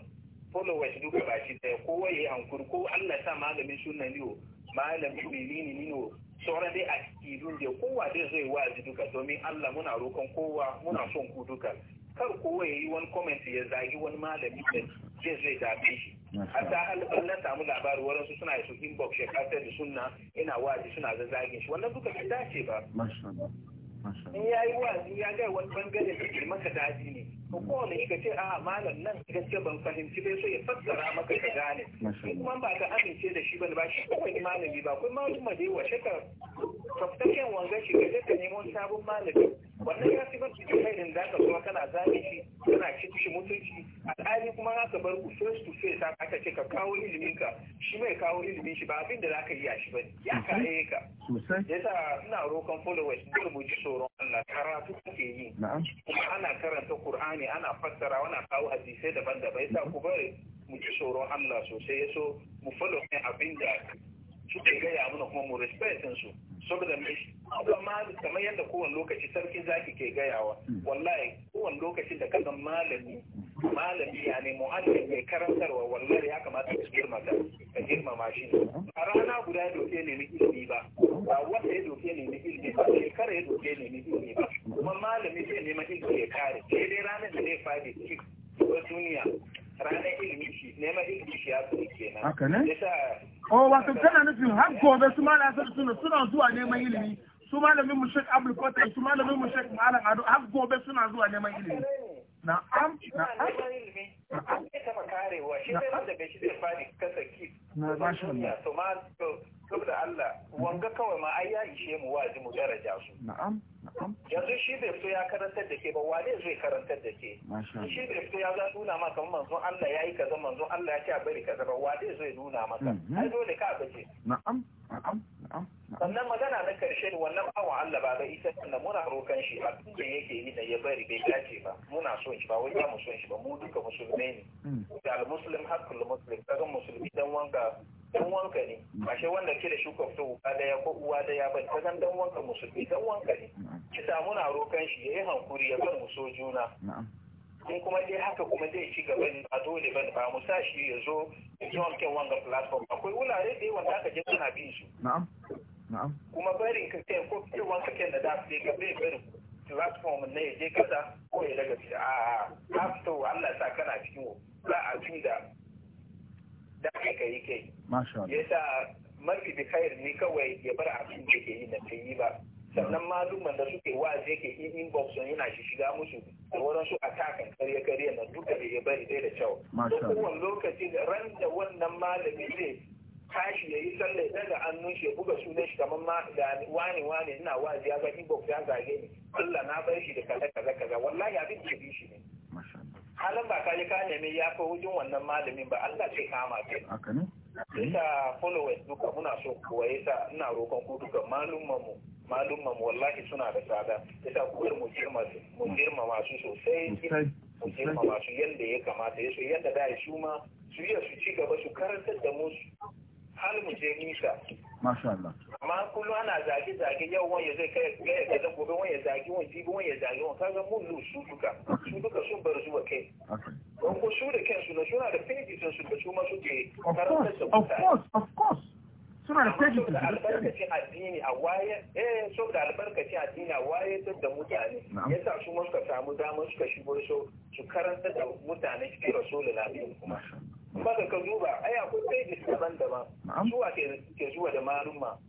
S1: followers duka baki daya kowa yayi hankuri ko Allah sa malamin sunan o malamin menene ni o sauran dai a cikin da kowa dai zai wazi duka domin Allah muna rokan kowa muna son ku duka kar kowa ya yi wani comment ya zagi wani malami da jin zai dame shi hatta halin na samu labari wurin su suna su inbox ya kasar da sunna ina wazi suna da zagin shi wannan duka ta dace ba in ya yi wazi ya gai wani bangare da ke maka daji ne ko kowane ce a malam nan gaske ban fahimci bai so ya fassara maka ka gane kuma ba ka amince da shi ba ba shi kawai malami ba kuma malama dai wace ka tafsirin wanga shi ka je ka nemo sabon malami wannan ya fi barci da kai da ka kuma kana zame shi kana ciki shi mutunci al'ali kuma za ka bar ku face to face aka ce ka kawo ilimin ka shi mai kawo ilimin shi ba abin da za ka yi a shi ba ya ka yi ka yasa ina roƙon followers dole mu ji tsoron Allah karatu kuke yi
S2: kuma
S1: ana karanta Qur'ani ne ana fassara wana kawo hadisai daban-daban yasa ku bari mu ji tsoron Allah sosai ya so mu falo ne abin da suke gaya mana kuma mu respectin su saboda mai kuma kamar yadda kowane lokaci sarki zaki ke gayawa hmm. wallahi kowane lokacin da kaga malami malami ya ne mu'allim mai karantarwa wallahi ya kamata ka girmama ka girmama shi a rana guda doke ne ni ilimi ba ba wata ya doke ne ni ilimi ba shekara ya doke ne ni ilimi ba kuma malami zai neman ilimi ya kare sai dai ranar da zai fadi ko duniya ranar ilimi shi neman ilimi shi ya tsoye kenan haka ne o oh, wato tana nufin har gobe su malam sun suna suna zuwa neman ilimi su malamin mu shek abdul su malamin mu shek malam ado har gobe suna zuwa neman ilimi na na'am na'am ya taba karewa shi zai da shi zai fari kasa ki na ba shi Allah to ma saboda Allah wanga kawai ma ai ya ishe mu wazi mu daraja su na'am na'am yanzu shi bai fito ya karantar da ke ba wane zai karantar da ke shi bai fito ya za nuna maka manzon Allah yayi kaza manzon Allah ya ce a bari kaza ba wane zai nuna maka mhm. ai dole ka bace na'am na'am sannan magana na karshe da wannan bawan Allah ba ga ita sannan muna rokan shi a da yake yi da ya bari bai dace ba muna son shi ba wai ya mu son shi ba mu duka musulmi ne hmm. da al-muslim musulmi muslim kaga musulmi dan wanka dan wanka ne hmm. ashe wanda ke da shukar to uba da ya ko uwa da ya bai kaga dan wanka musulmi dan wanka ne hmm. kita muna rokan shi yayi hankuri ya bar mu so juna in kuma dai haka kuma zai ci gaba ba dole ba ba mu sa shi ya zo ya ji wanga platform akwai wurare da yawa da aka je suna bin su kuma barin ka kai ko kai ka kai na da sai ka bai barin platform ne ya je kaza ko ya daga shi a a to Allah ya sa kana cikin za a ci da da kai kai kai masha Allah yasa mafi da khair ne kawai ya bar abin da ke yi na yi ba sannan maluman da suke je ke in inbox sun yana shi shiga musu da wurin su atakan karye karye na duka da ya bari dai da kyau. Masha Allah. Kowane lokaci ran da wannan malami zai tashi ya yi sallai daga hannun shi ya buga sunan shi kamar ma da wani wani ina wazi ya ga ibok ya zage ni Allah na bar shi da kaza kaza kaza wallahi abin da bi shi ne halin ba kaje ka nemi ya fa wujin wannan malamin ba Allah sai kama kai haka ne isa followers duka muna so kuwa sa ina roƙon ku duka malumman mu malumman mu wallahi suna da tsada yasa kuwar mu girma mu girma masu sosai mu girma masu yadda ya kamata yaso yadda da su ma su yi su ci gaba su karantar da mu har mu je nisa masha Allah amma kullum ana zage zage yau wani zai kai kai kaza gobe wani ya zage wani jibi wani ya zage wani kaga mun lu su duka su duka sun bar zuwa kai don ko su da su na suna da pages su da su ma ke karanta su of course of course suna da su. da albarkacin addini a waye eh saboda albarkacin addini a waye da mutane sa su ma suka samu damar suka shigo so su karanta da mutane cikin abin kuma baka ka duba ai akwai pages daban-daban zuwa ke zuwa da maruma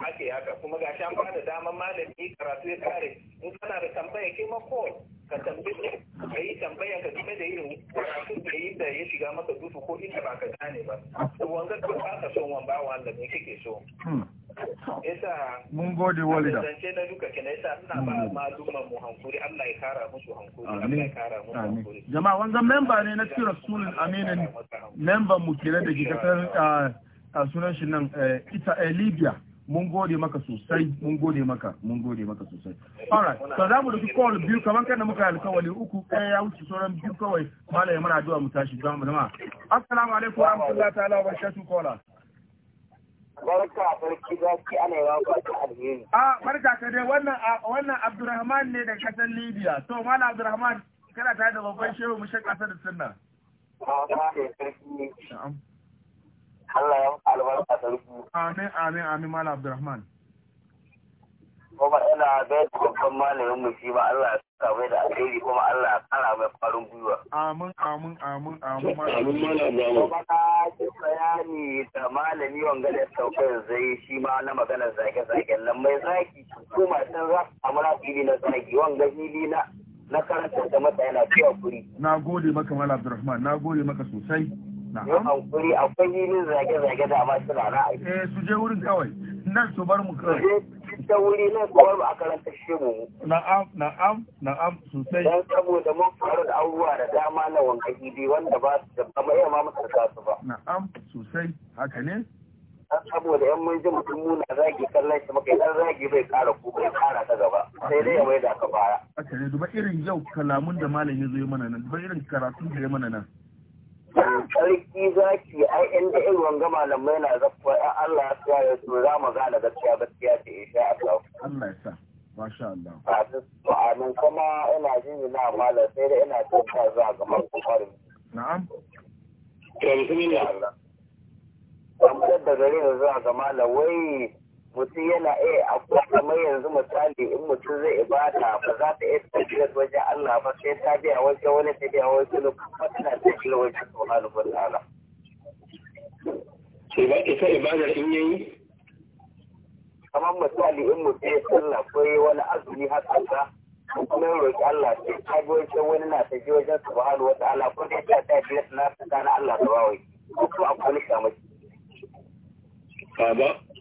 S1: ake haka kuma ga shan bada daman malami karatu ya kare in kana da tambaya ke ma ka tambaye ka yi tambaya ka game da irin karatu da yi da ya shiga maka dutu ko inda ba ka gane ba to wanga ka ba ka son wan ba wanda ne kake so hmm. yasa mun gode walida zance na duka kina yasa ina ba hmm. maluman mu hankuri Allah ya kara musu hankuri Allah ya kara musu hankuri jama'a wanga memba ne na tsira sunan aminan memba mu kire da gidan kasar a sunan shi nan eh, ita eh, libya mun gode maka sosai mun gode maka mun gode maka sosai alright so za mu dauki call biyu kaman kan da muka alƙawari uku ɗaya ya wuce sauran biyu kawai malai mana addu'a mu tashi don mu zama assalamu alaikum wa rahmatullahi ta'ala wa barakatuh kola barka barki zaki ana yawa ba ta alheri ah barka ka dai wannan ah, wannan Abdulrahman ne daga kasar Libya to mallam Abdulrahman kana tare da babban shehu mu shakka da sunna ah ba ne sarki na'am Allah ya albarka da sarki amin amin amin malam Abdulrahman. kuma ina da babban malamin mu shi ma Allah ya saka mai da alheri kuma Allah ya kara mai farin gwiwa
S2: amin amin amin amin malam kuma
S1: ka ji bayani da malami wanga da saukar zai shi ma na maganar zage zagen nan mai zaki kuma masu za a mura fili na zaki wanga fili na na karanta da masa yana cewa kuri na gode maka malam Abdulrahman, na gode maka sosai don hankuri akwai yin zage-zage da ma suna na aiki. Eh su je wurin kawai nan su bar mu kawai. Su ta wuri nan su bar mu a karanta shi mu. Na'am na'am na'am sosai. Don saboda mun faru da abubuwa da dama na wanka gidi wanda ba su da ba iya ma musu su ba.
S2: Na'am sosai haka ne.
S1: dan saboda yan mun ji mutum muna zagi kallon shi maka dan zagi bai kara ku bai kara ta gaba sai dai ya mai da aka fara. Aka ne duba irin yau kalamun da malam ya zo mana nan duba irin karatun da ya mana nan. sarki zaki ai inda da irin wanga malamai na zafi in Allah ya tsaya ya za mu gane gaskiya gaskiya ce insha Allah
S2: Allah ya sa masha
S1: Allah ba kuma ina jin na malam sai da ina son ka za ga makokarin na'am to bismillah Allah kamar da gare da za ga malam wai mutum yana iya akwai kamar yanzu misali in mutum zai ibada ba za ta iya tafiyar wajen Allah ba sai ta biya wajen wani ta biya wajen kuma tana tafiyar wajen subhanahu wa ta'ala. Ita ibadar in yayi? Kamar misali in mutum ya sallah ko yi wani azumi haka za kuma ya roƙi Allah sai ta biya wajen wani na ta wajen subhanahu wa ta'ala ko dai ta tafiyar na ta na Allah ta bawai ko kuma akwai kamar. Baba,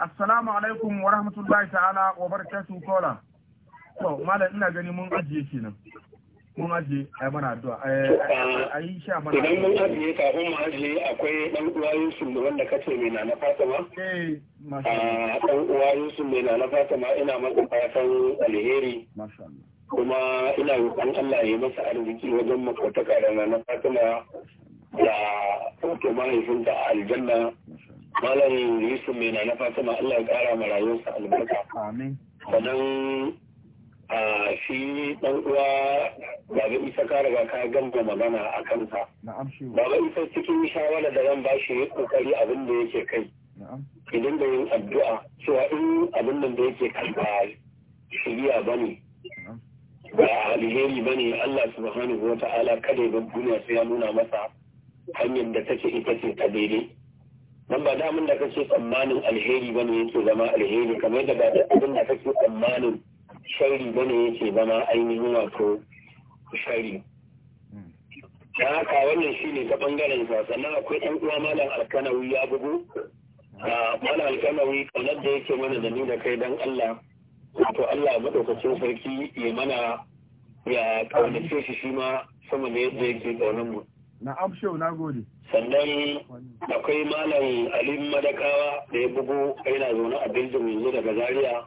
S1: assalamu alaikum wa rahmatullahi ta'ala wa barakatuhu kola to malam ina gani mun ajiye kenan mun ajiye ai mana addu'a a sha mana idan mun ajiye kafin mu ajiye akwai dan uwa Yusuf wanda kace mai na na Fatima eh masha Allah dan ah, uwa Yusuf mai na na Fatima ina masa fatan alheri masha Allah kuma ina roƙon Allah ya masa arziki wajen makwataka da na Fatima da ɗauke mahaifinta a aljanna malam yusuf mai na nafa fatima. allah ya kara ma rayuwarsa albarka amin sannan a shi dan uwa baba isa ka riga ka gamba magana a kansa baba isa cikin shawara da zan shi ya kokari abin da yake kai idan da yin addu'a cewa in abin nan da yake kan ba shiriya bane ba alheri bane Allah subhanahu wa ta'ala kada ya duniya sai ya nuna masa hanyar da take ita ce ta daidai don ba damun da kake tsammanin alheri bane yake zama alheri kamar yadda ba da abin da kake tsammanin shari bane yake zama ainihin wato shari ya haka wannan shi ne ta bangaren sa sannan akwai ɗan uwa malam alkanawi ya bugu a ah, malam alkanawi kaunar da yake mana da ni da kai dan Allah wato Allah maɗaukacin sarki ya mana ya kaunace shi shi ma sama da yadda yake kaunar mu na amshau na gode sannan akwai malam alim madakawa da ya bugu yana zaune a birnin yanzu daga zaria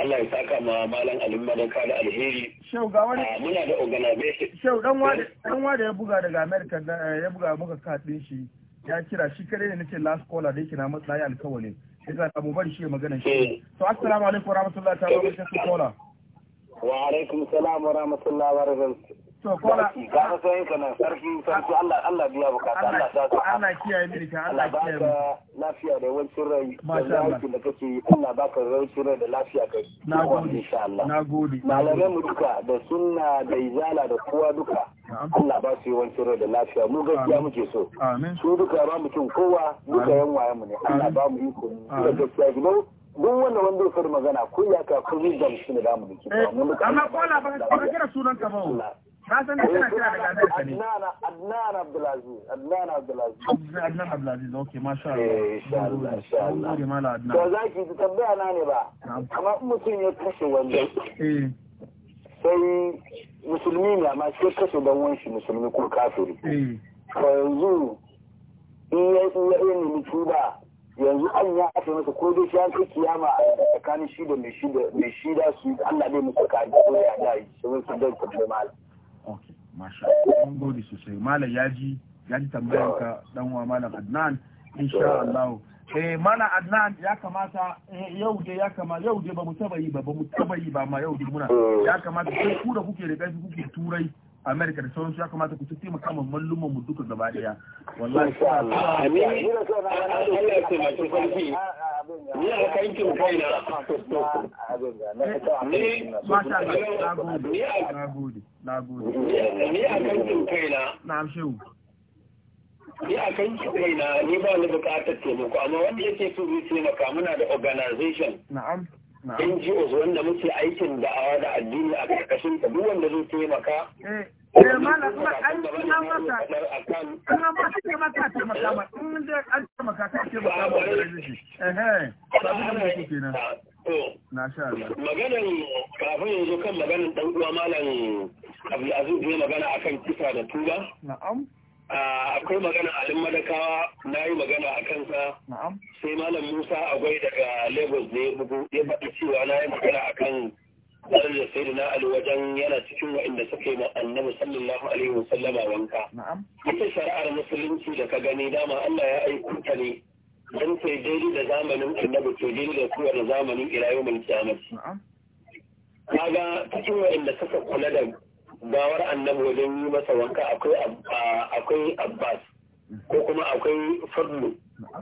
S1: Allah ya saka ma malam alim madaka da alheri shau ga wani ah, muna da organization shau dan wada dan wada ya buga daga america ya buga muka kaɗe shi ya kira shi kare ne nake last caller da yake na matsayi alkawalin sai ka mu bari shi magana shi eh. to assalamu alaikum warahmatullahi ta'ala wa barakatuh caller wa alaikum salam wa rahmatullahi wa barakatuh sarki ga ka nan sarki sarki Allah Allah biya bukata Allah ta Allah kiyaye mini ka Allah kiyaye mini lafiya da wancin rai da kake Allah baka wancin rai da lafiya kai nagode insha Allah nagode mu duka da sunna da izala da kowa duka Allah ba su yi wancin da lafiya mu gaskiya muke so su duka ba mutum kowa duka yan waye mu ne Allah ba mu iko da gaskiya gidan duk wanda wanda ya fara magana ko ya ka kun yi gamsu da damu da eh, amma ko ba ka kira sunan ka ba na san da kana kira da ka ne Adnan Abdulaziz Adnan Abdulaziz masha Allah eh, Allah mala Adnan na ne ba mutum ya kashe wanda eh. sai musulmi ne amma sai kashe dan wanshi musulmi ko kafiri
S2: a
S1: eh. to yanzu in ya iya nemi yanzu an ya aka masa ko dai an kai kiyama a tsakanin shi da mai shida da su Allah ne mu ko ya dai sai ok masha an gode sosai malam ya ji ya ji tambayar ka dan wa malam Adnan insha Allah eh malam Adnan ya kamata eh, yau dai ya kamata yau dai ba mu taba yi ba ba mu taba yi ba ma yau dai muna ya kamata sai ku da kuke da kuke turai Amerika da sauransu ya kamata ku taimaka ma malluman mu duka gaba daya wallahi insha Allah amin Allah ya taimaki farki ni ni Allah na na gode ni a kankin kaina na shehu ni a kankin kaina ni ba ni bukatar taimako amma wanda yake so zai taimaka muna da organization na'am NGOs wanda muke aikin da'awa da addini a ƙarƙashin ta duk wanda zai taimaka eh, eh, an maganar kafin yanzu kan maganar dan uwa malam abu azu zai magana akan kisa da tura na'am akwai magana alin madakawa na yi magana a kansa sai malam musa agwai daga lagos ne bugu ya faɗi cewa na yi magana akan zarar da sai na ali wajen yana cikin waɗanda suka yi ma annabi sallallahu alaihi wa sallama wanka ita shari'ar musulunci da ka gani dama allah ya aiko ta ne don sai daidai da zamanin annabi to daidai da kowane zamanin ila yau mai kiyamati kaga cikin waɗanda suka kula da gawar annabi wajen yi masa wanka akwai abbas ko kuma akwai fadlu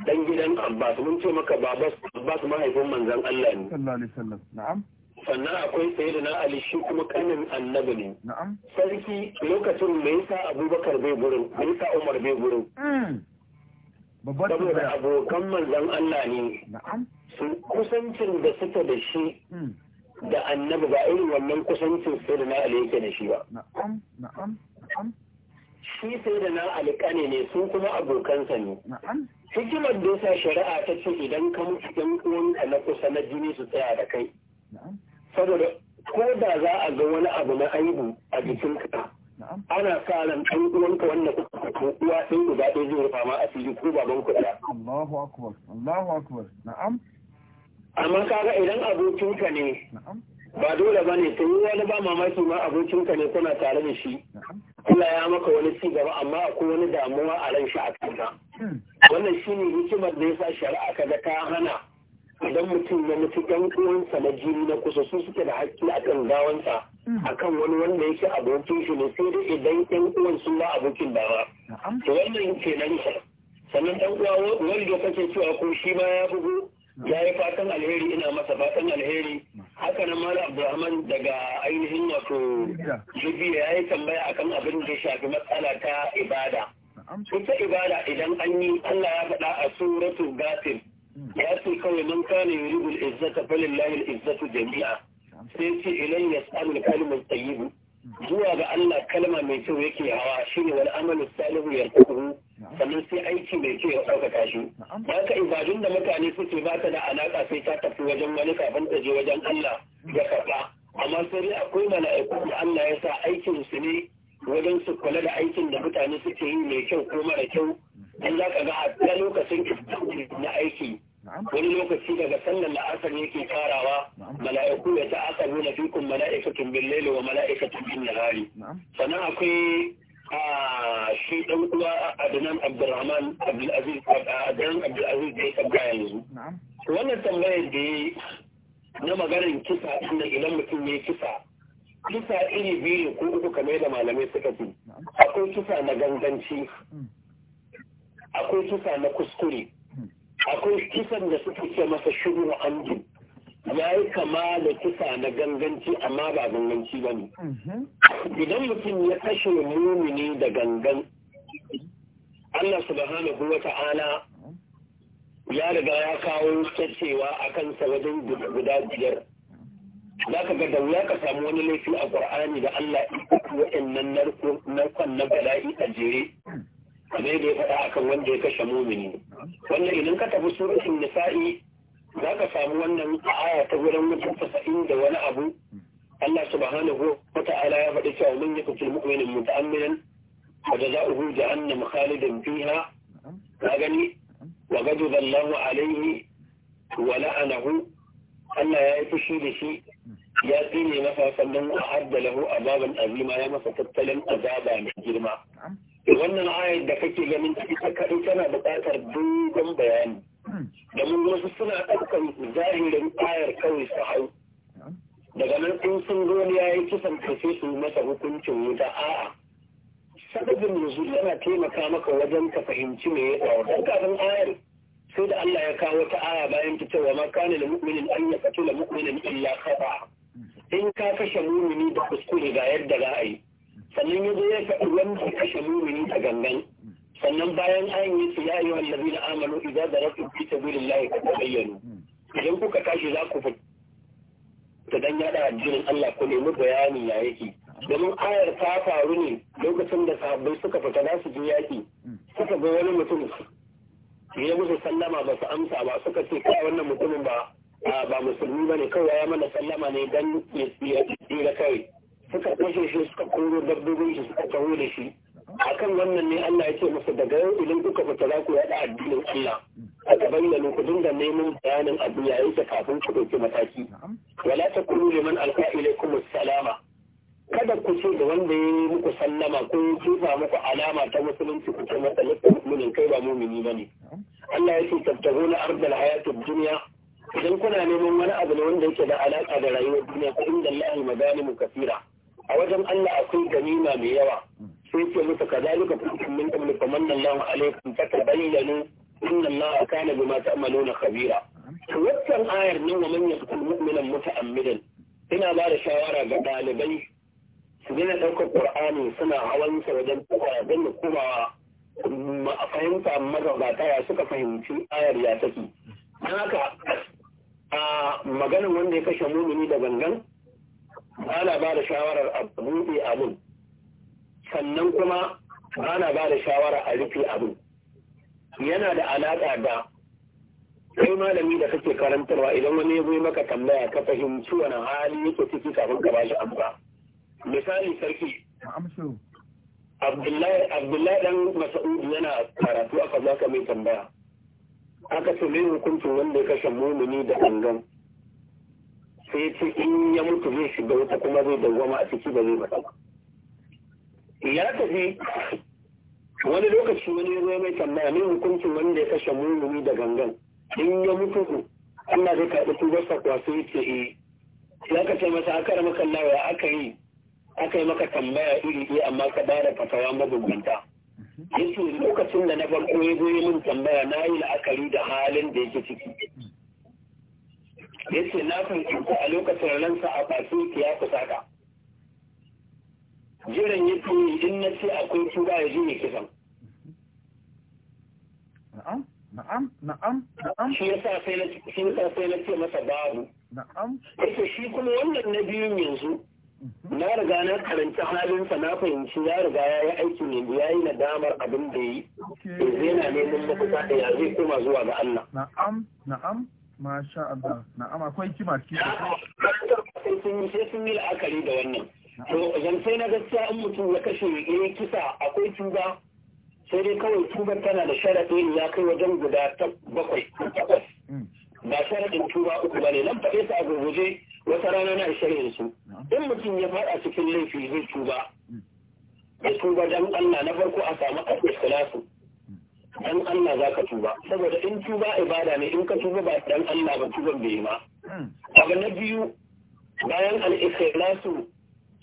S1: dan gidan abbas mun ce maka babas abbas mahaifin manzon allah ne sannan akwai sayyidina ali shi kuma kanin annabi ne sarki lokacin me yasa abubakar bai burin me yasa umar bai gurin hmm. saboda abokan manzon allah ne kusancin da suka da shi hmm. da annabi ba irin wannan kusancin sai da na da shi ba shi sai da na alƙane ne sun kuma abokansa ne hikimar da sa shari'a ta ce idan ka mutu ɗan uwanka na kusa na jini su tsaya da kai saboda ko da za a ga wani abu na aibu a jikinka ana sa ran ɗan uwanka wanda kuka ko uwa sun guda ɗaya zai rufa ma asiri ko baban ku ɗaya
S2: Allahu akbar Allahu akbar na'am
S1: amma kaga idan abokinka ne ba dole ba ne yi wani ba mamaki ma abokinka ne kuna tare da shi kula ya maka wani ci gaba amma akwai wani damuwa a ran shi a kanka hmm. wannan shine hikimar da yasa shari'a kaga ka hana idan mutum ya mutu ɗan uwansa na jini na kusa su suke da hakki a kan gawansa hmm. a kan wani wanda yake abokin shi ne sai dai idan ɗan uwan sun ba abokin ba to wannan kenan sannan ɗan uwa wanda kake cewa ko shi ma ya bugu ya yi fatan alheri ina masa fatan alheri haka nan mala rahman daga ainihin wato libya ya yi tambaya akan abin da shafi matsala ta ibada ita ibada idan an yi allah ya faɗa a suratu gatin hmm. ya ce kawai man kana yuridu al-izzata falillahi izzatu jami'a sai ce ilayya yas'alu al-kalimu zuwa ga Allah kalma mai kyau yake hawa shi ne wani amalu salihu kuhu sannan sai aiki mai kyau ya ɗaukaka shi ba ka ibadun da mutane suke ba ta da alaƙa sai ta tafi wajen wani kafin ta je wajen Allah ya karɓa amma sai dai akwai mala'iku da Allah ya sa aikin su ne wajen su kula da aikin da mutane suke yi mai kyau ko mara kyau an za ka ga a lokacin na aiki wani lokaci daga sallar la'asar yake farawa mala'iku ya ta'akalu na fikun mala'ikatun bin laili wa mala'ikatun bin nahari sannan akwai a shi dan uwa Adnan Abdulrahman Abdulaziz Adnan Abdulaziz da ya tabbata yanzu wannan tambayar da ya na maganar kisa inda idan mutum ya kisa kisa iri biyu ko uku kamar da malamai suka fi akwai kisa na ganganci mm. akwai kisa na kuskure akwai kisan da suka ce masa shuru amdu ya yi kama da kisa na ganganci amma ba ganganci ba ne mhm. idan mutum ya kashe mumini da gangan Allah subhanahu wa ta'ala ya riga ya kawo cewa a kansa wajen guda biyar za ka ga da wuya ka samu wani laifi a ƙur'ani da Allah ya waɗannan narkon na bala'i a jere hmm. kamar da ya faɗa akan wanda ya kashe mumini wanda idan ka tafi suratul nisa'i za ka samu wannan aya ta wurin mutum tasa'in da wani abu Allah subhanahu wa ta'ala ya faɗi cewa mun yi kutul mu'minin muta'amminan wa jaza'uhu jahannam khalidan fiha ka gani wa gadu Allahu alaihi wa la'anahu Allah ya yi fushi da shi ya tsine masa sannan a hadda lahu azaban azima ya masa tattalin azaba mai girma wannan ayar da kake ganin ita kaɗai tana buƙatar dogon bayani domin wasu suna ɗaukar zahirin ayar kawai su hau daga nan in sun goni ya yi kisan kafe su masa hukuncin wuta a'a sababin yanzu yana taimaka maka wajen ka fahimci me ya faru dan kafin ayar sai da Allah ya kawo ta aya bayan ta cewa ma kana lil mu'minin an yaqtula mu'minin illa khata in ka kashe mu'mini da kuskure ga yadda za a yi sannan ya zo ya faɗi wanda ya kashe mumini a gangan sannan bayan an yi su yayi yi wa lazi na amalu idan da rasu fi ta zuri layi ka bayyano idan kuka tashi za ku fita dan yada addinin Allah ku nemi bayani ya yake domin ayar ta faru ne lokacin da sahabbai suka fita za su yaki yaƙi suka ga wani mutum ya musu sallama ba su amsa ba suka ce kai wannan mutumin ba ba musulmi ba ne kawai ya mana sallama ne dan ya tsira kawai suka kashe shi suka koro dabbobin shi suka taho da shi akan wannan ne Allah ya ce masa daga yau idan kuka fita za ku yaɗa addinin Allah a gaban da ku dinga neman bayanin abu yayin da kafin ku ɗauki mataki wala ta kulu liman alqa ilaykum salama kada ku ce da wanda ya yi muku sallama ko ya kifa muku alama ta musulunci ku ce masa lakum kai ba mu'mini ne Allah ya ce na ardal hayatid duniya. idan kuna neman wani abu ne wanda yake da alaka da rayuwar duniya ko inda Allah magani mu kafira a wajen Allah akwai ganima mai yawa sai ce musu kazalika kuntum min qabl famanna Allahu alaykum fatabayyanu inna Allaha kana bima ta'maluna khabira to wannan ayar nan wa man yaqtul muta muta'ammidan ina ba da shawara ga ɗalibai. su gina ɗaukar Qur'ani suna hawan sa wajen tsaya don kuma a fahimta magabata ya suka fahimci ayar ya take haka a maganin wanda ya kashe mumini da gangan ana ba da shawarar a buɗe abin sannan kuma ana ba da shawarar a rufe abin yana da alaƙa da kai malami da kake karantarwa idan wani ya zai maka tambaya ka fahimci wani hali yake ciki kafin ka bashi amfa. misali sarki abdullahi dan mas'ud yana karatu aka zaka mai tambaya aka ce mai hukuncin wanda ya kashe mumuni da gangan sai ce in ya mutu zai shiga wuta kuma zai dawwama a ciki ba zai bata ba ya tafi wani lokaci wani ya mai tambaya ne hukuncin wanda ya kashe mumuni da gangan in ya mutu Allah zai karɓi tubarsa kuwa sai ya ce eh ya ka ce masa aka rama kallawa aka yi aka yi maka tambaya iri ɗaya amma ka bada fatawa mabambanta yace lokacin da na farko ya zo yi min tambaya na yi la'akari da halin da yake ciki ya ce na fahimci a lokacin ransa a bakin ki ya ka. jiran ya tuni in na ce akwai tura ya ji ne kisan na'am na'am na'am na'am shi yasa sai na shi yasa sai na ce masa babu na'am yace shi kuma wannan na biyun yanzu mhm. na riga na karanta halinsa na fahimci ya riga ya yi aiki ne ya yi nadamar abin da yi yanzu yana neman mafita da ya zai koma zuwa ga Allah
S2: na'am na'am Masha Allah, na'am akwai kima cikin
S1: sai sun yi la'akari da wannan. To zan sai na gaskiya in mutum ya kashe ya kisa akwai tuba sai dai kawai tuba tana da sharaɗi ne ya kai wajen guda bakwai mm. Ba sharaɗin tuba uku ba ne nan faɗe su a gurguje wata rana na shirin su. In mutum ya faɗa cikin laifi zai tuba. Mm. Ya tuba don Allah na farko a samu ƙarfi salasu. dan Allah za ka tuba saboda in tuba ibada ne in ka tuba ba dan Allah ba tuba bai ma hmm. abu na biyu bayan al-ikhlasu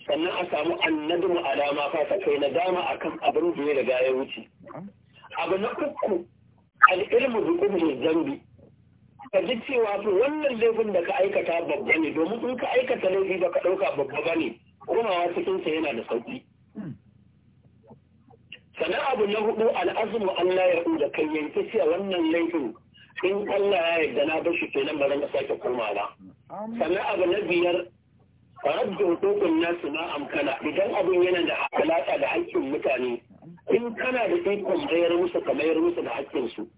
S1: sannan a samu annadmu alama fa ta kai dama akan abin da ya riga ya wuce abu na uku al-ilmu bi qubli dhanbi ka ji cewa to wannan laifin da ka aikata babba ne domin in ka aikata laifi ba ka dauka babba bane komawa cikin sa yana da sauki sannan abu na hudu al'azumu Allah ya da kai yanke cewa wannan laifin in Allah ya yarda na bar shi kenan ba na sake koma ba abu na biyar rabbi hukukun nasu na amkana idan abin yana da alaƙa da haƙƙin mutane in kana da ikon bayar musu ka mayar musu da su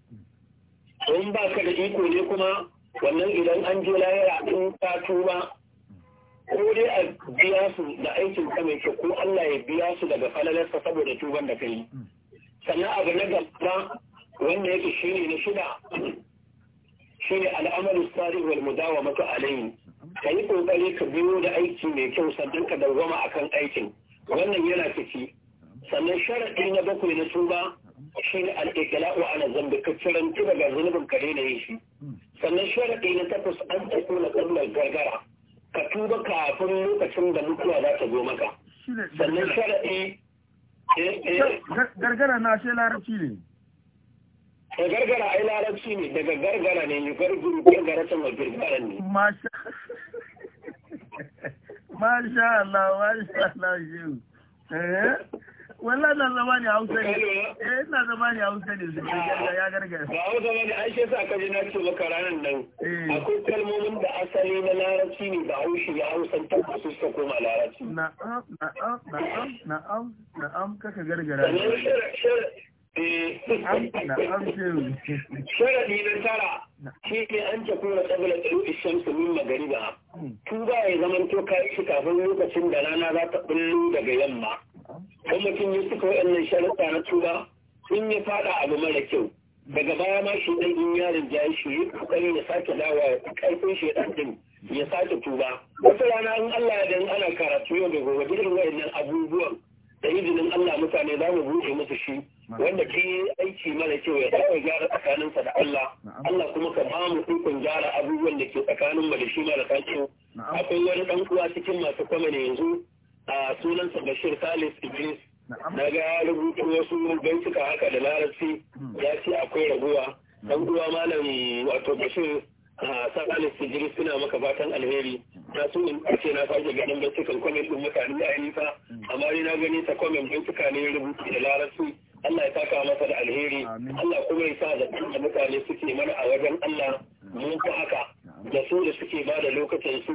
S1: in ba ka da iko ne kuma wannan idan an je lahira in ka tuba ko dai a biya su da aikin ka mai kyau ko Allah ya biya su daga falalarsa saboda tuban da kai sannan abu na gaba wanda yake shine na shida shine al'amalu sari wal mudawamatu alayhi ka yi kokari ka biyo da aiki mai kyau sannan ka dawwama akan aikin wannan yana ciki sannan sharadi na bakwai na tuba shine al-iqla'u ala zambi ka cirantu daga zunubin ka daina yin shi sannan sharadi na takwas an tafi na gargara ka tuba kafin lokacin da mutuwa za ta zo maka sannan shara'i. Eh, eh, eh. gargara na shi larabci ne da gargara ai larabci ne daga gargara ne yi gargara ta mai ne masha <laughs> masha Allah masha Allah wallahi na zama ne hausa ne eh na zama ne hausa ne su ah. ya gargara ba hausa ba ne ai shi sa kaji na ce maka ranar nan eh. akwai kalmomin da asali na larabci ne ba haushi ya hausan ta su suka koma larabci na'am na'am na'am na'am kaka gargara Eh, <laughs> Sharadi na tara shi ne an ta kuma tsabila tsaro ishan su min magariba. Hmm. Tuba ya zaman to kayi shi kafin lokacin da rana za ta bullo daga yamma. Kuma mutum ya suka waɗannan sharaɗa na tuba sun ya faɗa abu mara kyau. Daga baya ma shi ɗan in yaron jayi shi yi ya sake dawa ya ƙarfin shi ɗan ɗin ya sake tuba. Wata rana in Allah ya dan ana karatu yau da gobe irin waɗannan abubuwan da izinin Allah mutane za mu buɗe musu shi. wanda ke aiki mana cewa ya dawo gyara tsakaninsa da Allah Allah kuma ka ba mu ikon gyara abubuwan da ke tsakanin mu da shi mara kyau akwai wani ɗan uwa cikin masu ne yanzu a sunansa Bashir Salis Idris na ga rubutu wasu bincika haka da larabci hmm. ya ce akwai raguwa dan uwa malam wato bashir Salis sijiri suna maka fatan alheri na so in ce na sake ganin bincikan kwame din mutane da nisa. Hmm. amma ni na gani ta kwame bincika ne rubutu da larabci Allah ya saka masa da alheri Allah kuma ya sa zaɓen da mutane suke mana a wajen Allah mun fi haka da su da suke ba da lokacin su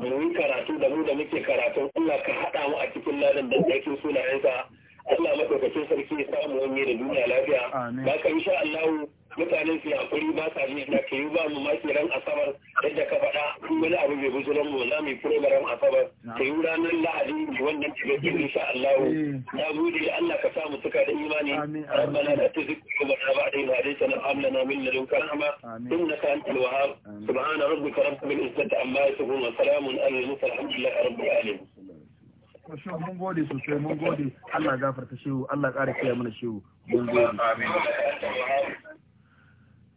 S1: mu yi karatu da mu da muke karatu Allah ka haɗa mu a cikin ladan da aikin sunayensa Allah madaukakin sarki ya samu wani da duniya lafiya ba ka insha Allah mutanen su hakuri ba sa ji na ke kai ba mu maki ran asabar yadda ka faɗa wani abu bai bujuran mu za mu yi program asabar kai ranar lahadi wannan cikin insha Allah na gode Allah ka samu tuka da imani rabbana la tuzigh qulubana ba'da idh hadaytana na hab na min ladunka rahma innaka antal wahhab subhana rabbika rabbil izzati amma ya yasifun wa salamun alal salamun alhamdulillahi rabbi alamin Shehu mun gode sosai mun gode Allah gafarta shehu Allah ƙara kiyaye mana shehu mun gode. Amin.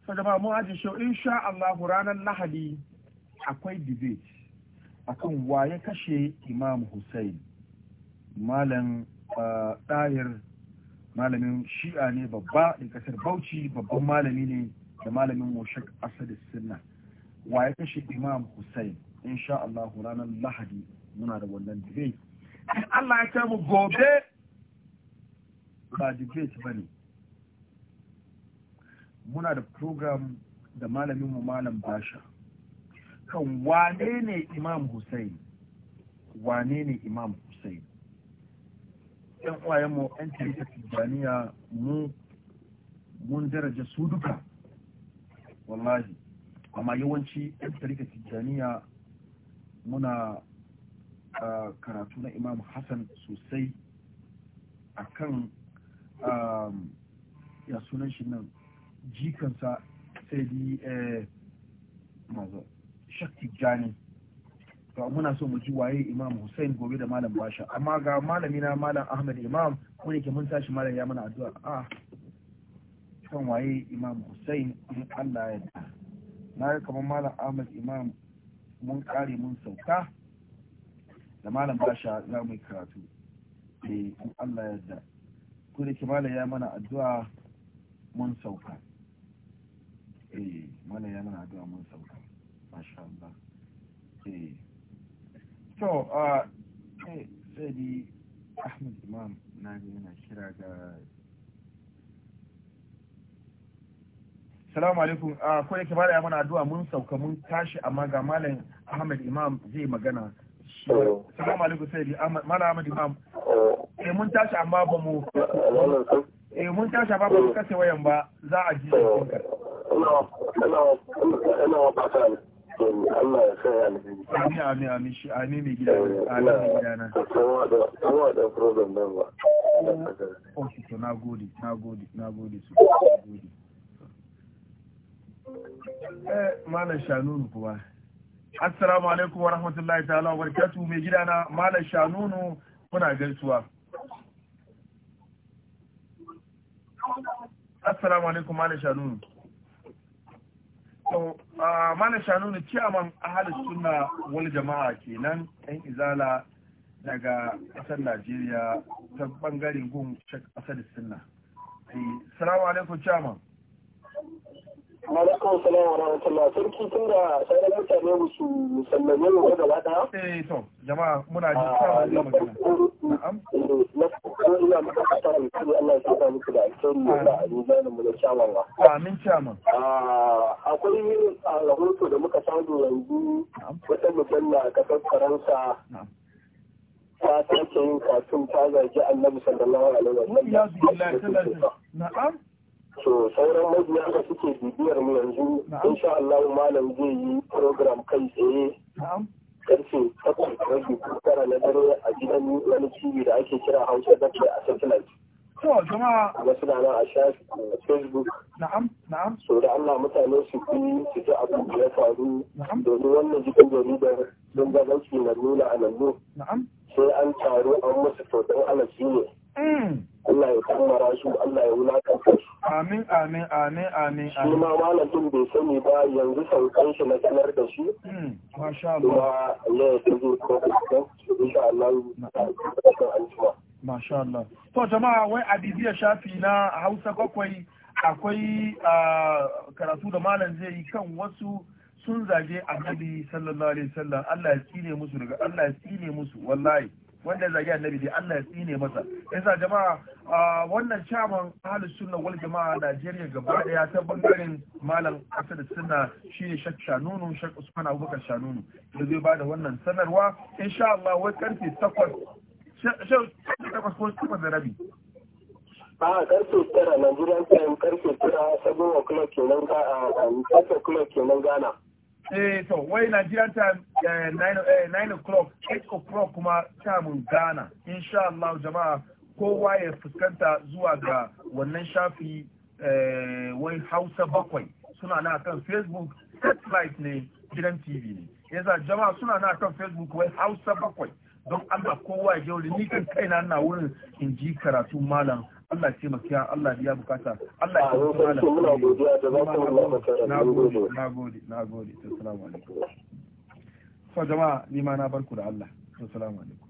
S1: Sadaba mun aji shehu insha Allah ranar Lahadi akwai debate akan waye kashe Imam Hussein. Malam Tahir eh, malamin shi'a ne babba da kasar Bauchi babban malami ne da malamin Moshek Asad Sunna. Waye kashe Imam Hussein insha Allah ranar Lahadi muna da wannan debate in Allah ya kai mu gobe ba debate ba ne muna da program da malamin mu malam basha kan wane ne imam hussein wane ne imam hussein yan uwayen mu yan tarika tijjaniya mu mun daraja su duka wallahi amma yawanci yan tarika tijjaniya muna karatu na imam hassan sosai a kan um, ya sunan shi nan jikansa sai di eh, mazo shakti jani to muna so mu ji waye imam hussein gobe da malam basha amma ga malami na malam ahmed imam ko ke mun tashi malam ya mana addu'a a kan waye imam hussein in allah ya da na kamar malam ahmed imam mun kare mun sauka da malam basha za mu karatu eh in Allah da ko da ke malam ya mana addu'a mun sauka eh malam ya mana addu'a mun sauka masha Allah eh to a sai di Ahmad Imam na ga yana kira ga Salamu alaikum, ko da ke malam ya mana addu'a mun sauka mun tashi amma ga malam Ahmad Imam zai magana Salamu eh. alaikum sai mana Ahmad Imam. Eh. eh mun tashi amma ba mu eh, eh mun tashi amma ba mu kace wayan ba za a ji ka. Amin amin amin shi amin mai gida amin mai gida na. Kowa da program nan ba. Eh malam assalamu alaikum wa rahmatullahi ta'ala wa barkatu mai na, malam shanunu muna gaisuwa assalamu alaikum malam shanunu so malam shanunu ciyaman ahalus suna wani jama'a kenan ɗan izala daga ƙasar Najeriya ta bangaren gun ƙasar suna eh, assalamu alaikum ciyaman Malakun salam wa rahmatullah sarki tun da sauran mutane musu sallame mu gaba daya. Eh to jama'a muna ji da ah, magana. Na'am. Na farko ina maka fatan Allah ya saka muku da alkhairi da abubuwan mu da kyawawa. Amin chairman. Ah, akwai rahoto da muka samu yanzu wata mujalla a kasar Faransa. Ta sake yin katun ta zagi Annabi sallallahu alaihi wa sallam. Na'am. to sauran mabiya da suke bibiyar mu yanzu insha Allah malam zai yi program kai tsaye karfe takwas rage tara na dare a gidan wani TV da ake kira Hausa da ke a satellite to jama'a wasu na a shafi facebook na'am na'am so da Allah mutane su fi su ji abu da ya faru domin wannan jikin jaridar don gabanci na nuna a nan sai an taru an musu to don alaji ne Mm. Allah ya kammara su Allah ya wulakanta su amin amin amin
S2: amin shi ma malamin
S1: bai sani ba yanzu saukan shi na sanar da shi mm, masha Allah ya yi tuzo ko insha Allah masha Allah to jama'a wai adibiya shafi na Hausa kwakwai akwai karatu da malam zai yi kan wasu sun zage annabi sallallahu alaihi wasallam Allah ya tsine musu daga Allah ya tsine musu wallahi wanda zagi annabi dai Allah ya tsine masa yasa jama'a wannan chairman ahlus sunna wal jama'a Najeriya gaba daya ta bangaren malam Asad sunna shine shak Shanunu shak Usman Abubakar Shanunu da zai bada wannan sanarwa insha Allah wai karfe 8 Sheikh 8 ko 8 da rabi a karfe 9 Nigerian time karfe 9 7 o'clock kenan ga a 8 o'clock kenan Ghana eh to wai Nigerian time eh, nine eh, nine o'clock eight o'clock kuma tamun Ghana insha Allah jama'a kowa ya fuskanta zuwa ga wannan shafi eh, wai Hausa bakwai suna na kan Facebook satellite ne gidan TV ne yasa jama'a suna na kan Facebook wai Hausa bakwai don Allah kowa ya je ni kan kaina na wurin in ji karatu malam Allah ce makiya Allah ya bukata Allah ya kawo mana muna godiya da za ku lafa na gode na gode na gode assalamu alaikum so jama'a ni ma na barku da Allah assalamu alaikum